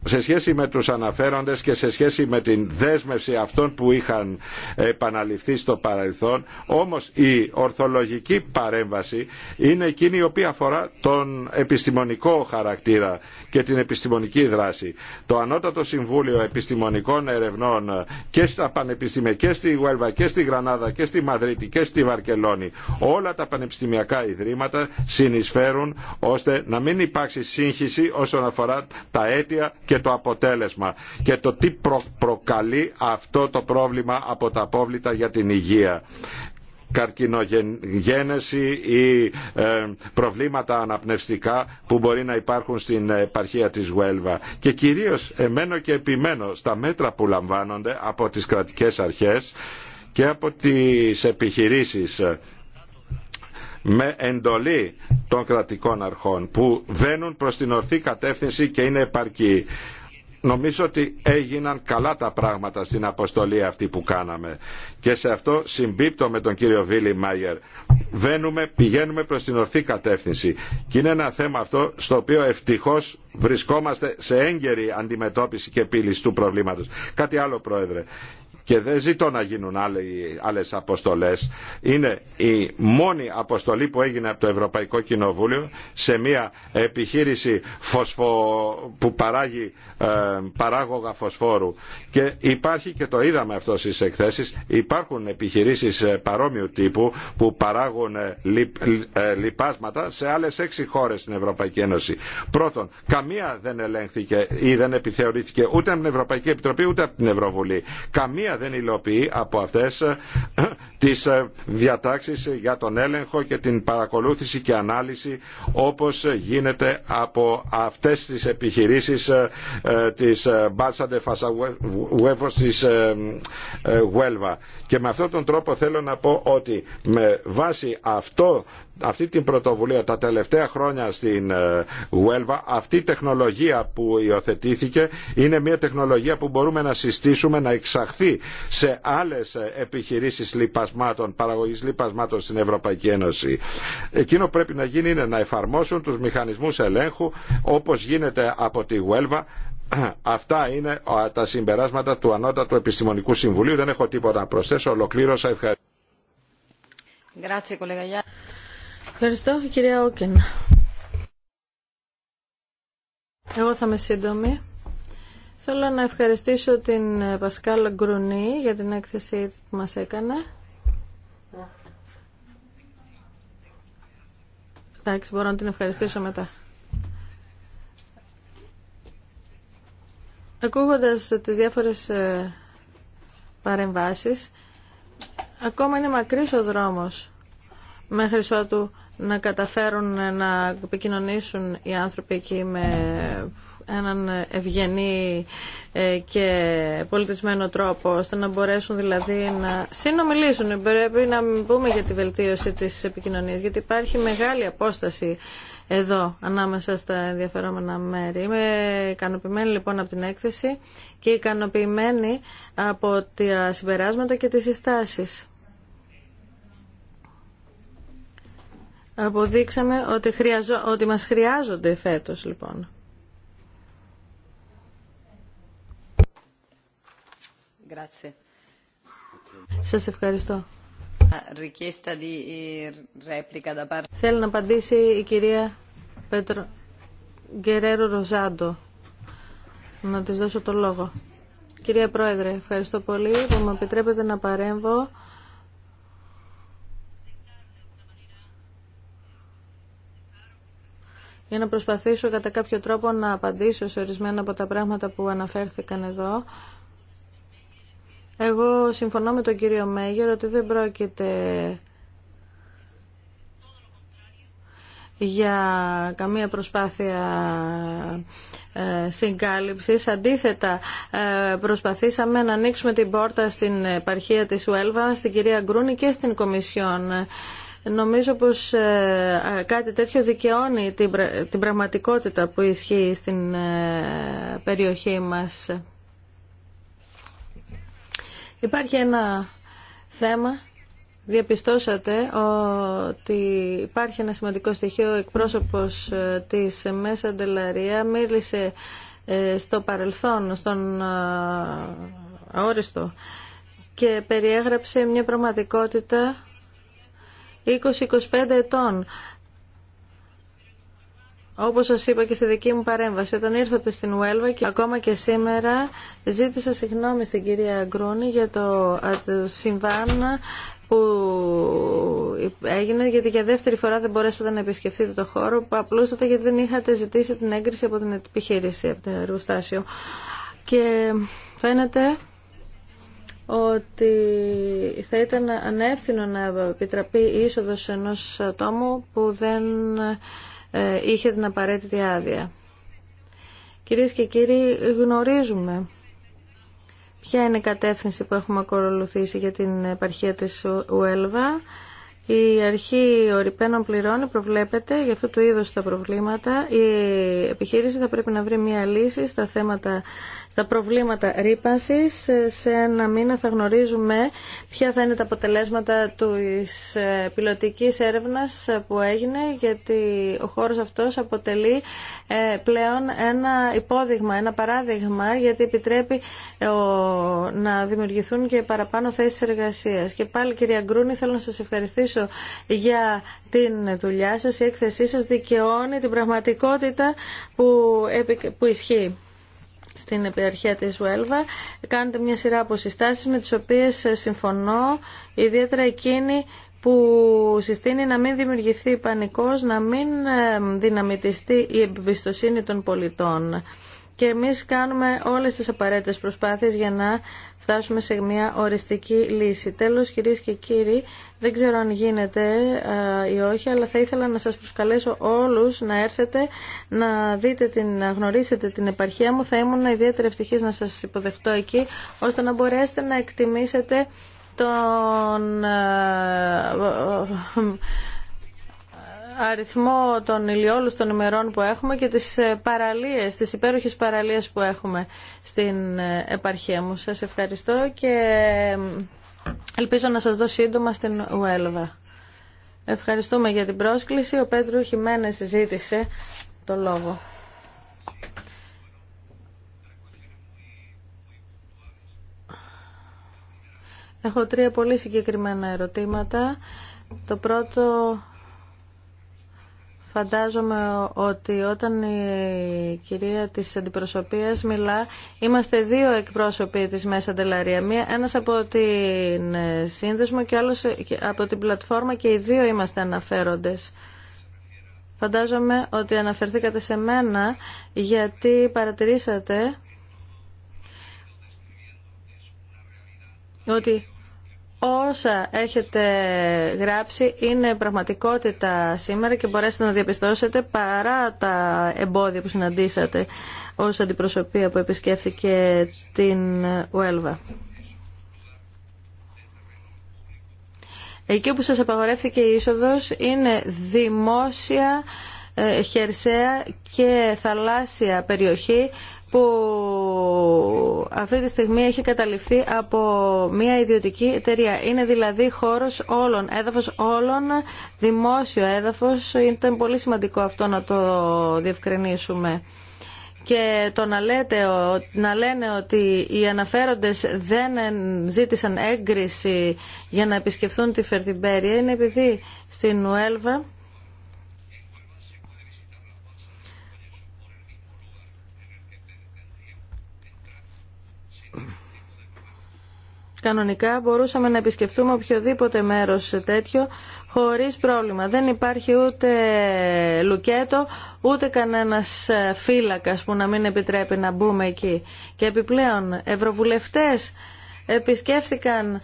σε σχέση με τους αναφέροντες και σε σχέση με την δέσμευση αυτών που είχαν επαναληφθεί στο παρελθόν όμως η ορθολογική παρέμβαση είναι εκείνη η οποία αφορά τον επιστημονικό χαρακτήρα και την επιστημονική δράση. Το Ανώτατο Συμβούλιο Επιστημονικών Ερευνών και στα πανεπιστήμια και στη Γουέλβα και στη Γρανάδα και στη Μαδρίτη και στη Βαρκελόνη όλα τα πανεπιστημιακά ιδρύματα συνεισφέρουν ώστε να μην υπάρξει σύγχυση όσον αφορά τα αίτια και και το αποτέλεσμα και το τι προκαλεί αυτό το πρόβλημα από τα απόβλητα για την υγεία καρκινογένεση ή ε, προβλήματα αναπνευστικά που μπορεί να υπάρχουν στην επαρχία της Γουέλβα. Και κυρίως εμένω και επιμένω στα μέτρα που λαμβάνονται από τις κρατικές αρχές και από τις επιχειρήσεις με εντολή των κρατικών αρχών που βαίνουν προς την ορθή κατεύθυνση και είναι επαρκή. Νομίζω ότι έγιναν καλά τα πράγματα στην αποστολή αυτή που κάναμε και σε αυτό συμπίπτω με τον κύριο Βίλι Μάγερ. Βαίνουμε, πηγαίνουμε προς την ορθή κατεύθυνση και είναι ένα θέμα αυτό στο οποίο ευτυχώς βρισκόμαστε σε έγκαιρη αντιμετώπιση και επίλυση του προβλήματος. Κάτι άλλο πρόεδρε και δεν ζητώ να γίνουν άλλες αποστολές. Είναι η μόνη αποστολή που έγινε από το Ευρωπαϊκό Κοινοβούλιο σε μια επιχείρηση φωσφο... που παράγει ε, παράγωγα φωσφόρου. Και υπάρχει και το είδαμε αυτό στις εκθέσεις, υπάρχουν επιχειρήσεις ε, παρόμοιου τύπου που παράγουν ε, λι... λιπάσματα σε άλλες έξι χώρες στην Ευρωπαϊκή Ένωση. Πρώτον, καμία δεν ελέγχθηκε ή δεν επιθεωρήθηκε ούτε από την Ευρωπαϊκή Επιτροπή ούτε από την Ευρωβουλή. Καμία δεν υλοποιεί από αυτές ε, τις ε, διατάξεις για τον έλεγχο και την παρακολούθηση και ανάλυση όπως γίνεται από αυτές τις επιχειρήσεις ε, της Μπάτσαντε Φασαουέφος της Γουέλβα. Και με αυτόν τον τρόπο θέλω να πω ότι με βάση αυτό αυτή την πρωτοβουλία τα τελευταία χρόνια στην ε, Γουέλβα, αυτή η τεχνολογία που υιοθετήθηκε είναι μια τεχνολογία που μπορούμε να συστήσουμε να εξαχθεί σε άλλες ε, επιχειρήσεις λιπασμάτων, παραγωγής λιπασμάτων στην Ευρωπαϊκή Ένωση. Εκείνο πρέπει να γίνει είναι να εφαρμόσουν τους μηχανισμούς ελέγχου όπως γίνεται από τη Γουέλβα Αυτά είναι τα συμπεράσματα του Ανώτατου Επιστημονικού Συμβουλίου. Δεν έχω τίποτα να προσθέσω. Ολοκλήρωσα. Ευχαριστώ. Ευχαριστώ, κυρία Όκεν. Εγώ θα είμαι σύντομη. Θέλω να ευχαριστήσω την ε, Πασκάλα Γκρουνή για την έκθεση που μας έκανε. Εντάξει, μπορώ να την ευχαριστήσω μετά. Ακούγοντας τις διάφορες ε, παρεμβάσεις, ακόμα είναι μακρύς ο δρόμος μέχρι ότου να καταφέρουν να επικοινωνήσουν οι άνθρωποι εκεί με έναν ευγενή ε, και πολιτισμένο τρόπο ώστε να μπορέσουν δηλαδή να συνομιλήσουν. Πρέπει να πούμε για τη βελτίωση της επικοινωνίας γιατί υπάρχει μεγάλη απόσταση εδώ ανάμεσα στα ενδιαφερόμενα μέρη. Είμαι ικανοποιημένη λοιπόν από την έκθεση και ικανοποιημένη από τα συμπεράσματα και τις συστάσεις. Αποδείξαμε ότι, χρειαζο... ότι μας χρειάζονται φέτος, λοιπόν. Grazie. Σας ευχαριστώ. Eh, Θέλω να απαντήσει η κυρία Πέτρο Γκερέρο Ροζάντο. Να της δώσω το λόγο. Κυρία Πρόεδρε, ευχαριστώ πολύ που μου επιτρέπετε να παρέμβω. για να προσπαθήσω κατά κάποιο τρόπο να απαντήσω σε ορισμένα από τα πράγματα που αναφέρθηκαν εδώ. Εγώ συμφωνώ με τον κύριο Μέγερ ότι δεν πρόκειται για καμία προσπάθεια ε, συγκάλυψης. Αντίθετα, ε, προσπαθήσαμε να ανοίξουμε την πόρτα στην επαρχία της Ουέλβα, στην κυρία Γκρούνη και στην Κομισιόν Νομίζω πως ε, κάτι τέτοιο δικαιώνει την πραγματικότητα που ισχύει στην ε, περιοχή μας. Υπάρχει ένα θέμα. Διαπιστώσατε ότι υπάρχει ένα σημαντικό στοιχείο. Ο εκπρόσωπος ε, της Μέσα Ντελαρία μίλησε στο παρελθόν, στον αόριστο και περιέγραψε μια πραγματικότητα 20-25 ετών. Όπως σας είπα και στη δική μου παρέμβαση, όταν ήρθατε στην Ουέλβα και ακόμα και σήμερα ζήτησα συγγνώμη στην κυρία Γκρούνη για το συμβάν που έγινε γιατί για δεύτερη φορά δεν μπορέσατε να επισκεφτείτε το χώρο απλούστατα γιατί δεν είχατε ζητήσει την έγκριση από την επιχείρηση, από το εργοστάσιο. Και φαίνεται ότι θα ήταν ανεύθυνο να επιτραπεί η είσοδος ενός ατόμου που δεν ε, είχε την απαραίτητη άδεια. Κυρίες και κύριοι, γνωρίζουμε ποια είναι η κατεύθυνση που έχουμε ακολουθήσει για την επαρχία της Ουέλβα. Η αρχή ορυπαίνων πληρών προβλέπεται για αυτού του είδους τα προβλήματα. Η επιχείρηση θα πρέπει να βρει μια λύση στα θέματα στα προβλήματα ρήπανσης. Ε, σε ένα μήνα θα γνωρίζουμε ποια θα είναι τα αποτελέσματα της ε, πιλωτικής έρευνας που έγινε, γιατί ο χώρος αυτός αποτελεί ε, πλέον ένα υπόδειγμα, ένα παράδειγμα, γιατί επιτρέπει να δημιουργηθούν και παραπάνω θέσεις εργασίας. Και πάλι κυρία Γκρούνη, θέλω να σας ευχαριστήσω για την δουλειά σας. Η έκθεσή σας δικαιώνει την πραγματικότητα που ισχύει στην επιαρχία της Βουέλβα. Κάνετε μια σειρά από συστάσεις με τις οποίες ε, συμφωνώ, ιδιαίτερα εκείνη που συστήνει να μην δημιουργηθεί πανικός, να μην ε, δυναμητιστεί η εμπιστοσύνη των πολιτών. Και εμείς κάνουμε όλες τις απαραίτητες προσπάθειες για να φτάσουμε σε μια οριστική λύση. Τέλος, κυρίες και κύριοι, δεν ξέρω αν γίνεται ή όχι, αλλά θα ήθελα να σας προσκαλέσω όλους να έρθετε, να δείτε την, να γνωρίσετε την επαρχία μου. Θα ήμουν ιδιαίτερα ευτυχής να σας υποδεχτώ εκεί, ώστε να μπορέσετε να εκτιμήσετε τον αριθμό των ηλιόλουστων των ημερών που έχουμε και τις ε, παραλίες, τις υπέροχες παραλίες που έχουμε στην ε, επαρχία μου. Σας ευχαριστώ και ε, ελπίζω να σας δω σύντομα στην Ουέλβα. Ευχαριστούμε για την πρόσκληση. Ο Πέντρου Χιμένε ζήτησε το λόγο. Έχω τρία πολύ συγκεκριμένα ερωτήματα. Το πρώτο Φαντάζομαι ότι όταν η κυρία της αντιπροσωπείας μιλά, είμαστε δύο εκπρόσωποι της Μέσα Ντελαρία. Μία, ένας από την ε, σύνδεσμο και άλλος ε, από την πλατφόρμα και οι δύο είμαστε αναφέροντες. Φαντάζομαι ότι αναφερθήκατε σε μένα γιατί παρατηρήσατε ότι όσα έχετε γράψει είναι πραγματικότητα σήμερα και μπορέσετε να διαπιστώσετε παρά τα εμπόδια που συναντήσατε ως αντιπροσωπεία που επισκέφθηκε την Ουέλβα. Εκεί που σας απαγορεύθηκε η είσοδος είναι δημόσια ε, χερσαία και θαλάσσια περιοχή που αυτή τη στιγμή έχει καταληφθεί από μια ιδιωτική εταιρεία. Είναι δηλαδή χώρος όλων, έδαφος όλων, δημόσιο έδαφος. Ήταν πολύ σημαντικό αυτό να το διευκρινίσουμε. Και το να, να λένε ότι οι αναφέροντες δεν ζήτησαν έγκριση για να επισκεφθούν τη Φερτιμπέρια είναι επειδή στην Ουέλβα κανονικά μπορούσαμε να επισκεφτούμε οποιοδήποτε μέρος τέτοιο χωρίς πρόβλημα. Δεν υπάρχει ούτε λουκέτο, ούτε κανένας ε, φύλακας που να μην επιτρέπει να μπούμε εκεί. Και επιπλέον, ευρωβουλευτές επισκέφθηκαν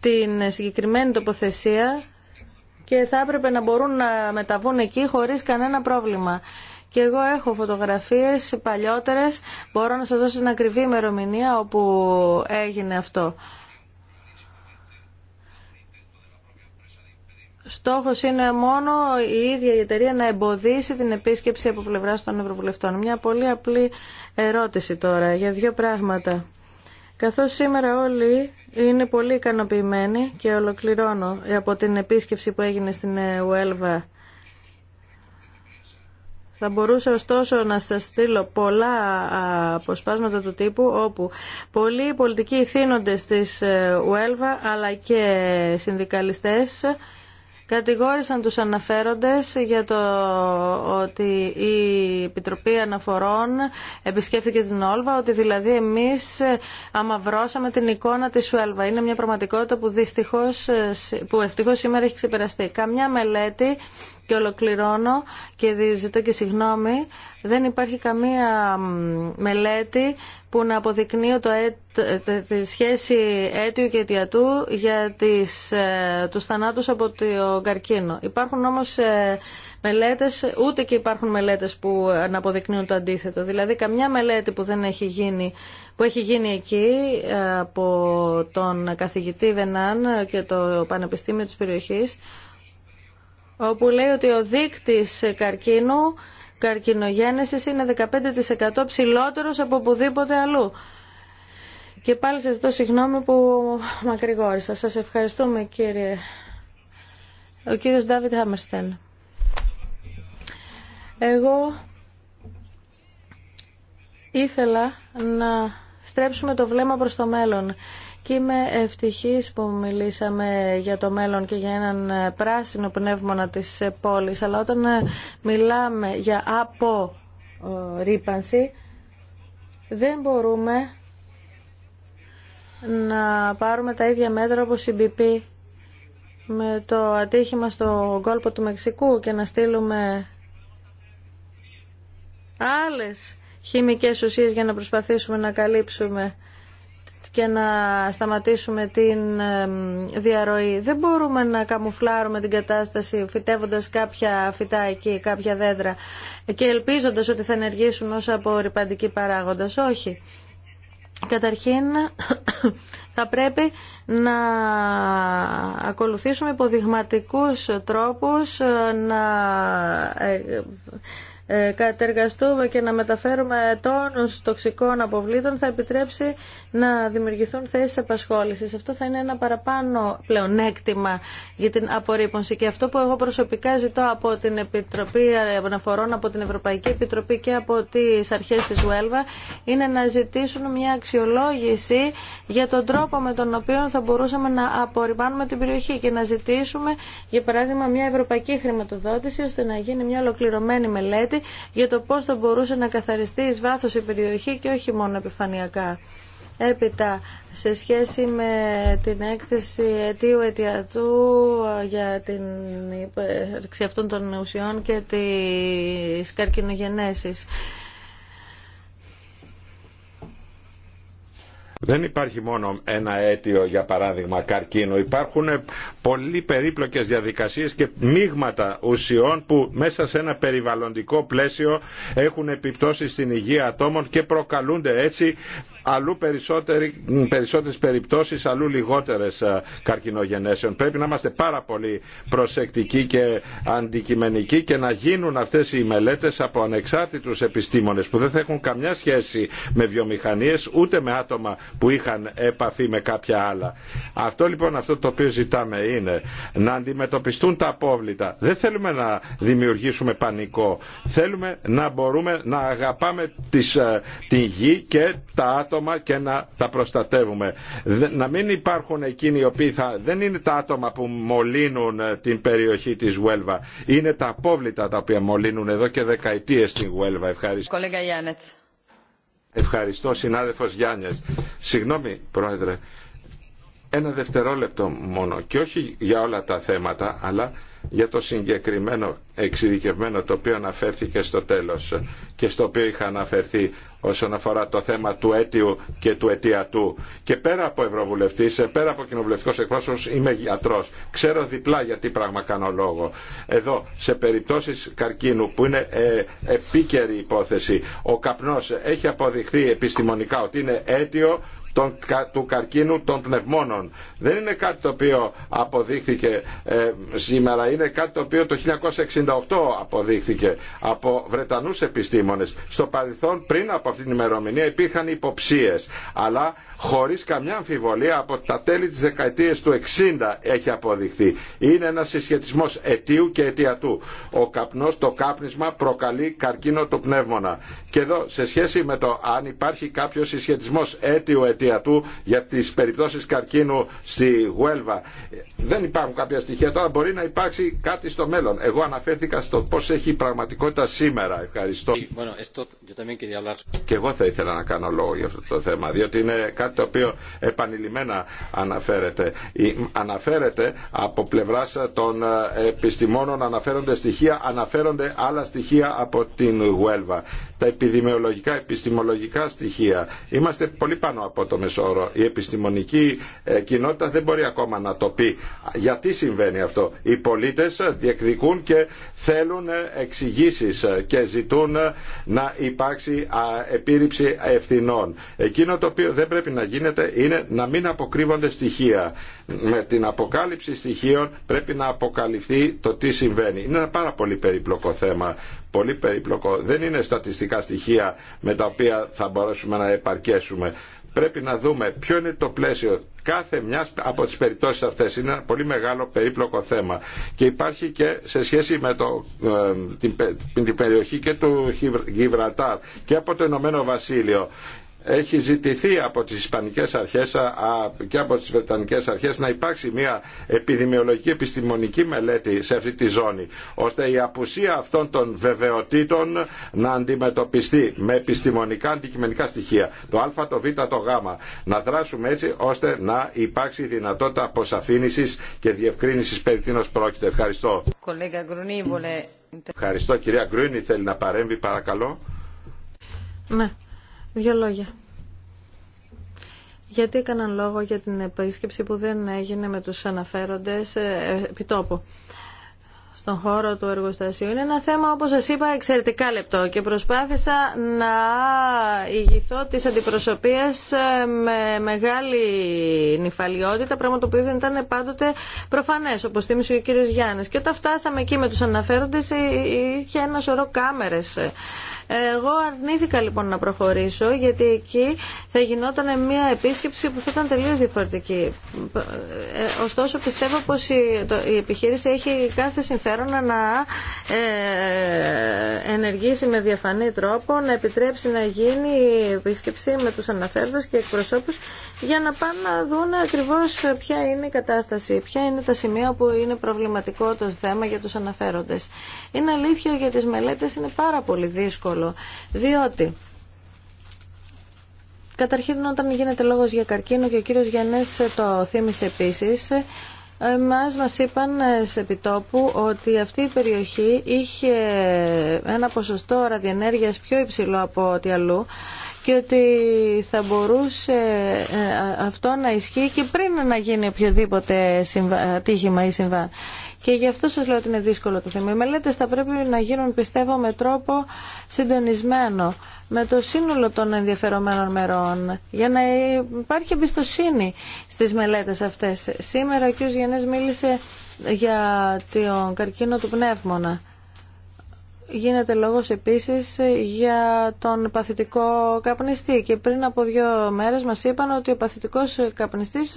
την συγκεκριμένη τοποθεσία και θα έπρεπε να μπορούν να μεταβούν εκεί χωρίς κανένα πρόβλημα. Και εγώ έχω φωτογραφίες παλιότερες, μπορώ να σας δώσω την ακριβή ημερομηνία όπου έγινε αυτό. Στόχος είναι μόνο η ίδια η εταιρεία να εμποδίσει την επίσκεψη από πλευρά των Ευρωβουλευτών. Μια πολύ απλή ερώτηση τώρα για δύο πράγματα. Καθώς σήμερα όλοι είναι πολύ ικανοποιημένοι και ολοκληρώνω από την επίσκεψη που έγινε στην Ουέλβα θα μπορούσα ωστόσο να σας στείλω πολλά αποσπάσματα του τύπου όπου πολλοί πολιτικοί ηθήνοντες της ε, ΟΕΛΒΑ αλλά και συνδικαλιστές κατηγόρησαν τους αναφέροντες για το ότι η Επιτροπή Αναφορών επισκέφθηκε την Όλβα, ότι δηλαδή εμείς ε, αμαυρώσαμε την εικόνα της ΟΕΛΒΑ. Είναι μια πραγματικότητα που, δυστυχώς, ε, που ευτυχώς σήμερα έχει ξεπεραστεί. Καμιά μελέτη και ολοκληρώνω και ζητώ και συγγνώμη, δεν υπάρχει καμία μελέτη που να αποδεικνύει το τη σχέση αίτιου και αιτιατού για τις, ε, τους θανάτους από το καρκίνο. Υπάρχουν όμως ε, μελέτες, ούτε και υπάρχουν μελέτες που ε, να αποδεικνύουν το αντίθετο. Δηλαδή καμιά μελέτη που δεν έχει γίνει που έχει γίνει εκεί από τον καθηγητή Βενάν και το Πανεπιστήμιο της περιοχής όπου λέει ότι ο δείκτης καρκίνου καρκινογένεσης είναι 15% ψηλότερος από οπουδήποτε αλλού. Και πάλι σας ζητώ συγγνώμη που μακρηγόρησα. Σας ευχαριστούμε κύριε. Ο κύριος Ντάβιτ Χάμερστεν. Εγώ ήθελα να στρέψουμε το βλέμμα προς το μέλλον και είμαι ευτυχής που μιλήσαμε για το μέλλον και για έναν πράσινο πνεύμονα της πόλης αλλά όταν μιλάμε για απορρίπανση, δεν μπορούμε να πάρουμε τα ίδια μέτρα όπως η BP με το ατύχημα στο κόλπο του Μεξικού και να στείλουμε άλλες χημικές ουσίες για να προσπαθήσουμε να καλύψουμε και να σταματήσουμε την διαρροή. Δεν μπορούμε να καμουφλάρουμε την κατάσταση φυτεύοντας κάποια φυτά εκεί, κάποια δέντρα και ελπίζοντας ότι θα ενεργήσουν ως απορριπαντικοί παράγοντας. Όχι. Καταρχήν θα πρέπει να ακολουθήσουμε υποδειγματικούς τρόπους να ε, ε, κατεργαστούμε και να μεταφέρουμε τόνους τοξικών αποβλήτων θα επιτρέψει να δημιουργηθούν θέσεις απασχόλησης. Αυτό θα είναι ένα παραπάνω πλεονέκτημα για την απορρίπωση. και αυτό που εγώ προσωπικά ζητώ από την Επιτροπή Αναφορών, από την Ευρωπαϊκή Επιτροπή και από τις αρχές της Βουέλβα είναι να ζητήσουν μια αξιολόγηση για τον τρόπο με τον οποίο θα μπορούσαμε να απορριπάνουμε την περιοχή και να ζητήσουμε για παράδειγμα μια ευρωπαϊκή χρηματοδότηση ώστε να γίνει μια ολοκληρωμένη μελέτη για το πώς θα μπορούσε να καθαριστεί εις βάθος η περιοχή και όχι μόνο επιφανειακά. Έπειτα, σε σχέση με την έκθεση αιτίου αιτιατού για την ύπαρξη αυτών των ουσιών και τις καρκινογενέσεις. Δεν υπάρχει μόνο ένα αίτιο, για παράδειγμα, καρκίνο. Υπάρχουν πολύ περίπλοκες διαδικασίες και μείγματα ουσιών που μέσα σε ένα περιβαλλοντικό πλαίσιο έχουν επιπτώσει στην υγεία ατόμων και προκαλούνται έτσι αλλού περισσότερες περιπτώσεις, αλλού λιγότερες ε, καρκινογενέσεων. Πρέπει να είμαστε πάρα πολύ προσεκτικοί και αντικειμενικοί και να γίνουν αυτές οι μελέτες από ανεξάρτητους επιστήμονες που δεν θα έχουν καμιά σχέση με βιομηχανίες ούτε με άτομα που είχαν επαφή με κάποια άλλα. Αυτό λοιπόν αυτό το οποίο ζητάμε είναι να αντιμετωπιστούν τα απόβλητα. Δεν θέλουμε να δημιουργήσουμε πανικό. Θέλουμε να μπορούμε να αγαπάμε τις, ε, τη γη και τα άτομα άτομα και να τα προστατεύουμε. Να μην υπάρχουν εκείνοι οι οποίοι θα... δεν είναι τα άτομα που μολύνουν ε, την περιοχή της Βουέλβα. Είναι τα απόβλητα τα οποία μολύνουν εδώ και δεκαετίες στην Βουέλβα. Ευχαριστώ. Ευχαριστώ συνάδελφος Γιάννης. Συγγνώμη πρόεδρε, ένα δευτερόλεπτο μόνο και όχι για όλα τα θέματα αλλά για το συγκεκριμένο εξειδικευμένο το οποίο αναφέρθηκε στο τέλος και στο οποίο είχα αναφερθεί όσον αφορά το θέμα του αίτιου και του αιτιατού. Και πέρα από ευρωβουλευτής, πέρα από κοινοβουλευτικός εκπρόσωπος είμαι γιατρός. Ξέρω διπλά για τι πράγμα κάνω λόγο. Εδώ σε περιπτώσεις καρκίνου που είναι ε, επίκαιρη υπόθεση ο καπνός έχει αποδειχθεί επιστημονικά ότι είναι αίτιο του καρκίνου των πνευμόνων. Δεν είναι κάτι το οποίο αποδείχθηκε ε, σήμερα είναι κάτι το οποίο το 1968 αποδείχθηκε από Βρετανούς επιστήμονες. Στο παρελθόν πριν από αυτήν την ημερομηνία υπήρχαν υποψίες, αλλά χωρίς καμιά αμφιβολία από τα τέλη της δεκαετίας του 60 έχει αποδειχθεί. Είναι ένας συσχετισμός αιτίου και αιτιατού. Ο καπνός, το κάπνισμα προκαλεί καρκίνο του πνεύμονα. Και εδώ σε σχέση με το αν υπάρχει κάποιο συσχετισμός αίτιου αιτιατού για τις περιπτώσεις καρκίνου στη Γουέλβα δεν υπάρχουν κάποια στοιχεία τώρα μπορεί να υπάρξει κάτι στο μέλλον. Εγώ αναφέρθηκα στο πώ έχει η πραγματικότητα σήμερα. Ευχαριστώ. Ε, Και εγώ θα ήθελα να κάνω λόγο για αυτό το θέμα, διότι είναι κάτι το οποίο επανειλημμένα αναφέρεται. Αναφέρεται από πλευρά των ε, επιστημόνων, αναφέρονται στοιχεία, αναφέρονται άλλα στοιχεία από την Γουέλβα. Τα επιδημιολογικά, επιστημολογικά στοιχεία. Είμαστε πολύ πάνω από το μεσόωρο. Η επιστημονική ε, κοινότητα δεν μπορεί ακόμα να το πει. Γιατί συμβαίνει αυτό. Οι πολίτες διεκδικούν και θέλουν εξηγήσει και ζητούν να υπάρξει επίρρηψη ευθυνών. Εκείνο το οποίο δεν πρέπει να γίνεται είναι να μην αποκρύβονται στοιχεία. Με την αποκάλυψη στοιχείων πρέπει να αποκαλυφθεί το τι συμβαίνει. Είναι ένα πάρα πολύ περίπλοκο θέμα πολύ περίπλοκο. Δεν είναι στατιστικά στοιχεία με τα οποία θα μπορέσουμε να επαρκέσουμε πρέπει να δούμε ποιο είναι το πλαίσιο κάθε μια από τις περιπτώσει αυτέ, Είναι ένα πολύ μεγάλο περίπλοκο θέμα. Και υπάρχει και σε σχέση με το, ε, την, την περιοχή και του Γιβραλτάρ και από το Ηνωμένο Βασίλειο έχει ζητηθεί από τις Ισπανικές αρχές και από τις Βρετανικές αρχές να υπάρξει μια επιδημιολογική επιστημονική μελέτη σε αυτή τη ζώνη ώστε η απουσία αυτών των βεβαιοτήτων να αντιμετωπιστεί με επιστημονικά αντικειμενικά στοιχεία το α, το β, το γ να δράσουμε έτσι ώστε να υπάρξει δυνατότητα αποσαφήνισης και διευκρίνησης περί τίνος πρόκειται. Ευχαριστώ. Ευχαριστώ κυρία Γκρούνη θέλει να παρέμβει παρακαλώ. Ναι. Δύο λόγια. Γιατί έκαναν λόγο για την επίσκεψη που δεν έγινε με τους αναφέροντες ε, επιτόπου στον χώρο του εργοστασίου. Είναι ένα θέμα, όπως σας είπα, εξαιρετικά λεπτό και προσπάθησα να ηγηθώ της αντιπροσωπείας ε, με μεγάλη νυφαλιότητα, πράγμα το οποίο δεν ήταν πάντοτε προφανές, όπως θύμισε ο κύριος Γιάννης. Και όταν φτάσαμε εκεί με τους αναφέροντες, ε, είχε ένα σωρό κάμερες εγώ αρνήθηκα λοιπόν να προχωρήσω γιατί εκεί θα γινόταν μια επίσκεψη που θα ήταν τελείως διαφορετική. Ε, ωστόσο πιστεύω πως η επιχείρηση έχει κάθε συμφέρον να ε, ενεργήσει με διαφανή τρόπο, να επιτρέψει να γίνει η επίσκεψη με τους αναφέροντες και εκπροσώπους για να πάνε να δουν ακριβώς ποια είναι η κατάσταση, ποια είναι τα σημεία που είναι προβληματικό το θέμα για τους αναφέροντες. Είναι αλήθεια για τις μελέτες είναι πάρα πολύ δύσκολο διότι καταρχήν όταν γίνεται λόγος για καρκίνο και ο κύριος Γιάννης το θύμισε επίσης, Εμάς μας είπαν σε επιτόπου ότι αυτή η περιοχή είχε ένα ποσοστό ραδιενέργειας πιο υψηλό από ό,τι αλλού και ότι θα μπορούσε ε, αυτό να ισχύει και πριν να γίνει οποιοδήποτε ατύχημα ή συμβάν. Και γι' αυτό σας λέω ότι είναι δύσκολο το θέμα. Οι μελέτε θα πρέπει να γίνουν, πιστεύω, με τρόπο συντονισμένο, με το σύνολο των ενδιαφερομένων μερών, για να υπάρχει εμπιστοσύνη στις μελέτες αυτές. Σήμερα ο κ. Γενές μίλησε για τον καρκίνο του πνεύμονα. Γίνεται λόγος επίσης για τον παθητικό καπνιστή και πριν από δύο μέρες μας είπαν ότι ο παθητικός καπνιστής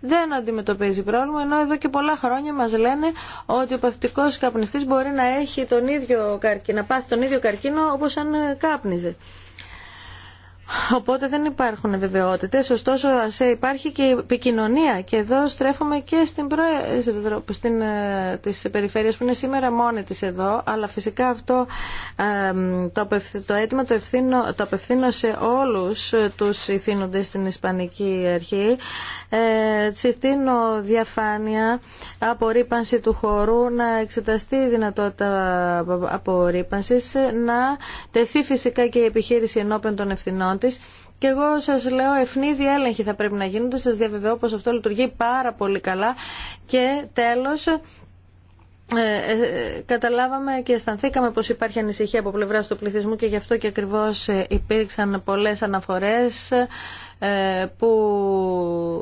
δεν αντιμετωπίζει πρόβλημα ενώ εδώ και πολλά χρόνια μας λένε ότι ο παθητικός καπνιστής μπορεί να, έχει τον ίδιο καρκίνο, να πάθει τον ίδιο καρκίνο όπως αν κάπνιζε. Οπότε δεν υπάρχουν βεβαιότητες, ωστόσο υπάρχει και επικοινωνία και εδώ στρέφουμε και στην, προ... στην ε, τις περιφέρειες που είναι σήμερα μόνη της εδώ, αλλά φυσικά αυτό ε, το, απευθ... το αίτημα το, ευθύνω... απευθύνω σε όλους ε, τους ηθήνοντες στην Ισπανική Αρχή. Ε, συστήνω διαφάνεια, απορρίπανση του χώρου, να εξεταστεί η δυνατότητα απορρίπανσης, να τεθεί φυσικά και η επιχείρηση ενώπιον των ευθυνών και εγώ σα λέω ευνίδιοι έλεγχοι θα πρέπει να γίνονται. Σα διαβεβαιώ πω αυτό λειτουργεί πάρα πολύ καλά. Και τέλο, ε, ε, καταλάβαμε και αισθανθήκαμε πως υπάρχει ανησυχία από πλευράς του πληθυσμού και γι' αυτό και ακριβώς ε, υπήρξαν πολλές αναφορές ε, που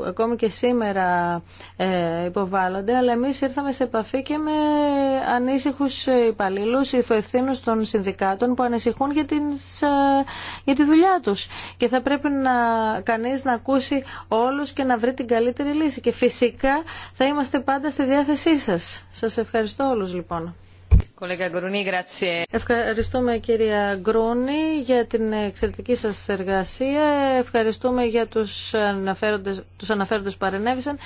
ακόμη και σήμερα ε, υποβάλλονται, αλλά εμείς ήρθαμε σε επαφή και με ανήσυχους υπαλλήλου, υφευθύνου των συνδικάτων που ανησυχούν για, την, ε, για τη δουλειά τους και θα πρέπει να, κανείς να ακούσει όλους και να βρει την καλύτερη λύση και φυσικά θα είμαστε πάντα στη διάθεσή σας. Σας ευχαριστώ όλους λοιπόν. Ευχαριστούμε κυρία Γκρούνη για την εξαιρετική σας εργασία. Ευχαριστούμε για τους αναφέροντες, τους που παρενέβησαν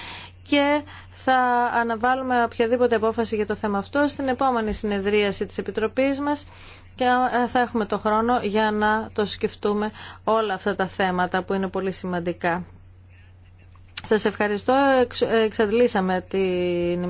και θα αναβάλουμε οποιαδήποτε απόφαση για το θέμα αυτό στην επόμενη συνεδρίαση της Επιτροπής μας και θα έχουμε το χρόνο για να το σκεφτούμε όλα αυτά τα θέματα που είναι πολύ σημαντικά. Σας ευχαριστώ. Εξαντλήσαμε την